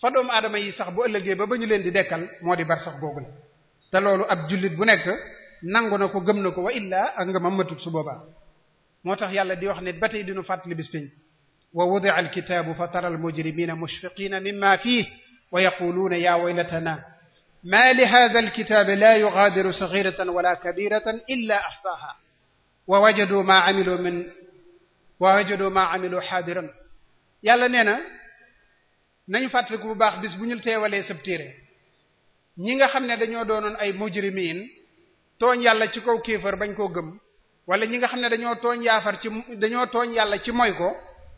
fa doomu adama yi sax bu ëllëgee ba ba ñu leen di dekkal moo di barsax googu la te loolu nangu na ko gëm na ko wa illaa ak nga ma matut su boobaa moo tax yàlla di wax ne ba tey dinu fàttali bis peñ wa wudi'a alkitaabu fa tara almujrimina mushfiqina mimma fiihi wa yaquluuna yaa waylatana maa li haadha alkitaabi laa yugaadiru saghiratan wala kabiratan illa ahsaaha wa wajadu maa amilu min wa wajadu maa nee na nañu fàttaliku bu baax bis bu ñu teewalee sab téere ñi nga xam ne dañoo doonoon ay mujrimiin tooñ yàlla ci kaw kéefër bañ koo gëm wala ñi nga xam ne dañoo tooñ yaafar ci dañoo tooñ yàlla ci moy ko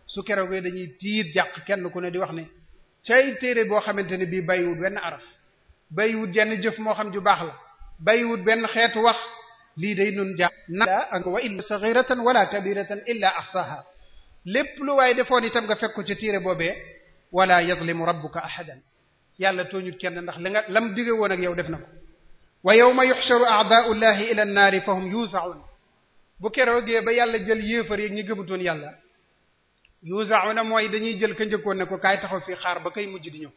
su keroogee dañuy tiit jàq kenn ku ne di wax ne cay téere boo xamante ne bii bàyyiwut benn araf bàyyiwut jenn jëf moo xam ju baax la bàyyiwut benn xeetu wax lii day nun jàq na ak wa illa saghiratan wala kabiratan illa ahsaha lépp lu waaye defoon tam nga fekk ko ci téere boobee wala yazlimu rabbuka ahadan yàlla tooñut kenn ndax la nga lam dige woon ak yow def na ko wa yawma yuxsharu a'daa'u llahi ila an-naari fa hum yuusa'uun bu keroogee ba yàlla jël yéefar yeeg ñi gëmutoon yàlla yuusa'uuna mooy dañuy jël ka njëkkoon ne ko kaay taxaw fii xaar ba kay mujj di ñëw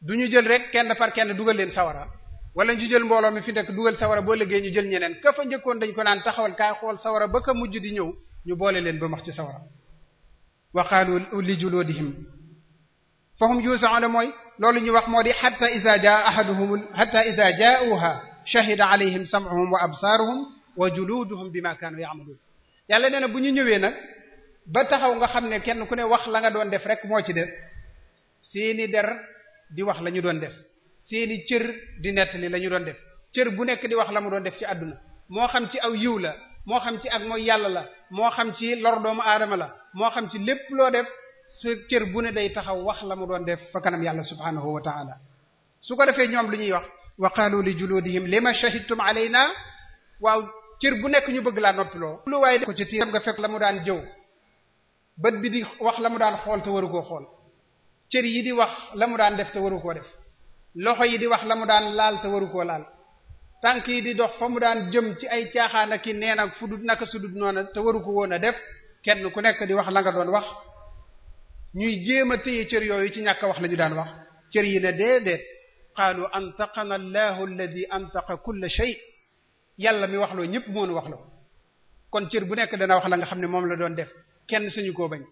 du ñu jël rek kenn par kenn dugal leen sawara wala ñu jël mbooloo mi fi nekk dugal sawara boo léggee ñu jël ñeneen ka fa njëkkoon dañ ko naan taxawal kaay xool sawara ba ka mujj di ñëw ñu boole leen ba max ci sawara wa qaalu li juluudihim fahum yuusauna mooy loolu ñu wax moo di xatta ida jaa ahaduhum xatta ida jaauha shahida alayhim sam'uhum wa absaaruhum wa bi bima kaanu ya'maluun yàlla nee na bu ñu ñëwee nag ba taxaw nga xam ne kenn ku ne wax la nga doon def rek moo ci def seeni der di wax la ñu doon def seeni cër di nettali la ñu doon def cër bu nekk di wax la mu doon def ci àdduna moo xam ci aw yiw la moo xam ci ak mooy yàlla la moo xam ci lor doomu aadama la moo xam ci lépp loo def su cër bu ne day taxaw wax la mu doon def fa kanam yàlla subhanahu wa taala su ko defee ñoom lu ñuy wax wa qalu li juludihim lima shahidtum alayna waaw cër bu nekk ñu bëgg laa noppiloo lu waaye ko ci tiiram nga fekk la mu daan jëw bët bi di wax la mu daan xool waru koo xool cër yi di wax la mu daan def te waru koo def loxo yi di wax la mu daan laal te waru koo laal tànk yi di dox fa mu daan jëm ci ay caaxaan ak i neen ak fu naka sudut noona te waru ko woon a def kenn ku nekk di wax la nga doon wax ñuy jéem a téye cër yooyu ci ñàkk wax la ñu daan wax cër yi ne déedéet qaalu antaqana allahu alladi antaqa kulla shay yàlla mi wax loo ñëpp moonu wax loo kon cër bu nekk dana wax la nga xam ne moom la doon def kenn suñu koo bañ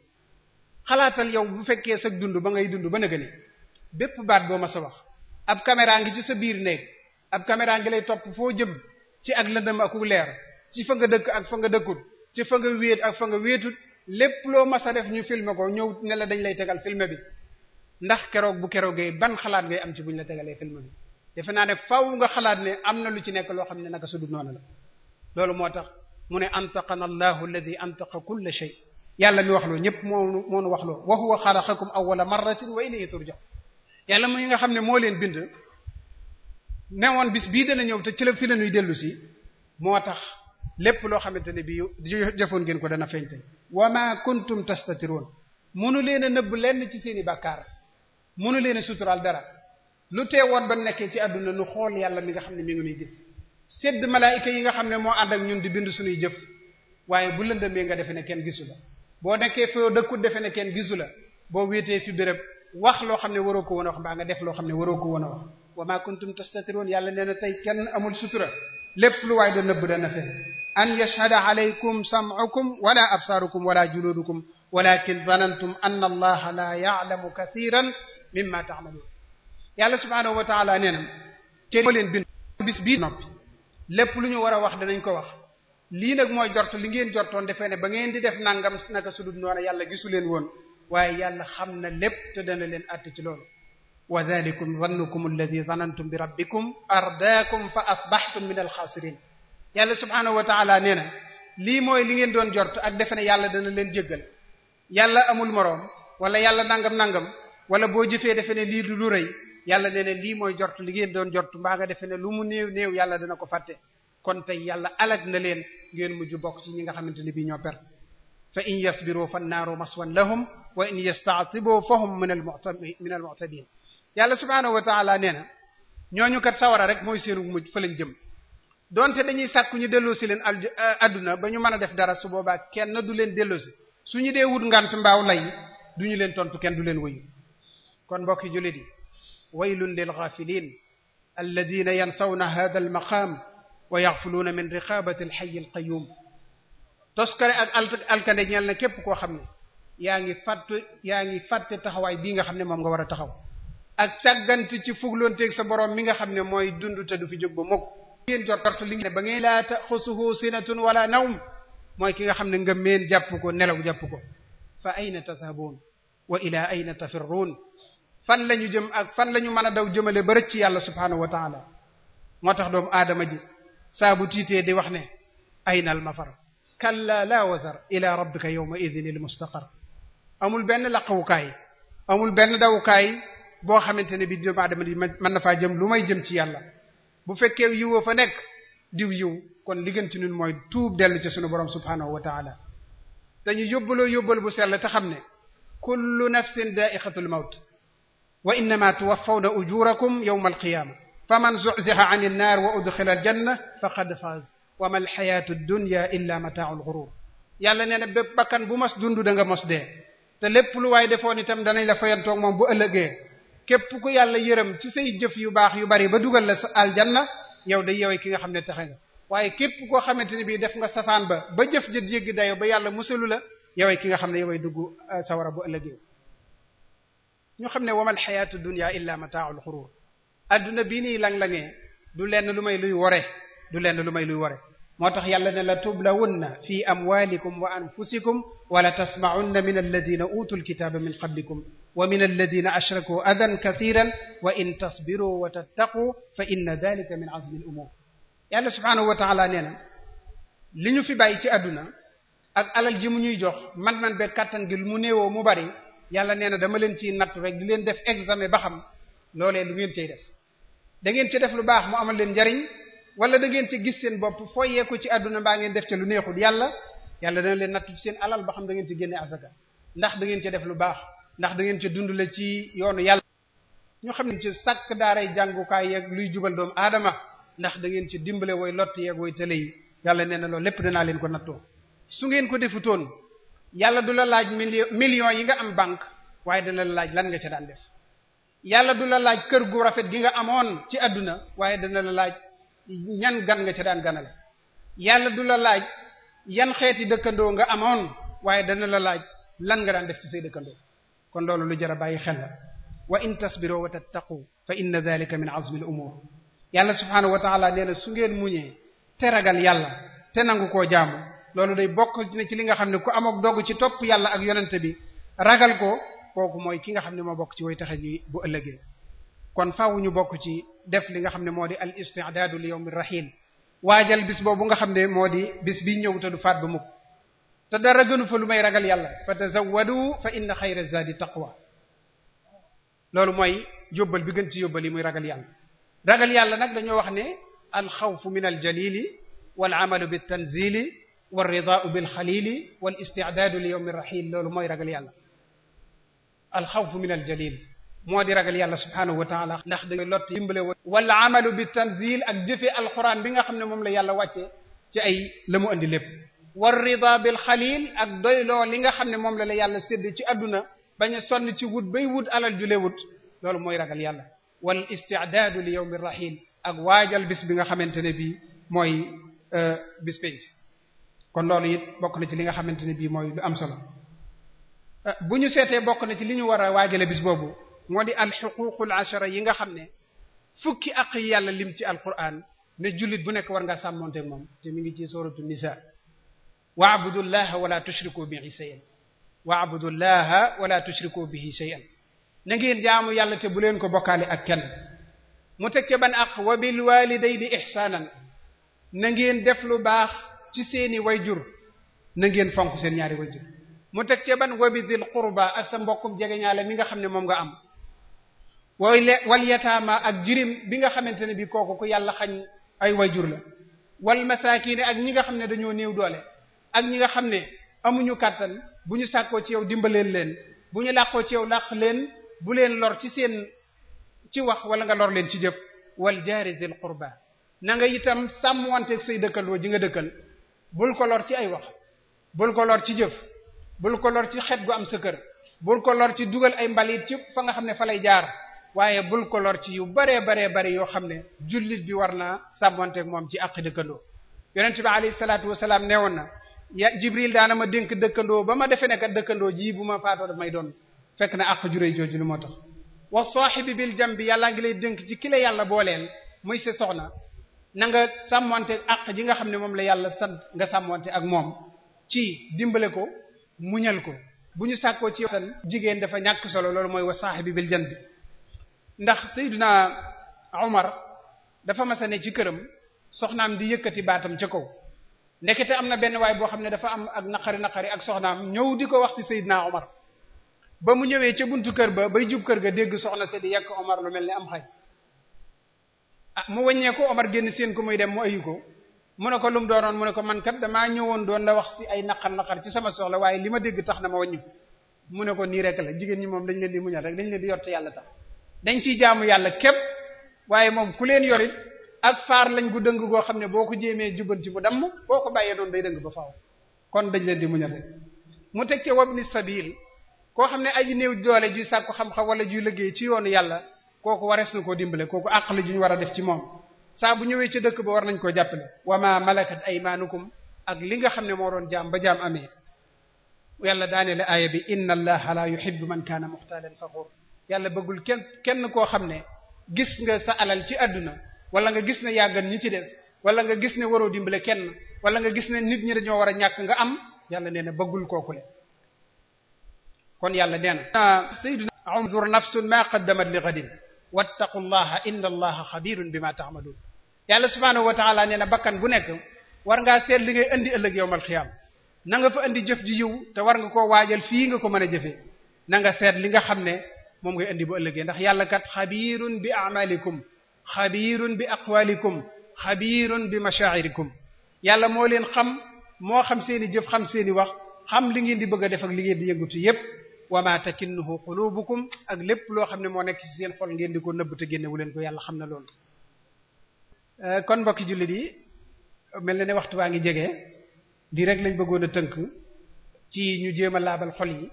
xalaatal yow bu fekkee sa dund ba ngay dund ba nëga ni bépp baat boo ma sa wax ab caméra ngi ci sa biir néeg ab caméra ngi lay topp foo jëm ci ak lëndëm ak leer ci fa nga dëkk ak fa nga dëkkut ci fa nga wéet ak fa nga lépp loo mas a def ñu filmer ko ñëw ne la dañ lay tegal filmer bi ndax keroog bu keroogee ban xalaat ngay am ci buñ la tegalee filmer bi defe naa ne faw nga xalaat ne am na lu ci nekk loo xam ne naka sudul noonu la loolu moo tax mu ne antaqana allahu alladi antaqa kulla shay yàlla mi wax loo ñëpp moo moonu wax wax loo wa huwa xalaqakum awwala marratin wa ilayhi turja'un yàlla muy nga xam ne moo leen bind ne woon bis bii dana ñëw te ci la fi la ñuy dellu si moo tax lépp loo xamante ne bii jëfoon ngeen ko dana feeñ wa ma kuntum tastatiroon mënu leen a nëbb lenn ci seen i bàkkaar mënu leen a suturaal dara lu woon ba nekkee ci àdduna nu xool yàlla mi nga xam ne mi ngi nuy gis sedd malaayika yi nga xam ne moo ànd ak ñun di bind suñuy jëf waaye bu lëndëmee nga defe ne kenn gisu la boo nekkee foo dëkkut defe ne kenn gisu la boo wéetee fi béréb wax loo xam ne waroo ko woon a wax mbaa nga def loo xam ne waroo ko woon a wax wa ma kuntum tastatiroon yàlla nee na tey kenn amul sutura lépp lu waay da nëbb dana fe an yashhada alaykum sam'ukum wala absaarukum wala juluudukum walakin zanantum anna allaha la ya'lamu kathiran mimma ta'malun yàlla subhaanahu wa ta'ala nee na te moo leen bind bis bii noppi lépp lu ñu war a wax danañ ko wax lii nag mooy jort li ngeen jortoon defee ne ba ngeen di def nangam naka sudut noona yàlla gisu leen woon waaye yàlla xam na lépp te dana leen àtte ci loolu wa dhalikum dhannukum alladhi dhanantum bi rabbikum ardaakum fa asbahtum min alxaasiriin yàlla subhaanahu wa taala nee na lii mooy li ngeen doon jort ak defe ne yàlla dana leen jéggal yàlla amul moroom wala yàlla nangam nangam wala boo jëfee defe ne lii du lu rëy yàlla nee na lii mooy jort li ngeen doon jort mbaa nga defe ne lu mu néew néew yàlla dana ko fàtte kon tey yàlla alag na leen ngeen mujj bokk ci ñi nga xamante ne bii ñoo perte fa in yasbiru fa naaru maswan lahum wa in yasta'tibu fahum min al mu'tabin yàlla subhaanahu wa taala nee na ñooñu kat sawara rek mooy seenu mujj fa lañ jëm donte dañuy sàkku ñu delloosi leen eh, adduna ba ñu mën a def dara su boobaa kenn du leen delloosi su ñu dee wut ngant mbaaw lay du ñu leen tontu kenn du leen wuyu kon mbokki jullit yi waylun lil ghafilin alladina yansawna hada al maqam wa yaghfuluuna min riqabati al hayy al qayyum toskare ak alkande ñeel na képp koo xam ne yaa ngi fàtte yaa ngi fàtte taxawaay bii nga xam ne moom nga war a taxaw ak tàggante ci fugloonteeg sa borom mi nga xam ne mooy dund te du fi jóg ba mukk ngeen jot tortu li ngeen ba ngeen laa taxusuhu sinatun wala nawm mooy ki nga xam ne ngëmeen jàpp ko nelaw jàpp ko fa ayna tadhabuun wa ila ayna tafirruun fan lañu jëm ak fan lañu mën a daw jëmale ba rëcc yàlla subhaanahu wa taala moo tax doomu aadama ji saa bu tiitee di wax ne ayna al mafar kalla la wazar ila rabbika yawma idhin al mustaqar amul benn laqawukaay amul benn dawukaay boo xamante ne bi doomu aadama ji mën na faa jëm lu may jëm ci yàlla bu fekkee yiw fa nekk diw yiw kon li gën ci ñun mooy tuub dellu ci sunu borom subhanahu wa taala dañu yóbbaloo yóbbal bu sell te xam ne kullu nafsin daa'iqatul mawt wa innama tuwaffawna ujurakum yawma alqiyaama faman zuhziha 'anil naar wa udxila aljanna faqad faaz wa mal hayaatu dunya illa ma ghuruur yàlla nee na bépp bakkan bu mos dund da nga mos dee te lépp lu waay defoon tam danañ la fayantoog moom bu ëllëgee képp ku yàlla yërëm ci say jëf yu baax yu bari ba dugal la sa aljanna yow day yowee ki nga xam ne texe nga waaye képp koo xamante ne bii def nga safaan ba ba jëf jët yéggi dayo ba yàlla musalu la yowee ki nga xam ne yowee dugg uh, sawara bu ëllëgee ñu xam ne wamal xayaatu dunya illa mataaul xurur àdduna bii nii lang-langee du lenn lu may luy wore du lenn lu may luy wore moo tax yàlla ne la tublawunna fi amwalikum wa anfusikum wala tasma'unna min alladina utul kitaba min qablikum wa min alladina ashraku adan kathiran wa in tasbiru wa tattaqu fa inna dhalika min azmi al-umur yàlla subhanahu wa ta'ala nee na li ñu fi bàyyi ci àdduna ak alal ji mu ñuy jox man man be kattan gi mu néewoo mu bari yàlla nee na dama leen ciy natt rek di leen def examen ba xam loolee lu ngeen cay def da ngeen ci def lu baax mu amal leen njariñ wala da ngeen ci gis seen bopp foyeeku ci àdduna mbaa ngeen def ci lu neexul yàlla yàlla dana leen nattu ci seen alal ba xam da ngeen ci génne asaka ndax da ngeen ci def lu baax ndax da ngeen ci dundale ci yoonu yàlla ñu xam ne ci sàkk daaray jàngukaay yeeg luy jubal doomu aadama ndax da ngeen ci dimbale woy lot yeeg woy tële yi yàlla nee loolu lépp danaa leen ko nattoo su ngeen ko defutoon yàlla du la laaj million millions yi nga am banque waaye dana la laaj lan nga ca daan def yàlla du la laaj kër gu rafet gi nga amoon ci àdduna waaye dana la laaj ñan gan nga ca daan ganale yàlla du la laaj yan xeeti dëkkandoo nga amoon waaye dana la laaj lan nga daan def ci say dëkkandoo kon loolu lu jar bàyyi xel la wa in tasbiroo wa tattaqu fa inna dhalika min azmi al umur yàlla subhaanahu wa taala nee na su ngeen muñee te ragal yàlla te nangu koo jaamu loolu day bokk ne ci li nga xam ne ku amoog ak dogg ci topp yàlla ak yonente bi ragal ko kooku mooy ki nga xam ne moo bokk ci way taxe ñi bu ëllëgee kon faaw ñu bokk ci def li nga xam ne moo di al isti'daadu li yawmir rahiil waajal bis boobu nga xam ne moo di bis bi ñëw te du faat ba mukk te dara gënu fa lu may ragal yàlla fa tazawwadu fa inna xayra zaadi taqwa loolu mooy yóbbal bi gën ci yóbbal yi muy ragal yàlla ragal yàlla nag dañoo wax ne alxawfu min aljalili wal amalu bi tanzili wal ridaau bil xalili wal isti'daadu li yawmir rahiil loolu mooy ragal yàlla alxawfu min aljalil moo di ragal yàlla subhaanahu wa taala ndax dañuy lott dimbale wa wala amalu bi tanzil ak jëfe alquran bi nga xam ne moom la yàlla wàcce ci ay la mu andi lépp war rida bil xalil ak li nga xam ne moom la la yàlla sédd ci adduna bañ a ci wut bay wut alal ju le wut loolu mooy ragal yàlla wal isti'daadu li yawmi rahil ak waajal bis bi nga xamante ne bii mooy euh, bis penc it bokk na ci li nga xamante ne bii mooy lu am solo euh, bu ñu seetee bokk na ci li ñu war a waajale bis boobu moo di alxuququl ashara yi nga xam ne fukki aq yi yàlla lim ci alquran ne jullit bu nekk war ngaa sàmmonte moom te mi ngi ci suratu nisa waabudullaha wala tushriku bihi shay'an waabudullaha wala tushriku bihi shay'an na ngeen jaamu yàlla te bu leen ko bokkaale ak kenn mu teg ca ban aq wa bil walidayni ihsanan na ngeen def lu baax ci seeni wayjur na ngeen fonk seen ñaari wayjur mu teg ca ban wa bidil qurba ak sa mbokkum jegeñaale mi nga xam ne moom nga am wal wal yataama ak jirim bi nga xamante ne bi kooku ku yàlla xañ ay wayjur la wal masaakiine ak ñi nga xam ne dañoo néew doole ak ñi nga xam ne amuñu kàttan bu ñu sàkkoo ci yow dimbaleen leen bu ñu làqoo ci yow làq leen bu leen lor ci seen ci wax wala nga lor leen ci jëf wal jaari zil qurba na nga itam sàmmanteeg say dëkkandoo ji nga dëkkal bul ko lor ci ay wax bul ko lor ci jëf bul ko lor ci xet gu am sa kër bul ko lor ci dugal ay mbalit ci fa nga xam ne fa lay jaar waaye bul ko lor ci yu baree baree bari yoo xam ne jullit bi war naa sàmmonteeg moom ci àq dëkkandoo yonent bi alayhi salaatu wasalaam woon na ya jibril daana ma dénk dëkkandoo ba ma defe ne dëkkandoo ji bu ma faatoo may doon fekk na àq juré jooju lu moo tax wa saahibi bil jambi yàllaa ngi lay dénk ci ki yàlla booleel muy sa soxna na nga sàmmonte àq ji nga xam ne moom la yàlla sant nga sàmmonte ak moom ci dimbale ko muñal ko bu ñu sàkkoo ci tan jigéen dafa ñàkk solo loolu mooy wa saahibi bil jambi ndax Seydina Omar dafa masa ne ci këram soxnaam di yëkkati baatam ca kaw ndekete am na benn waay boo xam ne dafa am ak naqari naqari ak soxnaam ñëw di ko wax ci Seydina Omar ba mu ñëwee ca buntu kër ba bay jub kër ga dégg soxna sa di yàq Omar lu mel ni am xay ah mu wàññee ko Omar génn seen ko muy dem mu ayu ko mu ne ko lu doonoon mu ne ko man kat damaa ñëwoon doon la wax ci ay naqar naqar ci sama soxla waaye li ma dégg tax na ma wàññi mu ne ko nii rek la jigéen ñi dañ leen di muñal rek dañ leen di yott dañ ciy jaamu yàlla képp waaye moom ku leen yorit ak faar lañ gu dëng goo xam ne boo ko jéemee jubanti bu damm boo ko bàyyee doon day dëng ba faaw kon dañ leen di muñal mu teg ci wabni sabil koo xam ne aji néew doole juy sàkku xam-xam wala juy liggéey ci yoon yàlla kooku warees na ko dimbale koo kooku àq la ju ñu war a def ci moom saa bu ñëwee ci dëkk ba war nañ koo jàppale wama malakat aymaanukum ak li nga xam ne moo doon jaam ba jaam amee yàlla daane la aaya bi inna allaha la yuhibbu man kaana muxtaalan faxuur yàlla bëggul kenn kenn koo xam ne gis nga sa alal ci àdduna wala nga gis ne yàggan ñi ci des wala nga gis ne waroo dimbale kenn wala nga gis ne nit ñi dañoo war a ñàkk nga am yàlla nee na bëggul kookule kon yàlla nee na sayyiduna unzur nafsun ma qaddamat li ghadin wattaqullaha inna allaha xabirun bima ta'malun yàlla subhaanahu wa ta'ala nee na bakkan bu nekk war ngaa seet li ngay indi ëllëg yowmal xiyaam na nga fa indi jëf ji yiw te war nga koo waajal fii nga ko mën a jëfee na seet li nga xam ne moom ngay indi bu ëllëgee ndax yàlla kat xabiirun bi amalikum xabiirun bi aqwalikum xabiirun bi mashaa'irikum yàlla moo leen xam moo xam seeni jëf xam seeni wax xam li ngeen di bëgg a def ak li ngeen di yëngatu yépp wa ma takinnuhu qulubukum ak lépp loo xam ne moo nekk ci seen xol ngeen di ko nëbb te génnewu leen ko yàlla xam na loolu euh, kon mbokki jullit yi mel na ne waxtu waa ngi jege di lañ bëggoon a tënk ci ñu jéem a laabal xol yi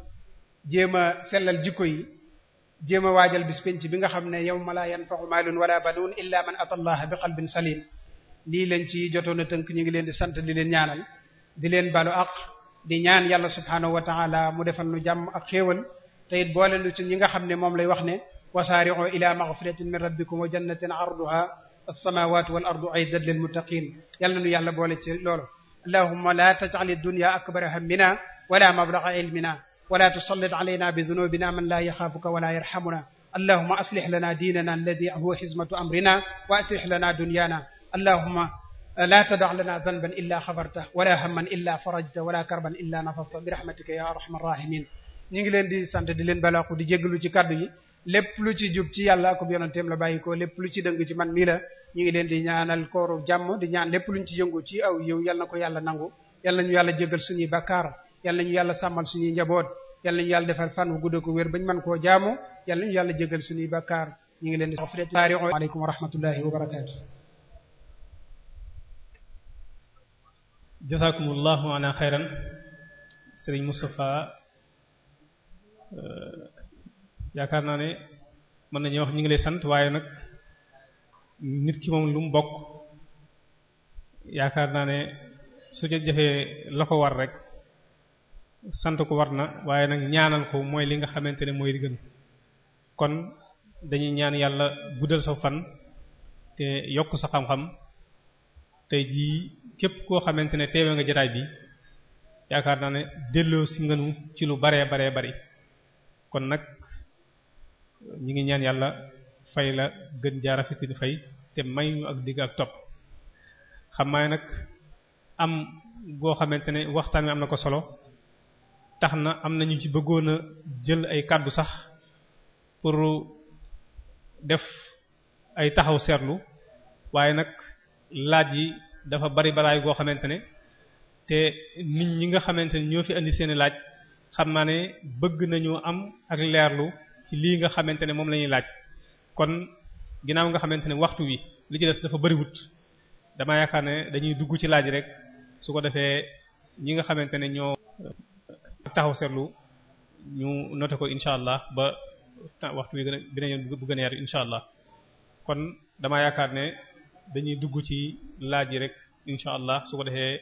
jéem a sellal jikko yi jéem a waajal bis penc bi nga xam ne yawma laa yanfa'u maalun wala banuun illa man ata allaha bi qalbin salim lii lañ ci jotoon a tënk ñu ngi leen di sant di leen ñaanal di leen balu aq di ñaan yàlla subhaanahu wa ta'ala mu defal nu jàmm ak xéewal te it boole nu ci ñi nga xam ne moom lay wax ne wasaari'u ila maghfiratin min rabbikum wa jannatin 'arduha as-samawati wal ardu 'iddat lil muttaqin yàlla nu yàlla boole ci loolu allahumma la taj'al ad-dunya akbara hammina wala mablagha ilmina wala tusallit alayna bi zunubina man laa yaxaafuka wala yarhamuna allahuma aslih lana diinana alladi huwa xismatu amrina wa aslih lana dunyaana allahuma la tadac lana zanban illa xafarta wala hamman illa farajta wala karban illa nafasta bi rahmatika ya arhamar rahimin ñu ngi leen di sant di leen balaaku di jéggalu ci kaddu yi lépp lu ci jub ci yàlla akub yonenteem la bàyyi ko lépp lu ci dëng ci man mii la ñu ngi leen di ñaanal kooru jàmm di ñaan lépp luñ ci yëngu ci aw yow yal na ko yàlla nangu yal na ñu yàlla jéggal suñuy bakkaar yal nañu yàlla sàmmal suñuy njaboot yal nañu yàlla defar fan wu gudd ko wér bañ mën koo jaamu yal nañu yàlla jégal suñuy bakkaar ñu ngi leen di asalaamaaleykum wa rahmatullahi wa barakaatu jazakumullahu ana xayran sëriñ Moustapha yaakaar naa ne mën nañu wax ñu ngi lay sant waaye nag nit ki moom lu mu bokk yaakaar naa ne su ca jëfee la ko war rek sant ko war na waaye nag ñaanal ko mooy li nga xamante ne mooy li gën kon dañuy ñaan yàlla guddal sa fan te yokk sa xam-xam tey jii képp koo xamante ne teewe nga jotaay bi yaakaar naa ne delloo si nganu ci lu baree baree bari kon nag ñu ngi ñaan yàlla fay la gën jaar jaarafeti di fay te may ñu ak digg ak topp xam nag am goo xamante ne waxtaan wi am na ko solo tax na am nañu ci bëggoon a jël ay kàddu sax pour def ay taxaw seetlu waaye nag laaj yi dafa bari baraay goo xamante ne te nit ñi nga xamante ne ñoo fi indi seeni laaj xam naa ne bëgg nañu am ak leerlu ci lii nga xamante ne moom lañuy laaj kon ginnaaw nga xamante ne waxtu wi li ci des dafa bariwut dama yaakaar ne dañuy dugg ci laaj rek su ko defee ñi nga xamante ne ñoo taxaw seetlu ñu note ko incha allah ba waxtu bi gën a dina yoon bu gën a yaatu incha allah kon dama yaakaar ne dañuy dugg ci laaj yi rek incha allah su ko defee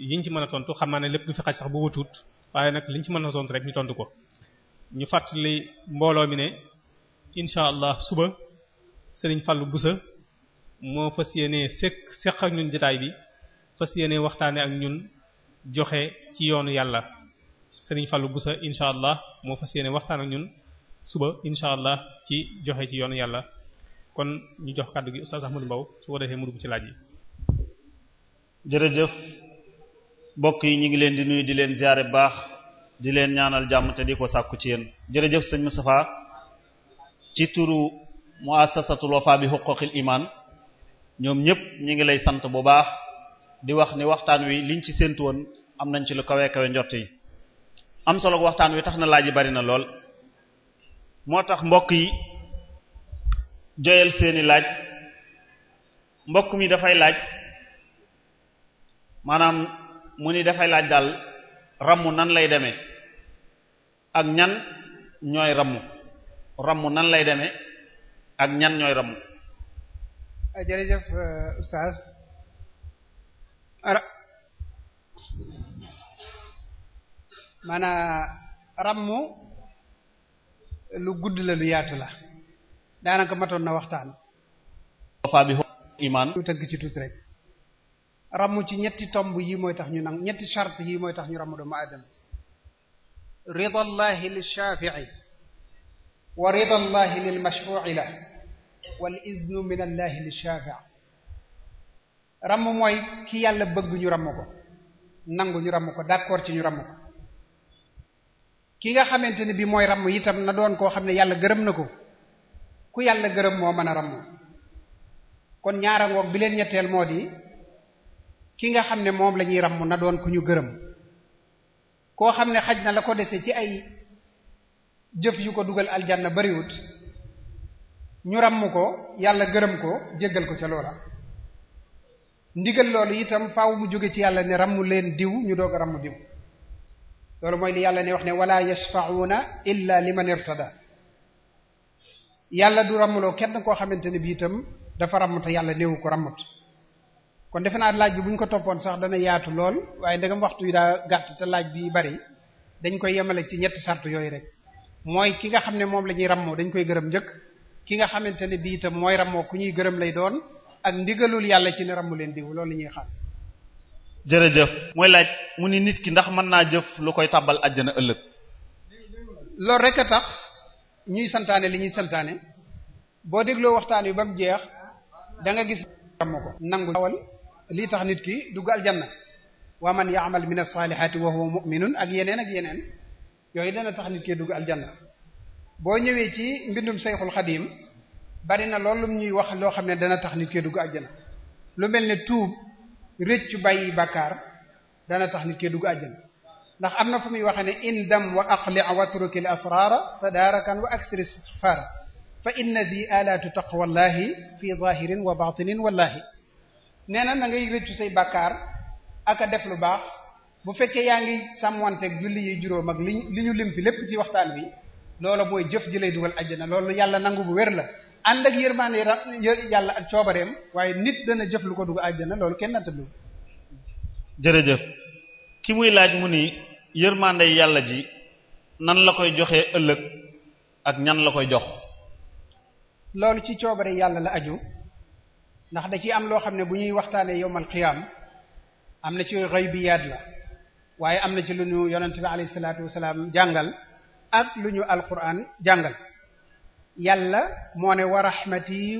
yi yiñ ci mën a tontu xam naa ne lépp du fi xaj sax bu wutut waaye nag liñ ci mën a tontu rek ñu tontu ko ñu fàttali mbooloo mi ne incha allah suba sëriñ fàll Boussa moo fas yéenee seq seq ak ñun jotaay bi fas yéenee waxtaanee ak ñun joxe ci yoonu yàlla. sëriñ bu sa incha allah moo fas yéene waxtaan ak ñun suba incha allah ci joxe ci yoonu yàlla kon ñu jox kàddu gi Oustaz Ahmadou Mbow su ko defee mu dugg ci laaj yi. jërëjëf mbokk yi ñu ngi leen di nuyu di leen ziare baax di leen ñaanal jàmm te di ko sàkku ci yéen jërëjëf sëñ Moustapha ci turu muassasatul wafa bi huquqil iman ñoom ñëpp ñu ngi lay sant bu baax di wax ni waxtaan wi liñ ci séntu am nañ ci lu kawe kawe njort yi. am solo waxtaan wi tax na laaj yi bari na lool moo tax mbokk yi joyal seeni laaj mbokk mi dafay laaj maanaam mu ni dafay laaj daal rammu nan lay demee ak ñan ñooy rammu rammu nan lay demee ak ñan ñooy rammu maanaa rammu lu gudd la lu yaatu la daanaka matoon na waxtaan wafa bi ci tuuti rek rammu ci ñetti tomb yi mooy tax ñu nang ñetti charte yi mooy tax ñu rammu doomu aadama ridallahi lil shaafi'i wa ridallahi lil mashru'i la wal iznu min allahi lil shaafi'i ramm mooy ki yàlla bëgg ñu ramm ko nangu ñu ramm ko d'accord ci ñu ramm ki nga xamante ne bi mooy ramm itam na doon koo xam ne yàlla gërëm na ko ku yàlla gërëm moo mën a ramm kon ñaara ngoog bi leen ñetteel moo di ki nga xam ne moom la ñuy ramm na doon ku ñu gërëm koo xam ne xaj na la ko dese ci ay jëf yu ko dugal aljanna bariwut ñu ramm ko yàlla gërëm ko jéggal ko ca loola ndigal loolu itam faaw mu jóge ci yàlla ne ramm leen diw ñu doog a ramm diw loolu mooy li yàlla ne wax ne wala yashfa'una illa liman irtada yàlla du rammaloo kenn koo xamante ne bii itam dafa rammuta yàlla néewu ko rammut kon defe naa laaj bi buñ ko toppoon sax dana yaatu lool waaye ndegam waxtu yi daa gàtt te laaj bi bari dañ koy yemale ci ñett sart yooyu rek mooy ki nga xam ne moom la ñuy rammoo dañ koy gërëm njëkk ki nga xamante ne bii itam mooy rammoo ku ñuy gërëm lay doon ak ndigalul yàlla ci ne rammu leen diw loolu la ñuy xam jërëjëf mooy laaj mu ni nit ki ndax mën naa jëf lu koy tàbbal àjjana ëllëg loolu rek a tax ñuy santaane li ñuy santaane boo dégloo waxtaan wi ba mu jeex danga gis am ko nangu awal lii tax nit ki dugg aljanna wa man ya'mal min as-salihati wa huwa mu'minun ak yeneen ak yeneen yooyu dana tax nit ki dugg aljanna boo ñëwee ci mbindum Sayxul Xadiim bari na loolu ñuy wax loo xam ne dana tax nit ki dugg aljanna lu mel ne tuub réccu bàyyi bàkkaar dana tax nit kee dugg àjjana ndax am na fu muy waxe ne indam wa aqli watrukil asrara tadaarakan wa aksir istighfara fa inna di alaatu taqwallahi fi zahirin wa batinin wallahi nee na na ngay rëccu say bakkaar ak a def lu baax bu fekke yaa ngi sàmmanteeg julli yi juróom ak li li ñu lim fi lépp ci waxtaan wi loola mooy jëf ji lay dugal àjjana loolu yàlla nangu bu wér la ànd ak yërmande yàlla ak coobareem waaye nit dana jëf lu ko dugg àjjana loolu kenn nattablu jërëjëf ki muy laaj mu ni yërmande yàlla ji nan la koy joxe ëllëg ak ñan la koy jox loolu ci coobare yàlla la aju ndax da ci am loo xam ne bu ñuy waxtaanee yowmal qiyaam am na ci xaybiyaat la waaye am na ci lu ñu yonent bi alayhi salaatu wasalaam jàngal ak lu ñu alquran jàngal yàlla moo ne wa rahmati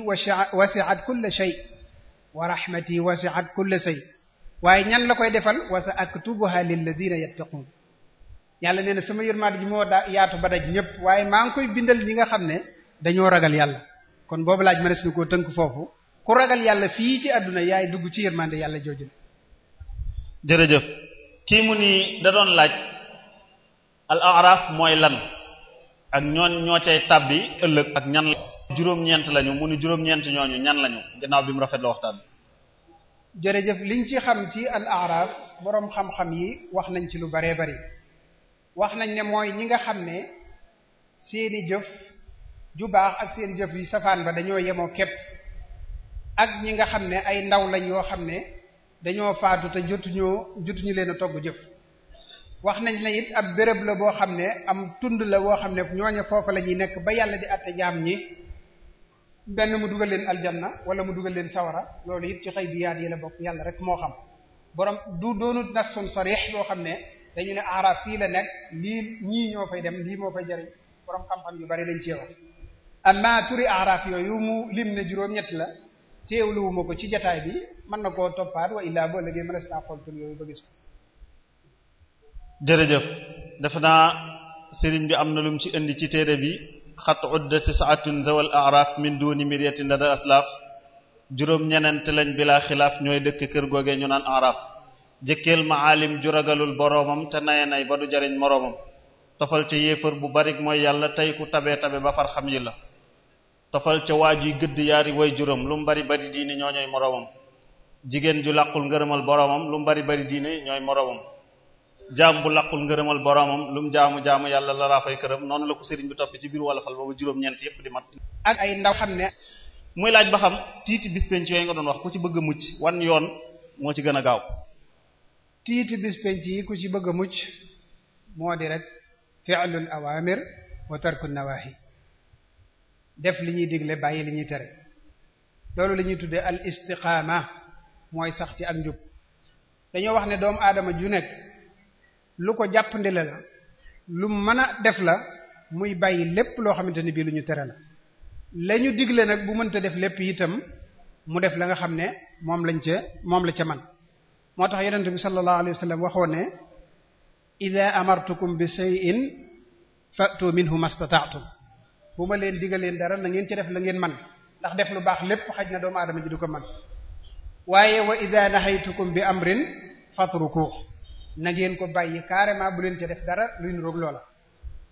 wasi'at kulla shay wa rahmati wasi'at kulla shay waaye ñan la koy defal wa sa aktubuha lilladina yattaqun yàlla nee na sama yërmaat ji moo da yaatu ba daj ñëpp waaye maa ngi koy bindal ñi nga xam ne dañoo ragal yàlla kon boobu laaj mënees na koo tënk foofu ku ragal yàlla fii ci àdduna yaay dugg ci yërmande yàlla jooju la jërëjëf kii mu ni da doon laaj al araf mooy lan ak ñooñ ñoo cay tabbi ëllëg ak ñan la juróom-ñeent lañu mu ni juróom-ñeent ñooñu ñan lañu gannaaw bi mu rafet la waxtaan bi jërëjëf liñ ci xam ci al araf boroom xam-xam yi wax nañ ci lu baree bari wax nañ ne mooy ñi nga xam ne seeni jëf ju baax ak seen jëf yi safaan ba dañoo yemoo képp ak ñi nga xam ne ay ndaw lañ yoo xam ne dañoo faatu te jotuñoo jotuñu leen a togg jëf wax nañ ne it ab bërëb la boo xam ne am tund la boo xam ne ñooñe foofa la ñuy nekk ba yàlla di àtte jaam ñi benn mu dugal leen aljanna wala mu dugal leen sawara loolu it ci xëy bi yaat yi la bokk yàlla rek moo xam borom du doonut nasun sarih boo xam ne dañu ne araf fii la nekk lii ñii ñoo fay dem lii moo fay jariñ borom xam-xam yu bari lañ cee wax amma turi araf yooyu mu lim ne juróom-ñett la wuma ko ci jataay bi mën na koo toppaat wa illaa boole bi mënees naa xool jërëjëf defe naa sëriñ bi am na lum ci indi ci téere bi xat uddati saatun zawal araf min duni miryatin lada aslaf juróom ñenent lañ bilaa xilaaf ñooy dëkk kër googee ñu naan araf jëkkeel maalim ju ragalul boroomam te naye nay ba du jariñ moroomam tofal ca yéefar bu barik mooy yàlla tey ku tabe tabe ba far xam yi la tofal ca waa yi gëdd yaari way juróom lu mu bari bari diine ñoo ñooy moroomam jigéen ju làqul ngërëmal boroomam lu mbari bari bari ñooy moroomam jaam bu laqul ngërëmal boromam lu jaamu-jaamu yàlla la raa fay këram noonu la ko sëriñ bi topp ci biir wolofal boobu juróom-ñeent yépp di mat ak ay ndaw xam ne muy laaj ba xam tiiti bis penc yooyu nga doon wax ku ci bëgg a mucc wan yoon moo ci gën a gaaw tiiti bis penc yi ku ci bëgg a mucc moo di rek fi'lul awamir wa tarku nawahi def li ñuy digle bàyyi li ñuy tere loolu la ñuy tuddee al istiqaama mooy sax ci ak njub dañoo wax ne doomu aadama ju nekk lu ko jàppandile la lu mën a def la muy bàyyi lépp loo xamante ni bii lu ñu tere la la ñu digle nag bu mënta def lépp itam mu def la nga xam ne moom lañ ca moom la ca man moo tax yeneen yonent bi sallallahu alayhi wasallam waxoon ne ida amartukum bi shay'in fa'tu minhu mastata'tum bu ma leen digaleen dara na ngeen ci def la ngeen man ndax def lu baax lépp xaj na doomu aadama ji du ko man waaye wa ida nahaytukum bi amrin fatruku nag ngeen ko bàyyi carrément bu leen ca def dara luy niroog loola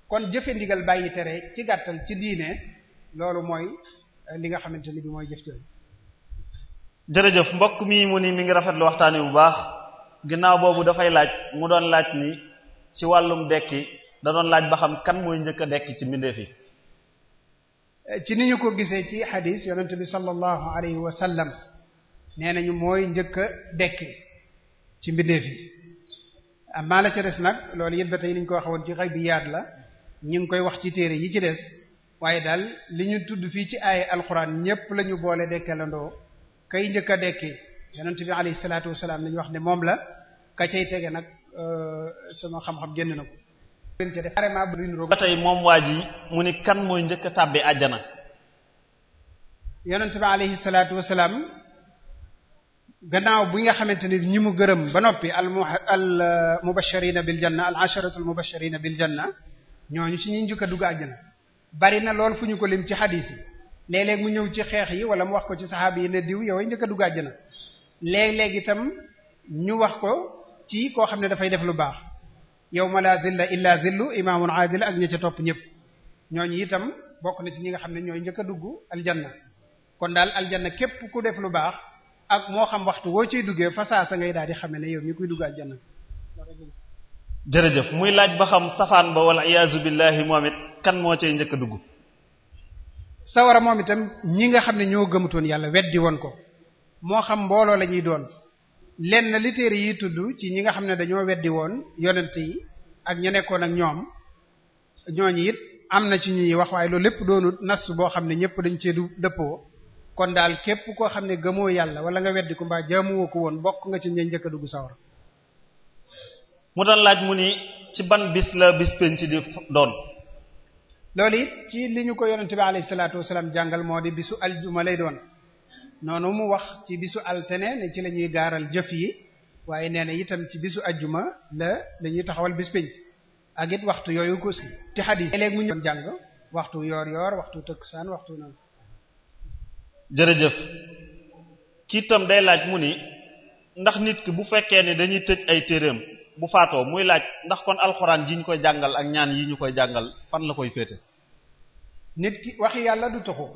kon jëfe ndigal bàyyi tere ci gàttal ci diine loolu mooy eh, li nga xamante ni bi mooy jëf jooju jërëjëf mbokk mi mu ni mi ngi rafet lu wi bu baax ginnaaw boobu dafay laaj mu doon laaj ni ci wàllum dekki da doon laaj ba xam kan mooy njëkk a dekki ci mbindeef yi eh, ci ni ñu ko gisee ci xadis yonent bi sallallahu alayhi wa sallam nee nañu mooy njëkk a dekki ci mbindeef yi amaa la ca des nag loolu yit ba tey niñ ko waxoon ci yaat la ñu ngi koy wax ci téere yi ci des waaye daal li ñu tudd fii ci ay alxuraan ñépp la ñu boole dekkalandoo kay njëkk a dekki yonent bi alayhi salaatu wasalaam la ñu wax ne moom la ka cay tege nag euh, sama xam-xam génn na ko. ba tey moom waa ji mu ni kan mooy njëkk a tàbbi àjjana. yonent bi alayhi salaatu wasalaam gannaaw bi nga xamante ni ñi mu gërëm ba noppi al al mubashirina bil janna al asharatu al mubashirina bil janna ñooñu ci ñi njëkk a dugg àjjana bari na lool fu ñu ko lim ci xadiis yi léeg mu ñëw ci xeex yi wala mu wax ko ci saxaaba yi diw yow ay njëkk a dugg àjjana léeg ñu wax ko ci koo xam ne dafay def lu baax yawma la zilla illa zillu imaamun aadil ak ña ca topp ñëpp ñooñu itam bokk na ci ñi nga xam ne ñooy njëkk a dugg aljanna kon daal al aljanna képp ku def lu baax ak moo xam waxtu woo ciy duggee fasaa sa ngay daal di xame ne yow mi koy dugg aljanna jërëjëf muy laaj ba xam safaan ba wala iyaazu billahi moom it kan moo cay njëkk a dugg sawara moom itam ñi nga xam ne ñoo gëmutoon yàlla weddi woon ko moo xam mbooloo lañuy doon lenn li yi tudd ci ñi nga xam ne dañoo weddi woon yonent yi ak ña nekkoon ak ñoom ñooñu it am na ci ñuy wax waaye loolu lépp doonut nas boo xam ne ñëpp dañ cee du dëppoo kon daal képp koo xam ne gëmoo yàlla wala nga weddi ko mbaa jaamuwoo ko woon bokk nga ci ña njëkk a dugg sawar mu doon laaj mu ni ci ban bis la bis penc di doon loolu it ci li ñu ko yonente bi alayhi salaatu wasalaam jàngal moo di bisu aljuma lay doon noonu mu wax ci bisu altene ne ci la ñuy gaaral jëf yi waaye nee na itam ci bisu ajjuma la la ñuy taxawal bis penc ak it waxtu yooyu ko si ci xadis léeg mu ñu doon jàng waxtu yoor yoor waxtu tëkkusaan waxtu jërëjëf kii tam day laaj mu ni ndax nit ki bu fekkee ne dañuy tëj ay téereem bu faatoo muy laaj ndax kon alxuraan ji ñu koy jàngal ak ñaan yi ñu koy jàngal fan la koy féete nit ki waxi yàlla du taxu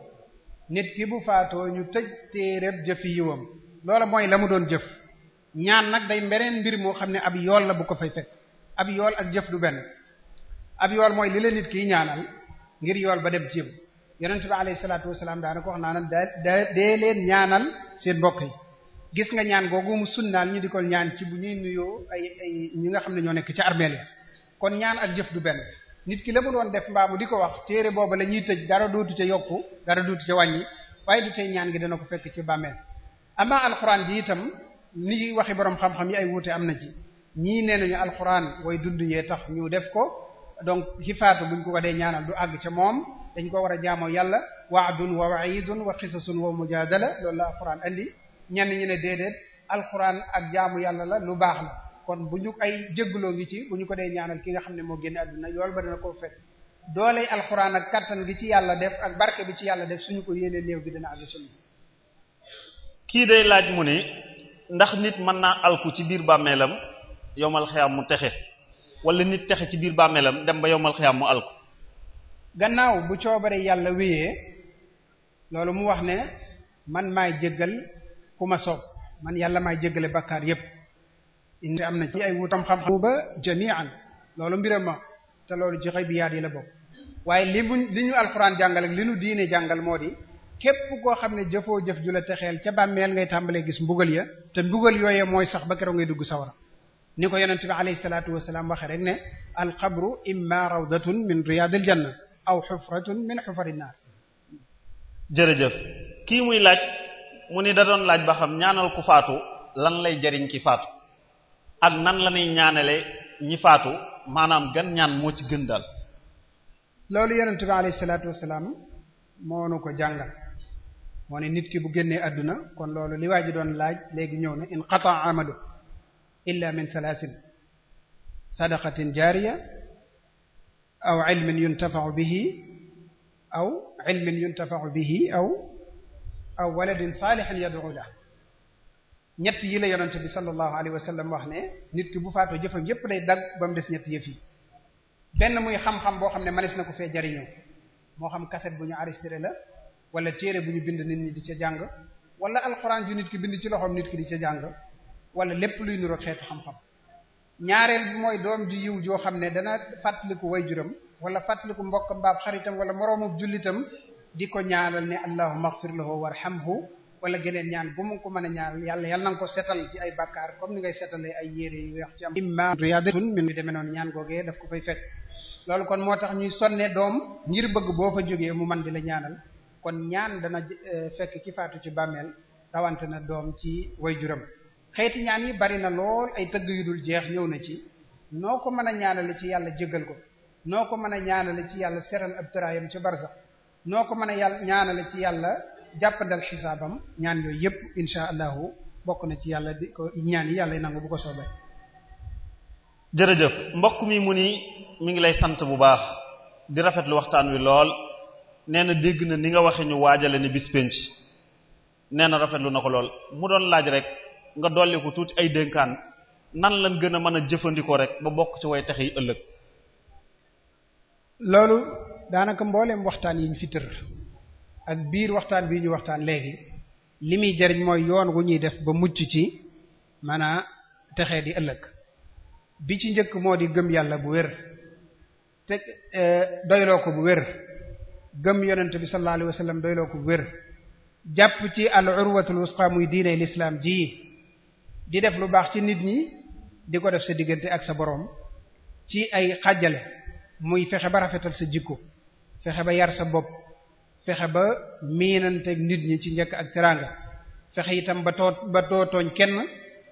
nit ki bu faatoo ñu tëj téereem jëfi yiwam loola mooy la mu doon jëf ñaan nag day mbeneen mbir moo xam ne ab yool la bu ko fay fekk ab yool ak jëf du benn ab yool mooy li la nit kiy ñaanal ngir yool ba dem ci yonent bi alayhi salaatu wasalaam daanaka wax naa da dee leen ñaanal seen mbokk yi gis nga ñaan googu mu sunnaal ñu di ko ñaan ci bu ñuy nuyoo ay ay ñi nga xam ne ñoo nekk ci armeel ya kon ñaan ak jëf du benn nit ki la mu doon def mbaamu di ko wax téere booba la ñuy tëj dara dootu ca yokku dara dootu ca wàññi waaye du tey ñaan gi dana ko fekk ci bàmmeel amaa alxuraan ji itam ni waxi borom xam-xam yi ay wuute am na ci ñii nee nañu alxuraan way dund yee tax ñu def ko donc ci faatu buñ dee ñaanal du àgg ca moom dañ ko war a jaamoo yàlla waadun wa waidun wa xisasun wa mujadala loolu la alquran andi ñenn ñu ne déedéet alquran ak jaamu yàlla la lu baax la kon bu ñu ay jéggloo ngi ci bu ñu ko dee ñaanal ki nga xam ne moo génne àdduna yool ba dina ko fekk dooley alquran ak kattan gi ci yàlla def ak barke bi ci yàlla def suñu ko yéenee néew bi dina àgg suñu kii day laaj mu ne ndax nit mën naa alku ci biir bàmmeelam yowmal xiyaam mu texe wala nit texe ci biir bàmmeelam dem ba yowmal xiyaam mu alku gannaaw bu coobare yàlla wéyee loolu mu wax ne man maay jéggal ku ma soob man yàlla maay jéggale bakkaar yépp indi am na ci ay wutam xam-xam ba jami'an loolu mbiram ma te loolu ci xaybiyaat yi la bokk waaye li mu li ñu alxuraan jàngal li ñu diine jàngal moo di képp koo xam ne jëfoo jëf ju la texeel ca bàmmeel ngay tàmbalee gis mbugal ya te mbugal yooyee mooy sax ba keroog ngay dugg sawara ni ko yonent bi alayhi salaatu wasalaam waxe rek ne alxabru imma rawdatun min riyadil janna aw xufratun min xufari naar jërëjëf kii muy laaj mu ni da doon laaj ba xam ñaanal ku faatu lan lay jariñ ki faatu ak nan la ñuy ñaanale ñi faatu maanaam gan ñaan moo ci gën daal loolu yonent bi alayhi moo nu ko jàngal moo ne nit ki bu génnee àdduna kon loolu li waa doon laaj léegi ñëw na in qata amalu illa min thalaasin jaariya aw ilmin yuntafau bihi aw ilmin yuntafau bihi aw aw waladin saalihin yad'u la ñett yi la yonent bi sallallahu alayhi wa sallam wax ne nit bu faatoo jëfam yépp day dagg ba des ñett yëf yi benn muy xam boo xam ne manis na ko jariñoo moo xam cassette bu ñu enregistré la wala téere bu ñu bind nit ñi di ca jàng wala alxuraan ju nit ki bind ci loxoom nit ki di ca jàng wala lépp luy nuroo xeetu xam-xam ñaareel bi mooy doom ju yiw joo xam ne dana fàttaliku wayjuram wala fàttaliku mbokkam baab xaritam wala moroomub jullitam di ko ñaanal ne allahumma ighfir lahu warhamhu wala geneen ñaan bu mu ko mën a ñaanal yàlla yàlla nanga ko setal ci ay bàkkaar comme ni ngay setalee ay yére yu weex ci am demee noonu ñaan googee daf ko koy fekk loolu kon moo tax ñuy sonnee doom ngir bëgg boo fa jógee mu man di la ñaanal kon ñaan dana eh, fekk ki faatu ci bàmmeel rawante na doom ci way wayjuram xeeti ñaan yi bari na lool ay tëgg yu dul jeex ñëw na ci noo ko mën a ñaanale ci yàlla jéggal ko noo ko mën a ñaanale ci yàlla seral ab tëraayam ci barsax noo ko mën a yàlla ñaanale ci yàlla jàppandal xisaabam ñaan yooyu yépp insha allahu bokk na ci yàlla di ko ñaan yi yàlla nangu bu ko soobee jërëjëf mbokk mi mu ni mi ngi lay sant bu baax di rafetlu waxtaan wi lool nee na dégg na ni nga waxe ñu waajale ni bis penc nee na rafetlu na ko lool mu doon laaj rek nga dolli ko tuuti ay dénkaan nan lañ gën a mën a jëfandikoo rek ba bokk ci way tax yi ëllëg loolu daanaka mbooleem waxtaan yi ñu fi tër ak biir waxtaan bii ñu waxtaan léegi li muy jariñ mooy yoon wu ñuy def ba mucc ci mën a texee di ëllëg bi ci njëkk moo di gëm yàlla bu wér te e, doyloo ko bu wér gëm yonent bi sallallahu alayhi wasallam doyloo ko bu wér jàpp ci al urwatul wusqa muy diine l'islam ji di def lu baax ci nit ñi di ko def sa diggante ak sa boroom ci ay xàjjale muy fexe ba rafetal sa jikko fexe ba yar sa bopp fexe ba miinanteeg nit ñi ci njëkk ak teraanga fexe itam ba too ba tooñ kenn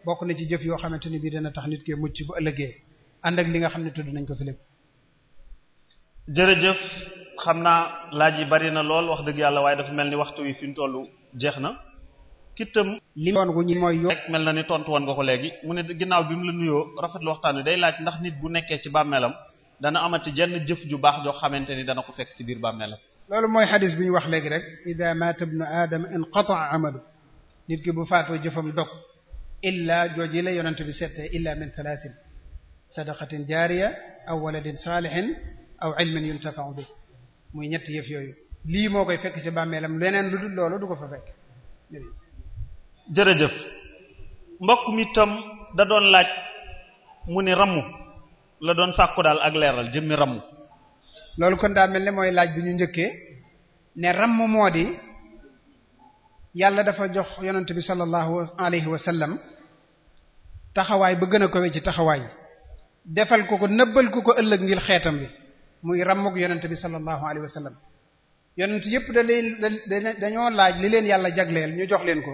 bokk na ci jëf yoo xamante ni bii dana tax nit kee mucc bu ëllëgee ànd ak li nga xam ne tudd nañ ko fi lépp jërëjëf xam naa laaj yi bari na lool wax dëgg yàlla waaye dafa mel ni waxtu wi fi mu tollu jeex na kittam li yoon wu ñu mooy yoon rek mel na ni tontu woon nga ko léegi mu ne ginnaaw bi mu la nuyoo rafetlu waxtaan wi day laaj ndax nit bu nekkee ci bàmmeelam dana amati jenn jëf ju baax joo xamante ni dana ko fekk ci biir bàmmeelam loolu mooy xadis bu ñu wax léegi rek ida mata ibnu aadama inqata'a amalu nit ki bu faatoo jëfam dog illaa jooji la yonent bi settee illa min thalaasin sadaqatin jaariya aw waladin saalihin aw ilmin yuntafa'u bi muy ñetti yëf yooyu lii moo koy fekk ci bàmmeelam leneen lu dul loolu du ko fa fekk jërëjëf mbokk mi tam da doon laaj mu ni ramu la doon sàkku daal ak leeral jëmmi ramu loolu kon daa mel ni mooy laaj bi ñu njëkkee ne ramm moo di yàlla dafa jox yonent bi sallallahu alayhi wa sallam taxawaay ba gën a kowe ci taxawaay defal ko ko nëbbal ku ko ëllëg ngir xeetam bi muy rammuk yonent bi sallallahu alayhi wa sallam yonent yépp da leen dañoo laaj li leen yàlla jagleel ñu jox leen ko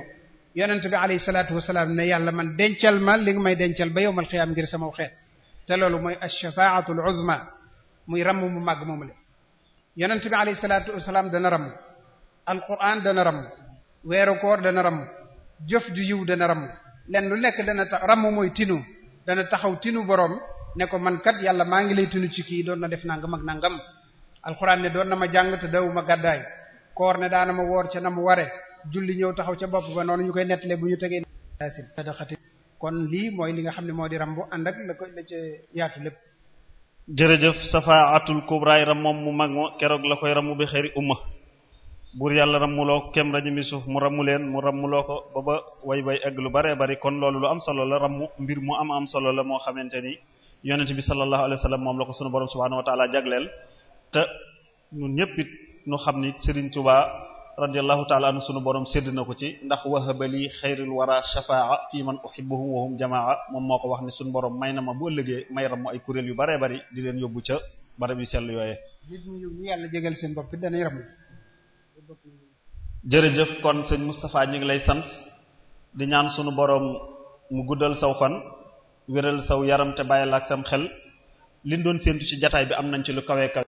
yonent bi alayhi salaatu wasalaam ne yàlla man dencal ma li nga may dencal ba yowmal xiyaam ngir sama xeet te loolu mooy ashafaatul uzma muy ramm mu màgg moomu le yonent bi alayhi salaatu weeru koor dana ramm jëf ju yiw dana len lu nekk dana tax mooy tinu dana taxaw tinu boroom ne ko man kat yàlla maa ngi lay tinu ci kii doon na def nangam ak nangam alquran ne doon na ma jàng te ma gàddaay koor ne daana ma woor ca na mu ware julli ñëw taxaw ca bopp ba noonu ñu koy nettale bu ñu tegee si sadaqati kon lii mooy li nga xam ne moo di rambu ànd ak la ko la ca yaatu lépp jërëjëf safaatul kubraay ram moom mu mag ma keroog la koy ramu bi xëri umma buur yàlla rammuloo ko kem rajo mi suuf mu rammu leen mu rammuloo ko ba ba way way egg lu bare bari kon loolu lu am solo la rammu mbir mu am am solo la moo xamante ni yonent bi sallallahu alayhi wasallam moom la ko sunu borom subhanahu wa taala jagleel te radiallahu taala anu sunu boroom sédd na ko ci ndax wahabali xayril wara shafaa fii man uhibbuhum wahum jamaa moom moo ko wax ne sunu borom may na ma boo lëgee may ram ay kuréel yu bare bari di leen yóbbu ca barab yu sell yooye nit ñu yàlla jégal seen bopp dañuy ram jërëjëf kon sëñ Moustapha ñu lay sant di ñaan sunu boroom mu guddal saw fan wéral saw yaram te bàyyil ak sam xel liñ doon séentu ci jataay bi am nañ ci lu kawe kawe